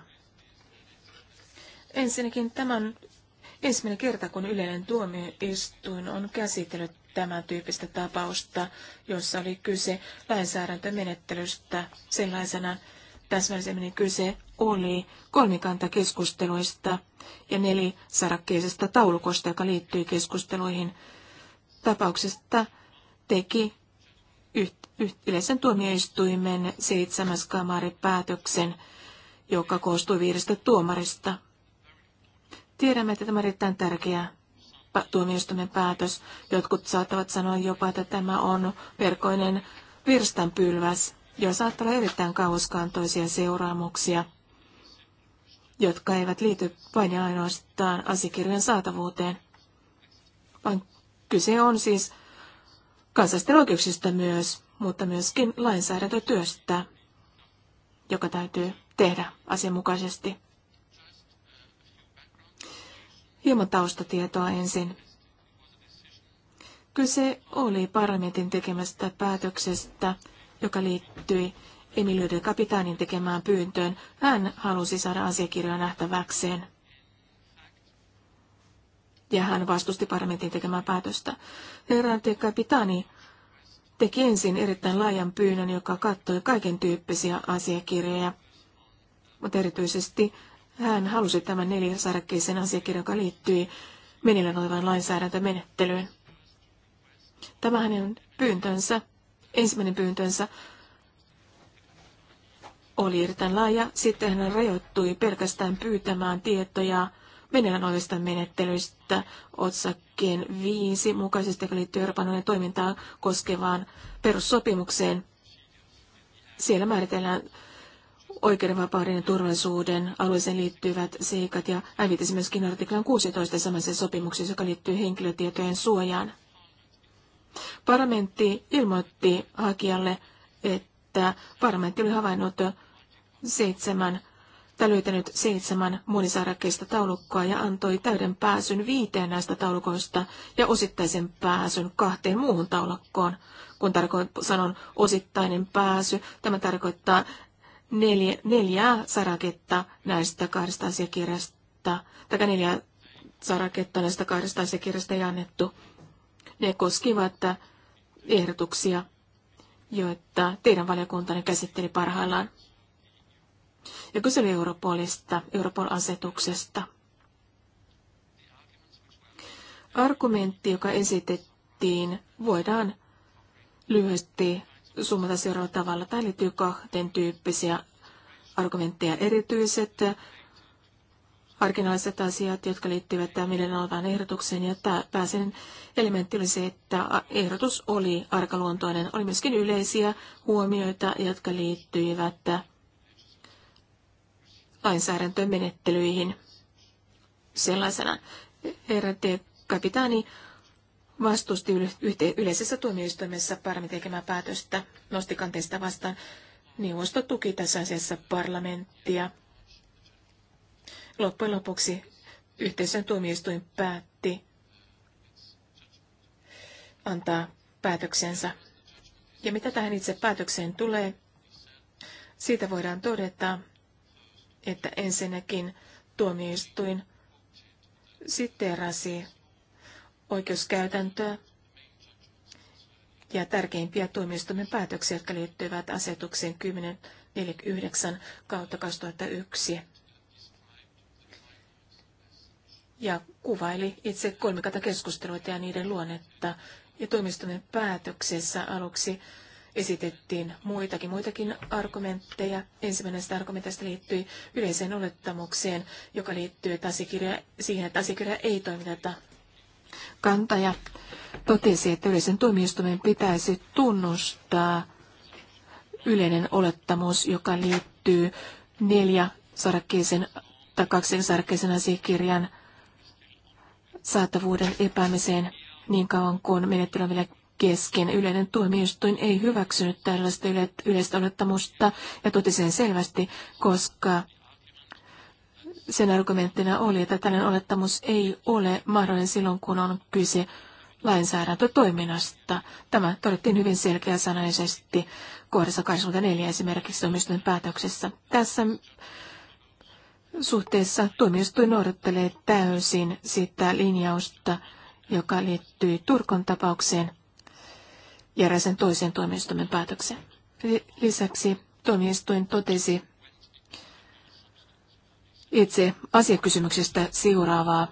Speaker 2: Ensinnäkin tämän ensimmäinen kerta, kun yleinen tuomioistuin on käsitellyt tämän tyyppistä tapausta, jossa oli kyse lainsäädäntömenettelystä sellaisena täsmällisemmin kyse oli kolmikantakeskusteluista ja nelisarakkeisesta taulukosta, joka liittyy keskusteluihin tapauksesta, teki yleisen tuomioistuimen seitsemäs kamaripäätöksen, päätöksen, joka koostui viidestä tuomarista. Tiedämme, että tämä on erittäin tärkeää tuomioistuimen päätös. Jotkut saattavat sanoa jopa, että tämä on verkoinen virstanpylväs, jolla saattaa olla erittäin kauaskantoisia seuraamuksia, jotka eivät liity vain ja ainoastaan asiakirjan saatavuuteen, vaan kyse on siis kansallisten oikeuksista myös, mutta myöskin lainsäädäntötyöstä, joka täytyy tehdä asianmukaisesti. Hieman taustatietoa ensin. Kyse oli parlamentin tekemästä päätöksestä, joka liittyi Emilio de Capitanin tekemään pyyntöön. Hän halusi saada asiakirjoja nähtäväkseen. Ja hän vastusti parlamentin tekemään päätöstä. Herra de Capitani teki ensin erittäin laajan pyynnön, joka kattoi kaiken tyyppisiä asiakirjoja, mutta erityisesti hän halusi tämän neljäsarkkeisen asiakirjan, joka liittyi menillä olevan lainsäädäntömenettelyyn. Tämä hänen pyyntönsä, ensimmäinen pyyntönsä, oli erittäin laaja. Sitten hän rajoittui pelkästään pyytämään tietoja meneillään olevista menettelyistä otsakkeen viisi mukaisesti, joka liittyy Euroopan unionin toimintaa koskevaan perussopimukseen. Siellä määritellään oikeudenvapauden ja turvallisuuden alueeseen liittyvät seikat ja hävitisi myöskin artiklan 16 samassa sopimuksessa, joka liittyy henkilötietojen suojaan. Parlamentti ilmoitti hakijalle, että parlamentti oli havainnut seitsemän tai löytänyt seitsemän monisaarakkeista taulukkoa ja antoi täyden pääsyn viiteen näistä taulukoista ja osittaisen pääsyn kahteen muuhun taulukkoon. Kun tarko- sanon osittainen pääsy, tämä tarkoittaa, neljä, neljää saraketta näistä kahdesta asiakirjasta, tai neljää saraketta näistä kahdesta asiakirjasta ei annettu. Ne koskivat ehdotuksia, joita teidän valiokuntanne käsitteli parhaillaan. Ja kyse oli Europolista, Europol-asetuksesta. Argumentti, joka esitettiin, voidaan lyhyesti summata seuraavalla tavalla. Tämä liittyy kahden tyyppisiä argumentteja. Erityiset harkinnalliset asiat, jotka liittyvät tämän olevan ehdotukseen. Ja tämä pääsen elementti oli se, että ehdotus oli arkaluontoinen. Oli myöskin yleisiä huomioita, jotka liittyivät lainsäädäntömenettelyihin sellaisena. Herra de Capitani vastusti yleisessä tuomioistuimessa parlamentin tekemää päätöstä, nosti kanteista vastaan. Neuvosto tuki tässä asiassa parlamenttia. Loppujen lopuksi yhteisön tuomioistuin päätti antaa päätöksensä. Ja mitä tähän itse päätökseen tulee, siitä voidaan todeta, että ensinnäkin tuomioistuin siteerasi oikeuskäytäntöä ja tärkeimpiä tuomioistuimen päätöksiä, jotka liittyvät asetukseen 1049 kautta 2001. Ja kuvaili itse kolmikata keskusteluita ja niiden luonnetta. Ja tuomioistuimen päätöksessä aluksi esitettiin muitakin, muitakin argumentteja. Ensimmäinen argumentista liittyi yleiseen olettamukseen, joka liittyy siihen, että asiakirja ei toimiteta kantaja totesi, että yleisen tuomioistuimen pitäisi tunnustaa yleinen olettamus, joka liittyy neljä sarakkeisen tai kaksen sarakkeisen asiakirjan saatavuuden epäämiseen niin kauan kuin menettely on vielä kesken. Yleinen tuomioistuin ei hyväksynyt tällaista yleistä olettamusta ja totesi sen selvästi, koska sen argumenttina oli, että tällainen olettamus ei ole mahdollinen silloin, kun on kyse lainsäädäntötoiminnasta. Tämä todettiin hyvin selkeäsanaisesti kohdassa 84 esimerkiksi tuomioistuin päätöksessä. Tässä suhteessa tuomioistuin noudattelee täysin sitä linjausta, joka liittyy Turkon tapaukseen ja sen toiseen tuomioistuimen päätökseen. Lisäksi tuomioistuin totesi, itse asiakysymyksestä seuraavaa.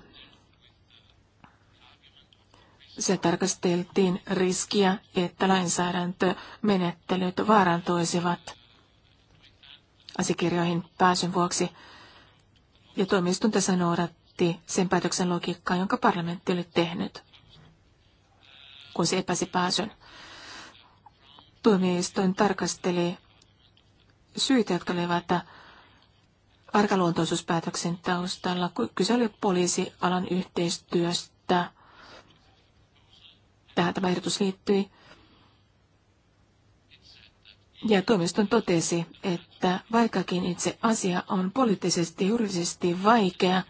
Speaker 2: Se tarkasteltiin riskiä, että lainsäädäntömenettelyt vaarantuisivat asiakirjoihin pääsyn vuoksi, ja tuomioistuin tässä noudatti sen päätöksen logiikkaa, jonka parlamentti oli tehnyt, kun se epäsi pääsyn. Tuomioistuin tarkasteli syitä, jotka olivat arkaluontoisuuspäätöksen taustalla. Kyse oli poliisialan yhteistyöstä. Tähän tämä ehdotus liittyi. Ja tuomiston totesi, että vaikkakin itse asia on poliittisesti ja juridisesti vaikea,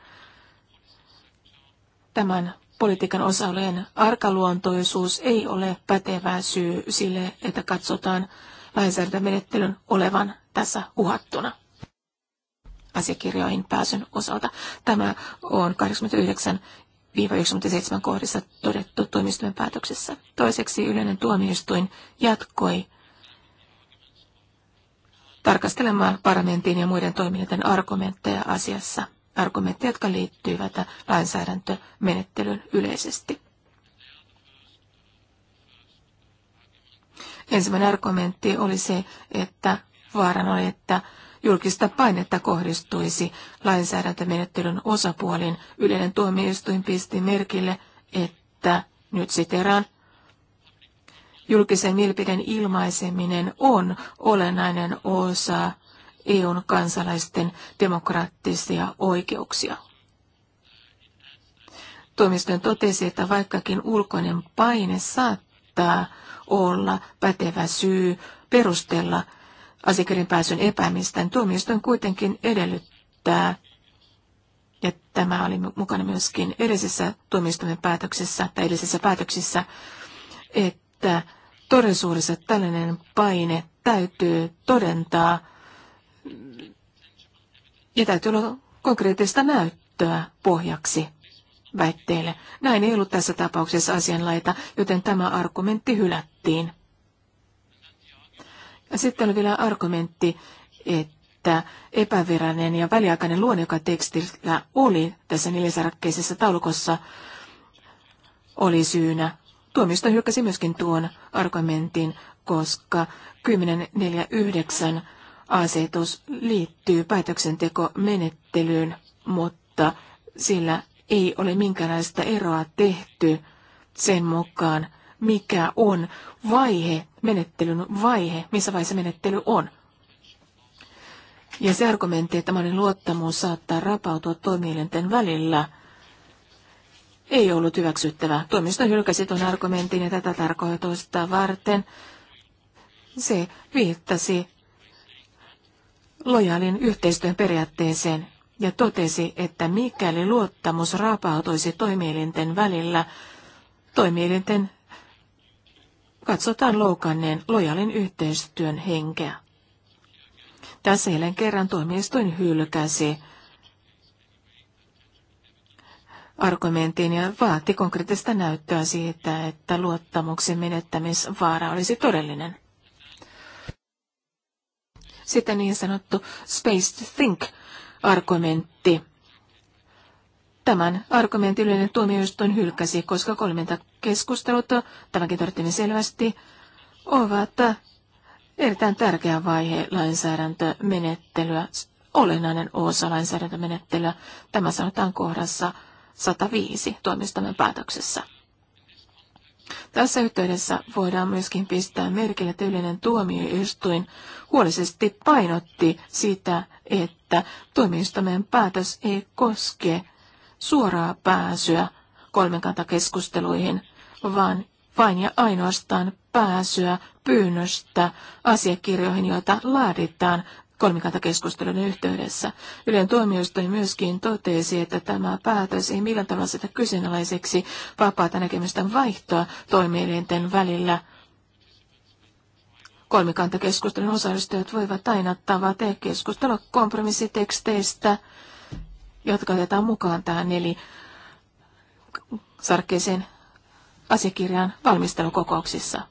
Speaker 2: tämän politiikan osa-alueen arkaluontoisuus ei ole pätevä syy sille, että katsotaan lainsäädäntömenettelyn olevan tässä uhattuna asiakirjoihin pääsyn osalta. Tämä on 89 97 kohdissa todettu tuomioistuimen päätöksessä. Toiseksi yleinen tuomioistuin jatkoi tarkastelemaan parlamentin ja muiden toimijoiden argumentteja asiassa, argumentteja, jotka liittyvät lainsäädäntömenettelyyn yleisesti. Ensimmäinen argumentti oli se, että vaaran oli, että julkista painetta kohdistuisi lainsäädäntömenettelyn osapuolin. Yleinen tuomioistuin pisti merkille, että nyt siteraan Julkisen mielipiden ilmaiseminen on olennainen osa EUn kansalaisten demokraattisia oikeuksia. Tuomioistuin totesi, että vaikkakin ulkoinen paine saattaa olla pätevä syy perustella asiakirjan pääsyn epäämistään. Niin tuomioistuin kuitenkin edellyttää, ja tämä oli mukana myöskin edellisessä tuomioistuimen päätöksessä tai edellisessä päätöksissä, että todellisuudessa tällainen paine täytyy todentaa ja täytyy olla konkreettista näyttöä pohjaksi väitteille. Näin ei ollut tässä tapauksessa asianlaita, joten tämä argumentti hylättiin. Sitten on vielä argumentti, että epävirallinen ja väliaikainen luonne, joka tekstillä oli tässä nelisarakkeisessa taulukossa, oli syynä. Tuomisto hyökkäsi myöskin tuon argumentin, koska 1049 asetus liittyy päätöksentekomenettelyyn, mutta sillä ei ole minkäänlaista eroa tehty sen mukaan, mikä on vaihe menettelyn vaihe, missä vaiheessa menettely on. Ja se argumentti, että tämmöinen luottamus saattaa rapautua toimielinten välillä, ei ollut hyväksyttävä. Toimisto hylkäsi tuon argumentin ja tätä tarkoitusta varten se viittasi lojaalin yhteistyön periaatteeseen ja totesi, että mikäli luottamus rapautuisi toimielinten välillä, toimielinten katsotaan loukanneen lojalin yhteistyön henkeä. Tässä eilen kerran tuomioistuin hylkäsi argumentin ja vaati konkreettista näyttöä siitä, että luottamuksen menettämisvaara olisi todellinen. Sitten niin sanottu Space to Think argumentti Tämän argumentin tuomioistuin hylkäsi, koska kolmenta keskustelut, tämäkin todettiin selvästi, ovat erittäin tärkeä vaihe lainsäädäntömenettelyä, olennainen osa lainsäädäntömenettelyä. Tämä sanotaan kohdassa 105 tuomistamme päätöksessä. Tässä yhteydessä voidaan myöskin pistää merkille, että yleinen tuomioistuin huolisesti painotti sitä, että tuomioistuimen päätös ei koske suoraa pääsyä kolmenkantakeskusteluihin, vaan vain ja ainoastaan pääsyä pyynnöstä asiakirjoihin, joita laaditaan kolmikantakeskustelun yhteydessä. Ylen tuomioistuin myöskin totesi, että tämä päätös ei millään tavalla sitä kyseenalaiseksi vapaata näkemystä vaihtoa toimielinten välillä. Kolmikantakeskustelun osallistujat voivat aina tavata keskustella kompromissiteksteistä jotka otetaan mukaan tähän eli sarkkeeseen asiakirjan valmistelukokouksissa.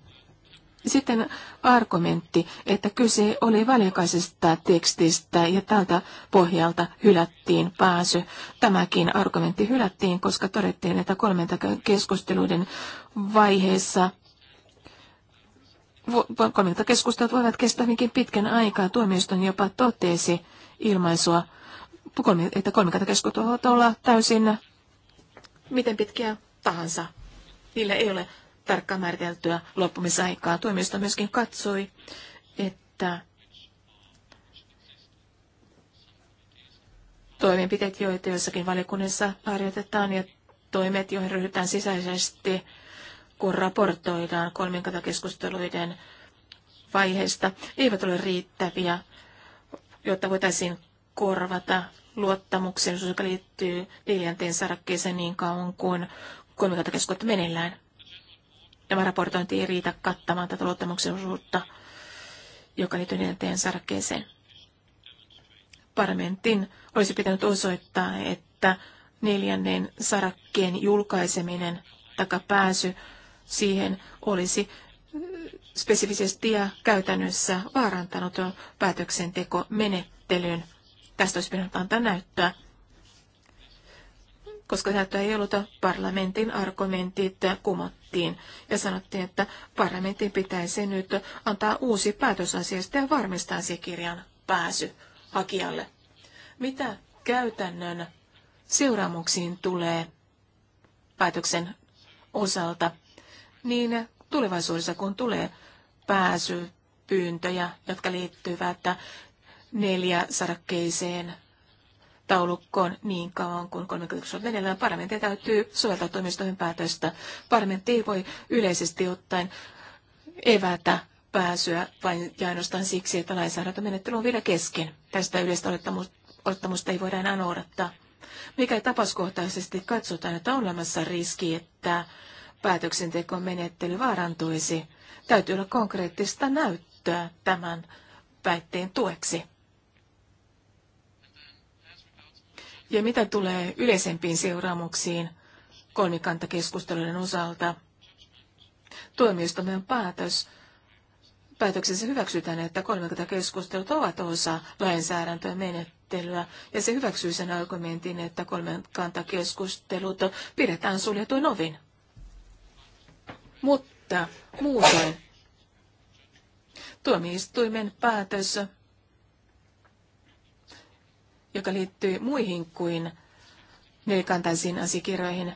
Speaker 2: Sitten argumentti, että kyse oli valikaisesta tekstistä ja tältä pohjalta hylättiin pääsy. Tämäkin argumentti hylättiin, koska todettiin, että kolmenta keskusteluiden vaiheessa kolmenta keskustelut voivat kestää hyvinkin pitkän aikaa. Tuomioistuin jopa totesi ilmaisua kolmi, että kolmikantakeskut voivat olla täysin miten pitkiä tahansa. Niillä ei ole tarkkaan määriteltyä loppumisaikaa. Tuomioista myöskin katsoi, että toimenpiteet, joita joissakin valiokunnissa harjoitetaan ja toimet, joihin ryhdytään sisäisesti, kun raportoidaan kolminkatakeskusteluiden vaiheista, eivät ole riittäviä, jotta voitaisiin korvata luottamuksen, joka liittyy neljänteen sarakkeeseen niin kauan kuin kolmikantakeskuutta meneillään. Tämä raportointi ei riitä kattamaan tätä luottamuksen osuutta, joka liittyy neljänteen sarakkeeseen. Parlamentin olisi pitänyt osoittaa, että neljännen sarakkeen julkaiseminen tai pääsy siihen olisi spesifisesti ja käytännössä vaarantanut päätöksentekomenettelyn Tästä olisi pitänyt antaa näyttöä. Koska näyttöä ei ollut, parlamentin argumentit kumottiin ja sanottiin, että parlamentin pitäisi nyt antaa uusi päätös asiasta ja varmistaa kirjan pääsy hakijalle. Mitä käytännön seuraamuksiin tulee päätöksen osalta, niin tulevaisuudessa kun tulee pääsy pyyntöjä, jotka liittyvät neljä sarakkeiseen taulukkoon niin kauan kuin 31 on meneillään. Parlamentin täytyy soveltaa toimistojen päätöstä. Parlamentti ei voi yleisesti ottaen evätä pääsyä vain ja ainoastaan siksi, että lainsäädäntömenettely on vielä kesken. Tästä yleistä odottamusta ei voida enää noudattaa. Mikä tapauskohtaisesti katsotaan, että on olemassa riski, että päätöksentekomenettely vaarantuisi, täytyy olla konkreettista näyttöä tämän väitteen tueksi. Ja mitä tulee yleisempiin seuraamuksiin kolmikantakeskustelujen osalta, tuomioistuimen päätös Päätöksessä hyväksytään, että kolmikantakeskustelut ovat osa menettelyä, ja se hyväksyy sen argumentin, että kolmen kantakeskustelut pidetään suljetuin ovin. Mutta muutoin tuomioistuimen päätös joka liittyy muihin kuin nelikantaisiin asiakirjoihin,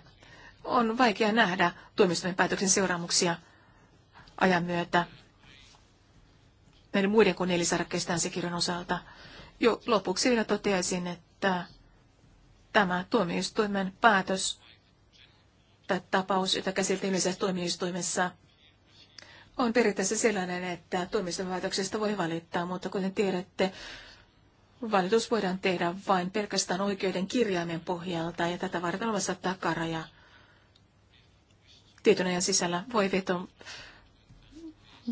Speaker 2: on vaikea nähdä tuomioistuimen päätöksen seuraamuksia ajan myötä näiden muiden kuin nelisarkkeista asiakirjan osalta. Jo lopuksi vielä toteaisin, että tämä tuomioistuimen päätös tai tapaus, jota käsiteltiin yleisessä tuomioistuimessa, on periaatteessa sellainen, että tuomioistuimen päätöksestä voi valittaa, mutta kuten tiedätte, Valitus voidaan tehdä vain pelkästään oikeuden kirjaimen pohjalta ja tätä varten olemassa takaraja. Tietyn ajan sisällä voi veto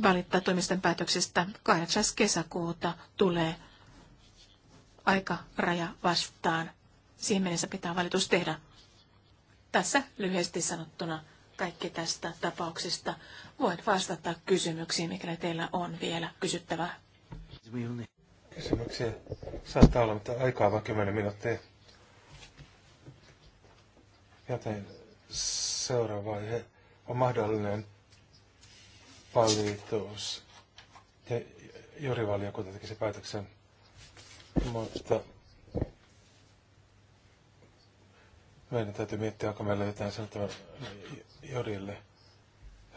Speaker 2: valittaa toimisten päätöksestä 8. kesäkuuta tulee aika raja vastaan. Siihen mennessä pitää valitus tehdä. Tässä lyhyesti sanottuna kaikki tästä tapauksesta. Voit vastata kysymyksiin, mikäli teillä on vielä kysyttävää
Speaker 3: kysymyksiä. Saattaa olla mitä aikaa vain 10 minuuttia. Joten seuraava vaihe on mahdollinen valitus. Ja teki sen päätöksen, mutta meidän täytyy miettiä, onko meillä jotain sanottavaa Jorille.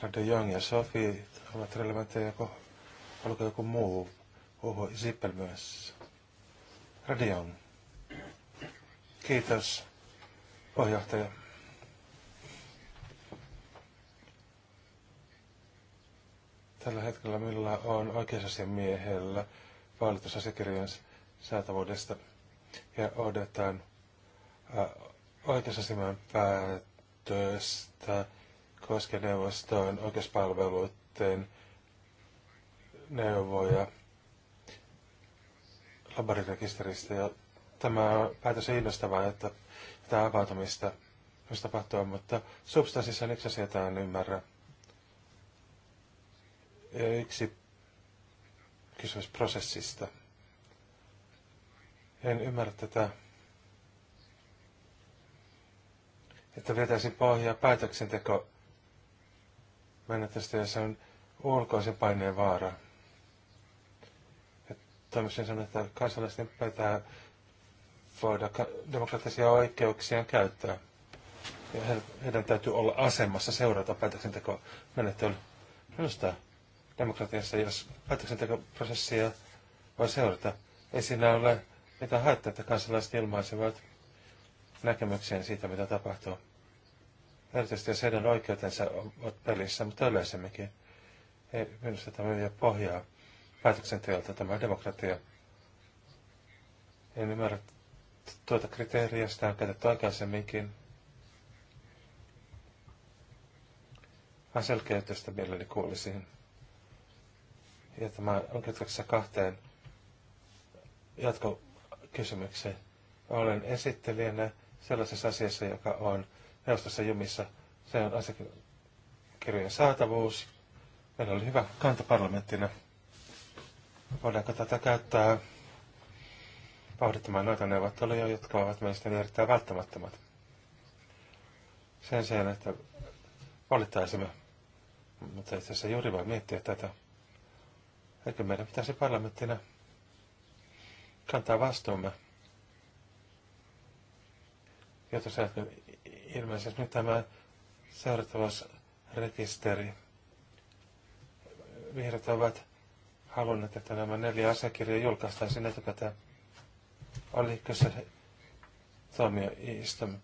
Speaker 3: Radio Young ja Sofi ovat relevantteja, joko oliko joku muu Uhu Zippel myös. Radion. Kiitos, puheenjohtaja. Tällä hetkellä minulla on oikeusasiamiehellä vaalitusasiakirjojen saatavuudesta ja odotetaan äh, oikeusasiamiehen päätöstä koskien neuvostoon oikeuspalveluiden neuvoja labarirekisteristä Ja tämä päätös on vain, että tämä avautumista myös tapahtuu, mutta substanssissa on yksi asia, jota en ymmärrä. Ja yksi kysymys prosessista. En ymmärrä tätä, että vietäisiin pohjaa päätöksenteko menettästä, ja se on ulkoisen paineen vaara tämmöisen sanon, että kansalaisten pitää voida demokraattisia oikeuksiaan käyttää. Ja heidän täytyy olla asemassa seurata päätöksentekomenettelyä. Minusta demokratiassa, jos päätöksentekoprosessia voi seurata, ei siinä ole mitään haittaa, että kansalaiset ilmaisevat näkemykseen siitä, mitä tapahtuu. Erityisesti jos heidän oikeutensa ovat pelissä, mutta yleisemminkin. Ei minusta tämä ole pohjaa päätöksenteolta tämä demokratia. En ymmärrä tuota kriteeriä, sitä on käytetty aikaisemminkin. Vähän selkeytystä mielelläni kuulisin. Ja tämä on kytköksessä kahteen jatkokysymykseen. Olen esittelijänä sellaisessa asiassa, joka on neuvostossa jumissa. Se on asiakirjojen saatavuus. Meillä oli hyvä kanta parlamenttina. Voidaanko tätä käyttää vauhdittamaan noita neuvotteluja, jotka ovat mielestäni erittäin välttämättömät? Sen sijaan, että valittaisimme, mutta itse asiassa juuri voi miettiä tätä. Eikö meidän pitäisi parlamenttina kantaa vastuumme? Jotta sä ilmeisesti nyt tämä seurattavuusrekisteri. Vihreät ovat halunnut, että nämä neljä asiakirjaa julkaistaisiin etukäteen. Oliko se tuomioistuin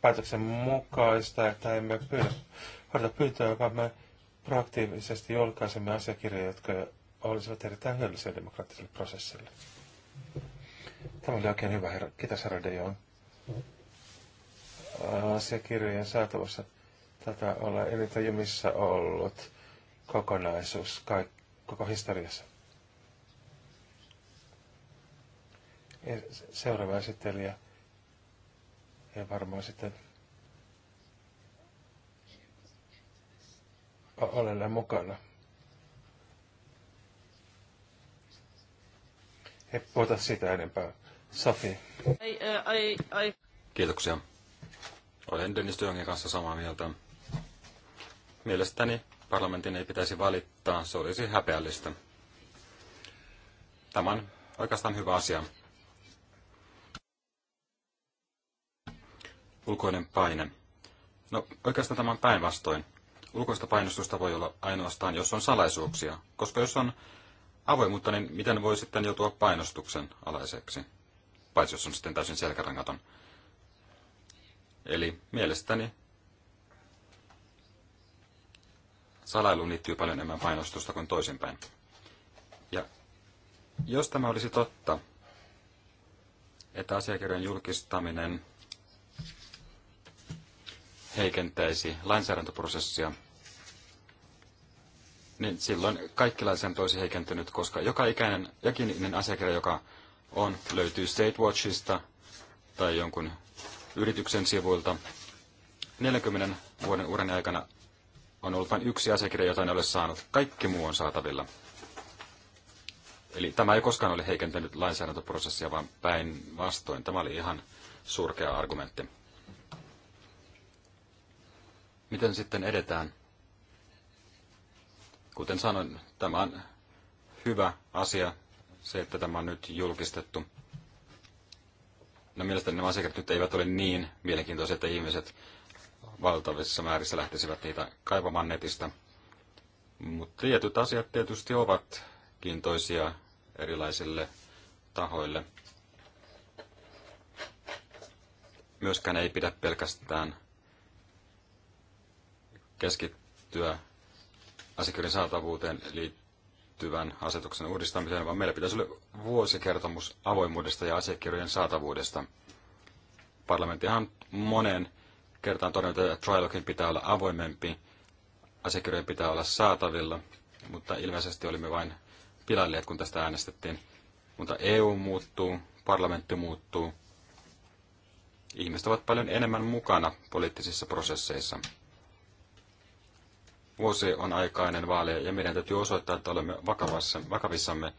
Speaker 3: päätöksen mukaista, että emme pyydä, odota pyyntöä, vaan me proaktiivisesti julkaisemme asiakirjoja, jotka olisivat erittäin hyödyllisiä demokraattiselle prosessille. Tämä oli oikein hyvä herra. Kiitos herra De Jong. Asiakirjojen saatavassa tätä olla eniten jumissa ollut kokonaisuus. Kaikki koko historiassa. Seuraava esittelijä ja varmaan sitten olen mukana. Ei puhuta sitä enempää. Safi.
Speaker 1: Ai, ai, ai.
Speaker 4: Kiitoksia. Olen Dennis Työngin kanssa samaa mieltä. Mielestäni parlamentin ei pitäisi valittaa, se olisi häpeällistä. Tämä on oikeastaan hyvä asia. Ulkoinen paine. No oikeastaan tämä on päinvastoin. Ulkoista painostusta voi olla ainoastaan, jos on salaisuuksia, koska jos on avoimuutta, niin miten voi sitten joutua painostuksen alaiseksi, paitsi jos on sitten täysin selkärangaton. Eli mielestäni salailuun liittyy paljon enemmän painostusta kuin toisinpäin. Ja jos tämä olisi totta, että asiakirjan julkistaminen heikentäisi lainsäädäntöprosessia, niin silloin kaikki lainsäädäntö olisi heikentynyt, koska joka ikäinen, jokin asiakirja, joka on, löytyy State Watchista tai jonkun yrityksen sivuilta. 40 vuoden uran aikana on ollut vain yksi asiakirja, jota en ole saanut. Kaikki muu on saatavilla. Eli tämä ei koskaan ole heikentänyt lainsäädäntöprosessia, vaan päinvastoin. Tämä oli ihan surkea argumentti. Miten sitten edetään? Kuten sanoin, tämä on hyvä asia, se, että tämä on nyt julkistettu. No mielestäni nämä asiakirjat nyt eivät ole niin mielenkiintoisia, että ihmiset valtavissa määrissä lähtisivät niitä kaivamaan netistä. Mutta tietyt asiat tietysti ovat kiintoisia erilaisille tahoille. Myöskään ei pidä pelkästään keskittyä asiakirjan saatavuuteen liittyvän asetuksen uudistamiseen, vaan meillä pitäisi olla vuosikertomus avoimuudesta ja asiakirjojen saatavuudesta. Parlamenttihan monen kertaan todennut, että Trilogin pitää olla avoimempi, asiakirjojen pitää olla saatavilla, mutta ilmeisesti olimme vain pilailleet, kun tästä äänestettiin. Mutta EU muuttuu, parlamentti muuttuu. Ihmiset ovat paljon enemmän mukana poliittisissa prosesseissa. Vuosi on aikainen vaaleja ja meidän täytyy osoittaa, että olemme vakavissamme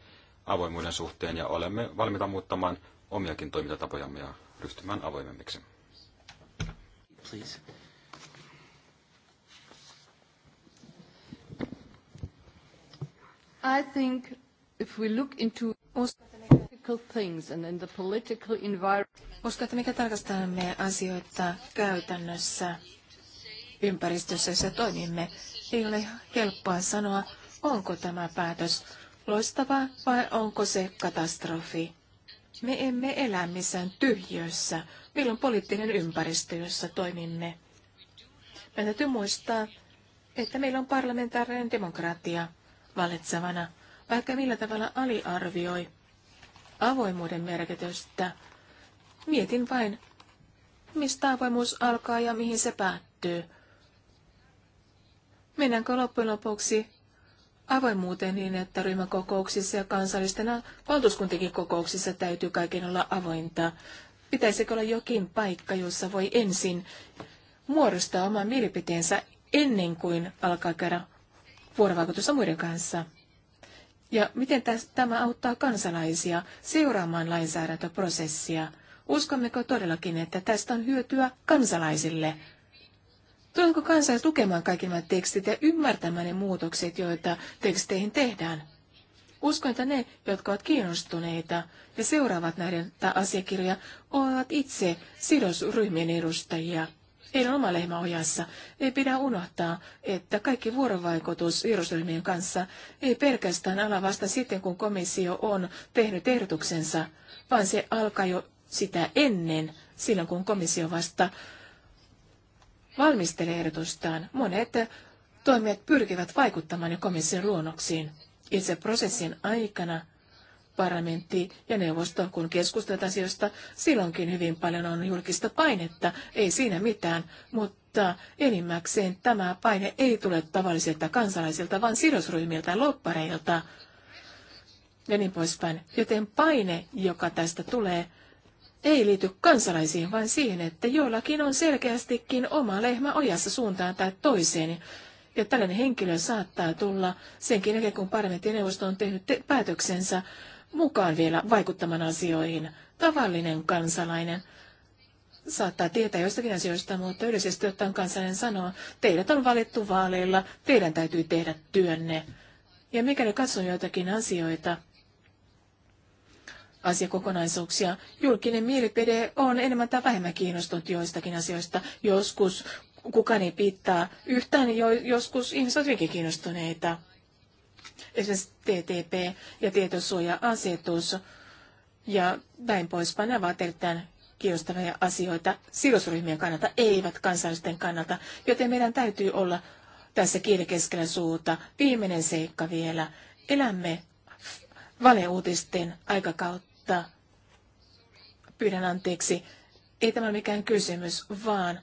Speaker 4: avoimuuden suhteen ja olemme valmiita muuttamaan omiakin toimintatapojamme ja ryhtymään avoimemmiksi
Speaker 1: please.
Speaker 2: I think if we look into political things and in the political environment... Uskon, että mikä tarkastelemme asioita käytännössä ympäristössä, jossa toimimme, ei ole helppoa sanoa, onko tämä päätös loistava vai onko se katastrofi. Me emme elä missään tyhjössä, Meillä on poliittinen ympäristö, jossa toimimme. Meidän täytyy muistaa, että meillä on parlamentaarinen demokratia valitsevana, vaikka millä tavalla aliarvioi avoimuuden merkitystä. Mietin vain, mistä avoimuus alkaa ja mihin se päättyy. Mennäänkö loppujen lopuksi avoimuuteen niin, että ryhmäkokouksissa ja kansallisten valtuuskuntikin kokouksissa täytyy kaiken olla avointa. Pitäisikö olla jokin paikka, jossa voi ensin muodostaa oman mielipiteensä ennen kuin alkaa käydä vuorovaikutusta muiden kanssa? Ja miten täs, tämä auttaa kansalaisia seuraamaan lainsäädäntöprosessia? Uskommeko todellakin, että tästä on hyötyä kansalaisille? Tuleeko kansalaiset lukemaan kaikki nämä tekstit ja ymmärtämään ne muutokset, joita teksteihin tehdään? Uskon, että ne, jotka ovat kiinnostuneita ja seuraavat näiden asiakirjoja, ovat itse sidosryhmien edustajia. Heidän oma lehmä ojassa. Ei pidä unohtaa, että kaikki vuorovaikutus sidosryhmien kanssa ei pelkästään ala vasta sitten, kun komissio on tehnyt ehdotuksensa, vaan se alkaa jo sitä ennen, silloin kun komissio vasta valmistelee ehdotustaan. Monet toimijat pyrkivät vaikuttamaan jo komission luonnoksiin. Itse prosessin aikana parlamentti ja neuvosto, kun keskustelut asioista, silloinkin hyvin paljon on julkista painetta, ei siinä mitään, mutta enimmäkseen tämä paine ei tule tavallisilta kansalaisilta, vaan sidosryhmiltä, loppareilta ja niin poispäin. Joten paine, joka tästä tulee, ei liity kansalaisiin, vaan siihen, että joillakin on selkeästikin oma lehmä ojassa suuntaan tai toiseen, ja tällainen henkilö saattaa tulla senkin jälkeen, kun parlamenttineuvosto on tehnyt te- päätöksensä mukaan vielä vaikuttamaan asioihin. Tavallinen kansalainen saattaa tietää joistakin asioista, mutta yleisesti ottaen kansalainen sanoo, teidät on valittu vaaleilla, teidän täytyy tehdä työnne. Ja mikäli katson joitakin asioita, asiakokonaisuuksia. Julkinen mielipide on enemmän tai vähemmän kiinnostunut joistakin asioista. Joskus kuka niin piittaa yhtään, jo, joskus ihmiset ovat hyvinkin kiinnostuneita. Esimerkiksi TTP ja tietosuoja-asetus ja näin poispäin. Nämä ovat erittäin kiinnostavia asioita sidosryhmien kannalta, eivät kansallisten kannalta, joten meidän täytyy olla tässä kielikeskellä suuta. Viimeinen seikka vielä. Elämme valeuutisten aikakautta. Pyydän anteeksi. Ei tämä mikään kysymys, vaan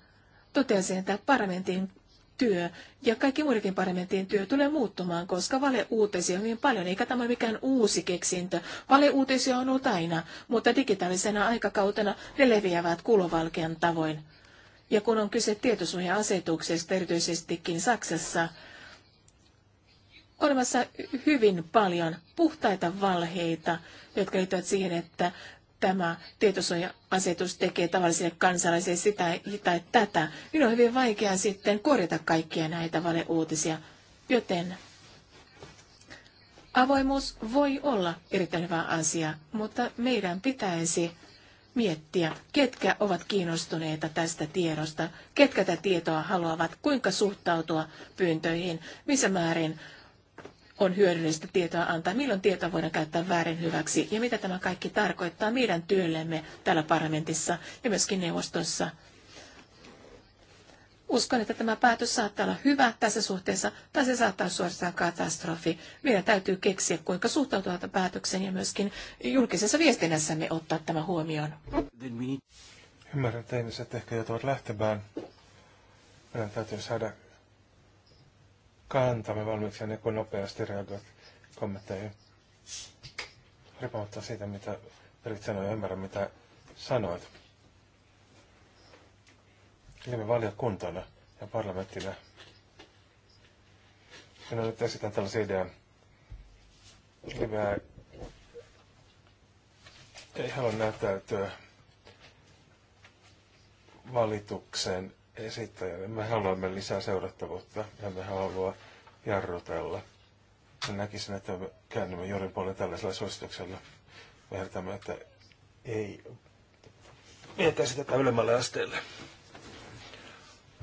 Speaker 2: totesin, että parlamentin työ ja kaikki muidenkin parlamentin työ tulee muuttumaan, koska valeuutisia on hyvin niin paljon, eikä tämä mikään uusi keksintö. Valeuutisia on ollut aina, mutta digitaalisena aikakautena ne leviävät kulovalkean tavoin. Ja kun on kyse tietosuoja-asetuksesta, erityisestikin Saksassa, olemassa hyvin paljon puhtaita valheita, jotka liittyvät siihen, että tämä tietosuoja-asetus tekee tavallisille kansalaisille sitä tai tätä. niin on hyvin vaikea sitten korjata kaikkia näitä valeuutisia, joten avoimuus voi olla erittäin hyvä asia, mutta meidän pitäisi miettiä, ketkä ovat kiinnostuneita tästä tiedosta, ketkä tätä tietoa haluavat, kuinka suhtautua pyyntöihin, missä määrin on hyödyllistä tietoa antaa, milloin tietoa voidaan käyttää väärin hyväksi ja mitä tämä kaikki tarkoittaa meidän työllemme täällä parlamentissa ja myöskin neuvostossa. Uskon, että tämä päätös saattaa olla hyvä tässä suhteessa, tai se saattaa suorastaan katastrofi. Meidän täytyy keksiä, kuinka suhtautua tämän päätöksen ja myöskin julkisessa viestinnässämme ottaa tämä huomioon.
Speaker 3: Ymmärrän, että ihmiset ehkä joutuvat lähtemään. Meidän täytyy saada kantamme valmiiksi ennen kuin nopeasti reagoit kommentteihin. Riippumatta siitä, mitä Pelit sanoi, ymmärrän mitä sanoit. Ja me valiokuntana ja parlamenttina. Minä nyt esitän tällaisen idean. Hyvää. Ei halua näyttäytyä valituksen esittäjälle. Me haluamme lisää seurattavuutta emme me haluamme jarrutella. Mä näkisin, että me käännymme juuri puolen tällaisella suosituksella. Me että ei vietäisi tätä ylemmälle asteelle.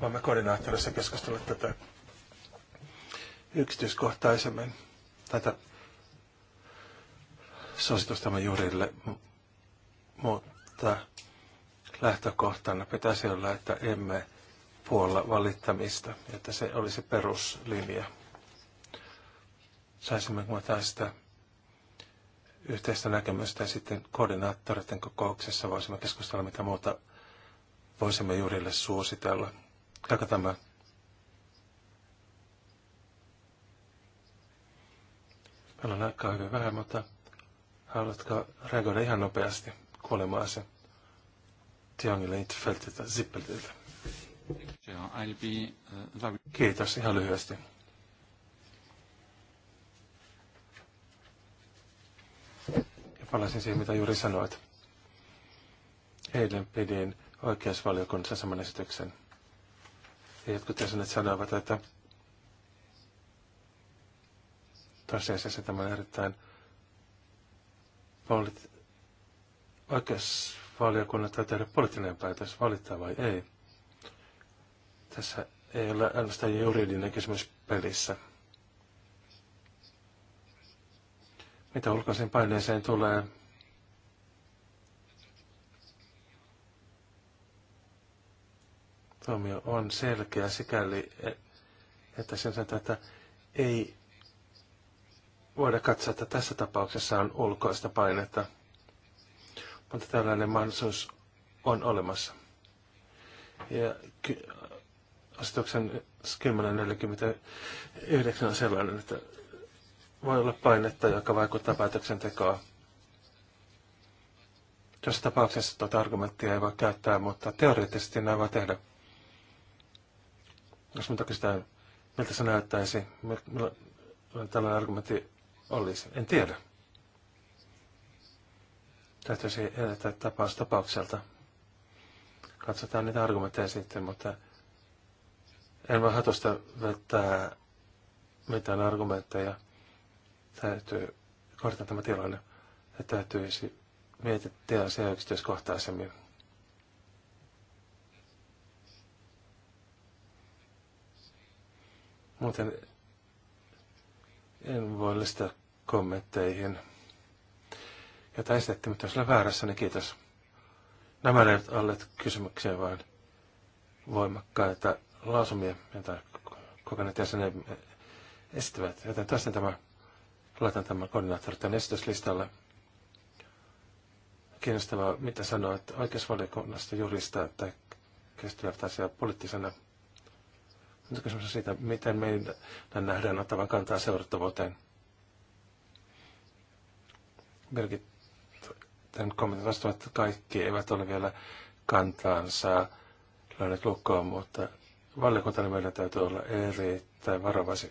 Speaker 3: Voimme koordinaattorissa keskustella tätä yksityiskohtaisemmin tätä suositustamme juurille, mutta lähtökohtana pitäisi olla, että emme puolella valittamista, että se oli se peruslinja. Saisimmeko tästä yhteistä näkemystä ja sitten koordinaattoreiden kokouksessa voisimme keskustella, mitä muuta voisimme juurille suositella. Taka tämä Meillä on aikaa hyvin vähän, mutta haluatko reagoida ihan nopeasti se Tiangille, Intfeltiltä, Zippeltiltä. Kiitos ihan lyhyesti. Ja palasin siihen, mitä juuri sanoit. Eilen pidin oikeusvaliokunnassa saman esityksen. Ja jotkut jäsenet sanoivat, että tosiasiassa tämä on erittäin poli- oikeusvaliokunnan tai tehdä poliittinen päätös, valittaa vai ei. Tässä ei ole ainoastaan juridinen kysymys pelissä. Mitä ulkoisen paineeseen tulee, tuomio on selkeä sikäli, että sen sanotaan, että ei voida katsoa, että tässä tapauksessa on ulkoista painetta, mutta tällainen mahdollisuus on olemassa. Ja asetuksen 1049 on sellainen, että voi olla painetta, joka vaikuttaa päätöksentekoon. Jos tapauksessa tuota argumenttia ei voi käyttää, mutta teoreettisesti näin voi tehdä. Jos minulta kysytään, miltä se näyttäisi, milloin tällainen argumentti olisi, en tiedä. Täytyisi edetä tapaus tapaukselta. Katsotaan niitä argumentteja sitten, mutta en vaan hatusta vettää mitään argumentteja. Täytyy korjata tämä tilanne. Ja täytyisi miettiä asiaa yksityiskohtaisemmin. Muuten en voi lisätä kommentteihin, ja esitettiin, mutta jos olen väärässä, niin kiitos. Nämä eivät olleet kysymyksiä, vaan voimakkaita lausumia, joita kokeneet jäsenet esittävät. Joten tässä tämä, laitan tämän koordinaattorin esityslistalle. Kiinnostavaa, mitä että oikeusvaliokunnasta jurista, että kestävät asiaa poliittisena. Nyt kysymys on siitä, miten meidän nähdään ottavan kantaa seurattavuuteen. Merkit tämän kommentin että kaikki eivät ole vielä kantaansa löydet lukkoon, mutta valiokuntana meidän täytyy olla erittäin varovaisia.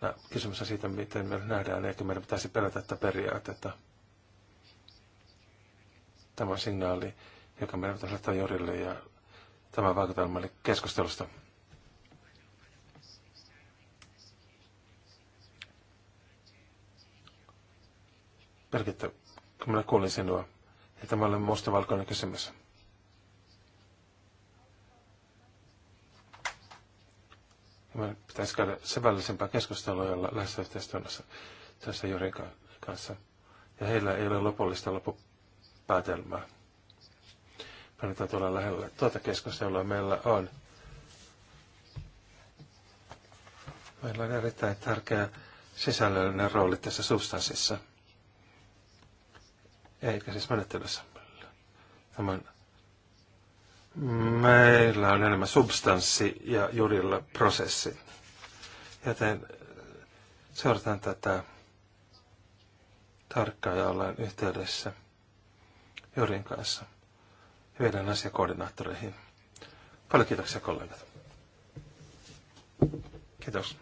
Speaker 3: No, kysymys on siitä, miten me nähdään, eikö meidän pitäisi pelätä tätä periaatetta. Tämä on signaali, joka meidän pitäisi laittaa Jorille ja tämä vaikutelma oli keskustelusta. Pelkittä, kun minä kuulin sinua, että niin tämä oli mustavalkoinen kysymys. Me pitäisi käydä sen keskustelua, jolla lähes yhteistyössä tässä Jorin kanssa. Ja heillä ei ole lopullista loppupäätelmää. Kannattaa tulla lähellä tuota keskustelua meillä on. Meillä on erittäin tärkeä sisällöllinen rooli tässä substanssissa, eikä siis menettelyssä. Tämän Meillä on enemmän substanssi ja jurilla prosessi. Joten äh, seurataan tätä tarkkaan ja ollaan yhteydessä Jurin kanssa ja viedään asia koordinaattoreihin. Paljon kiitoksia kollegat. Kiitos.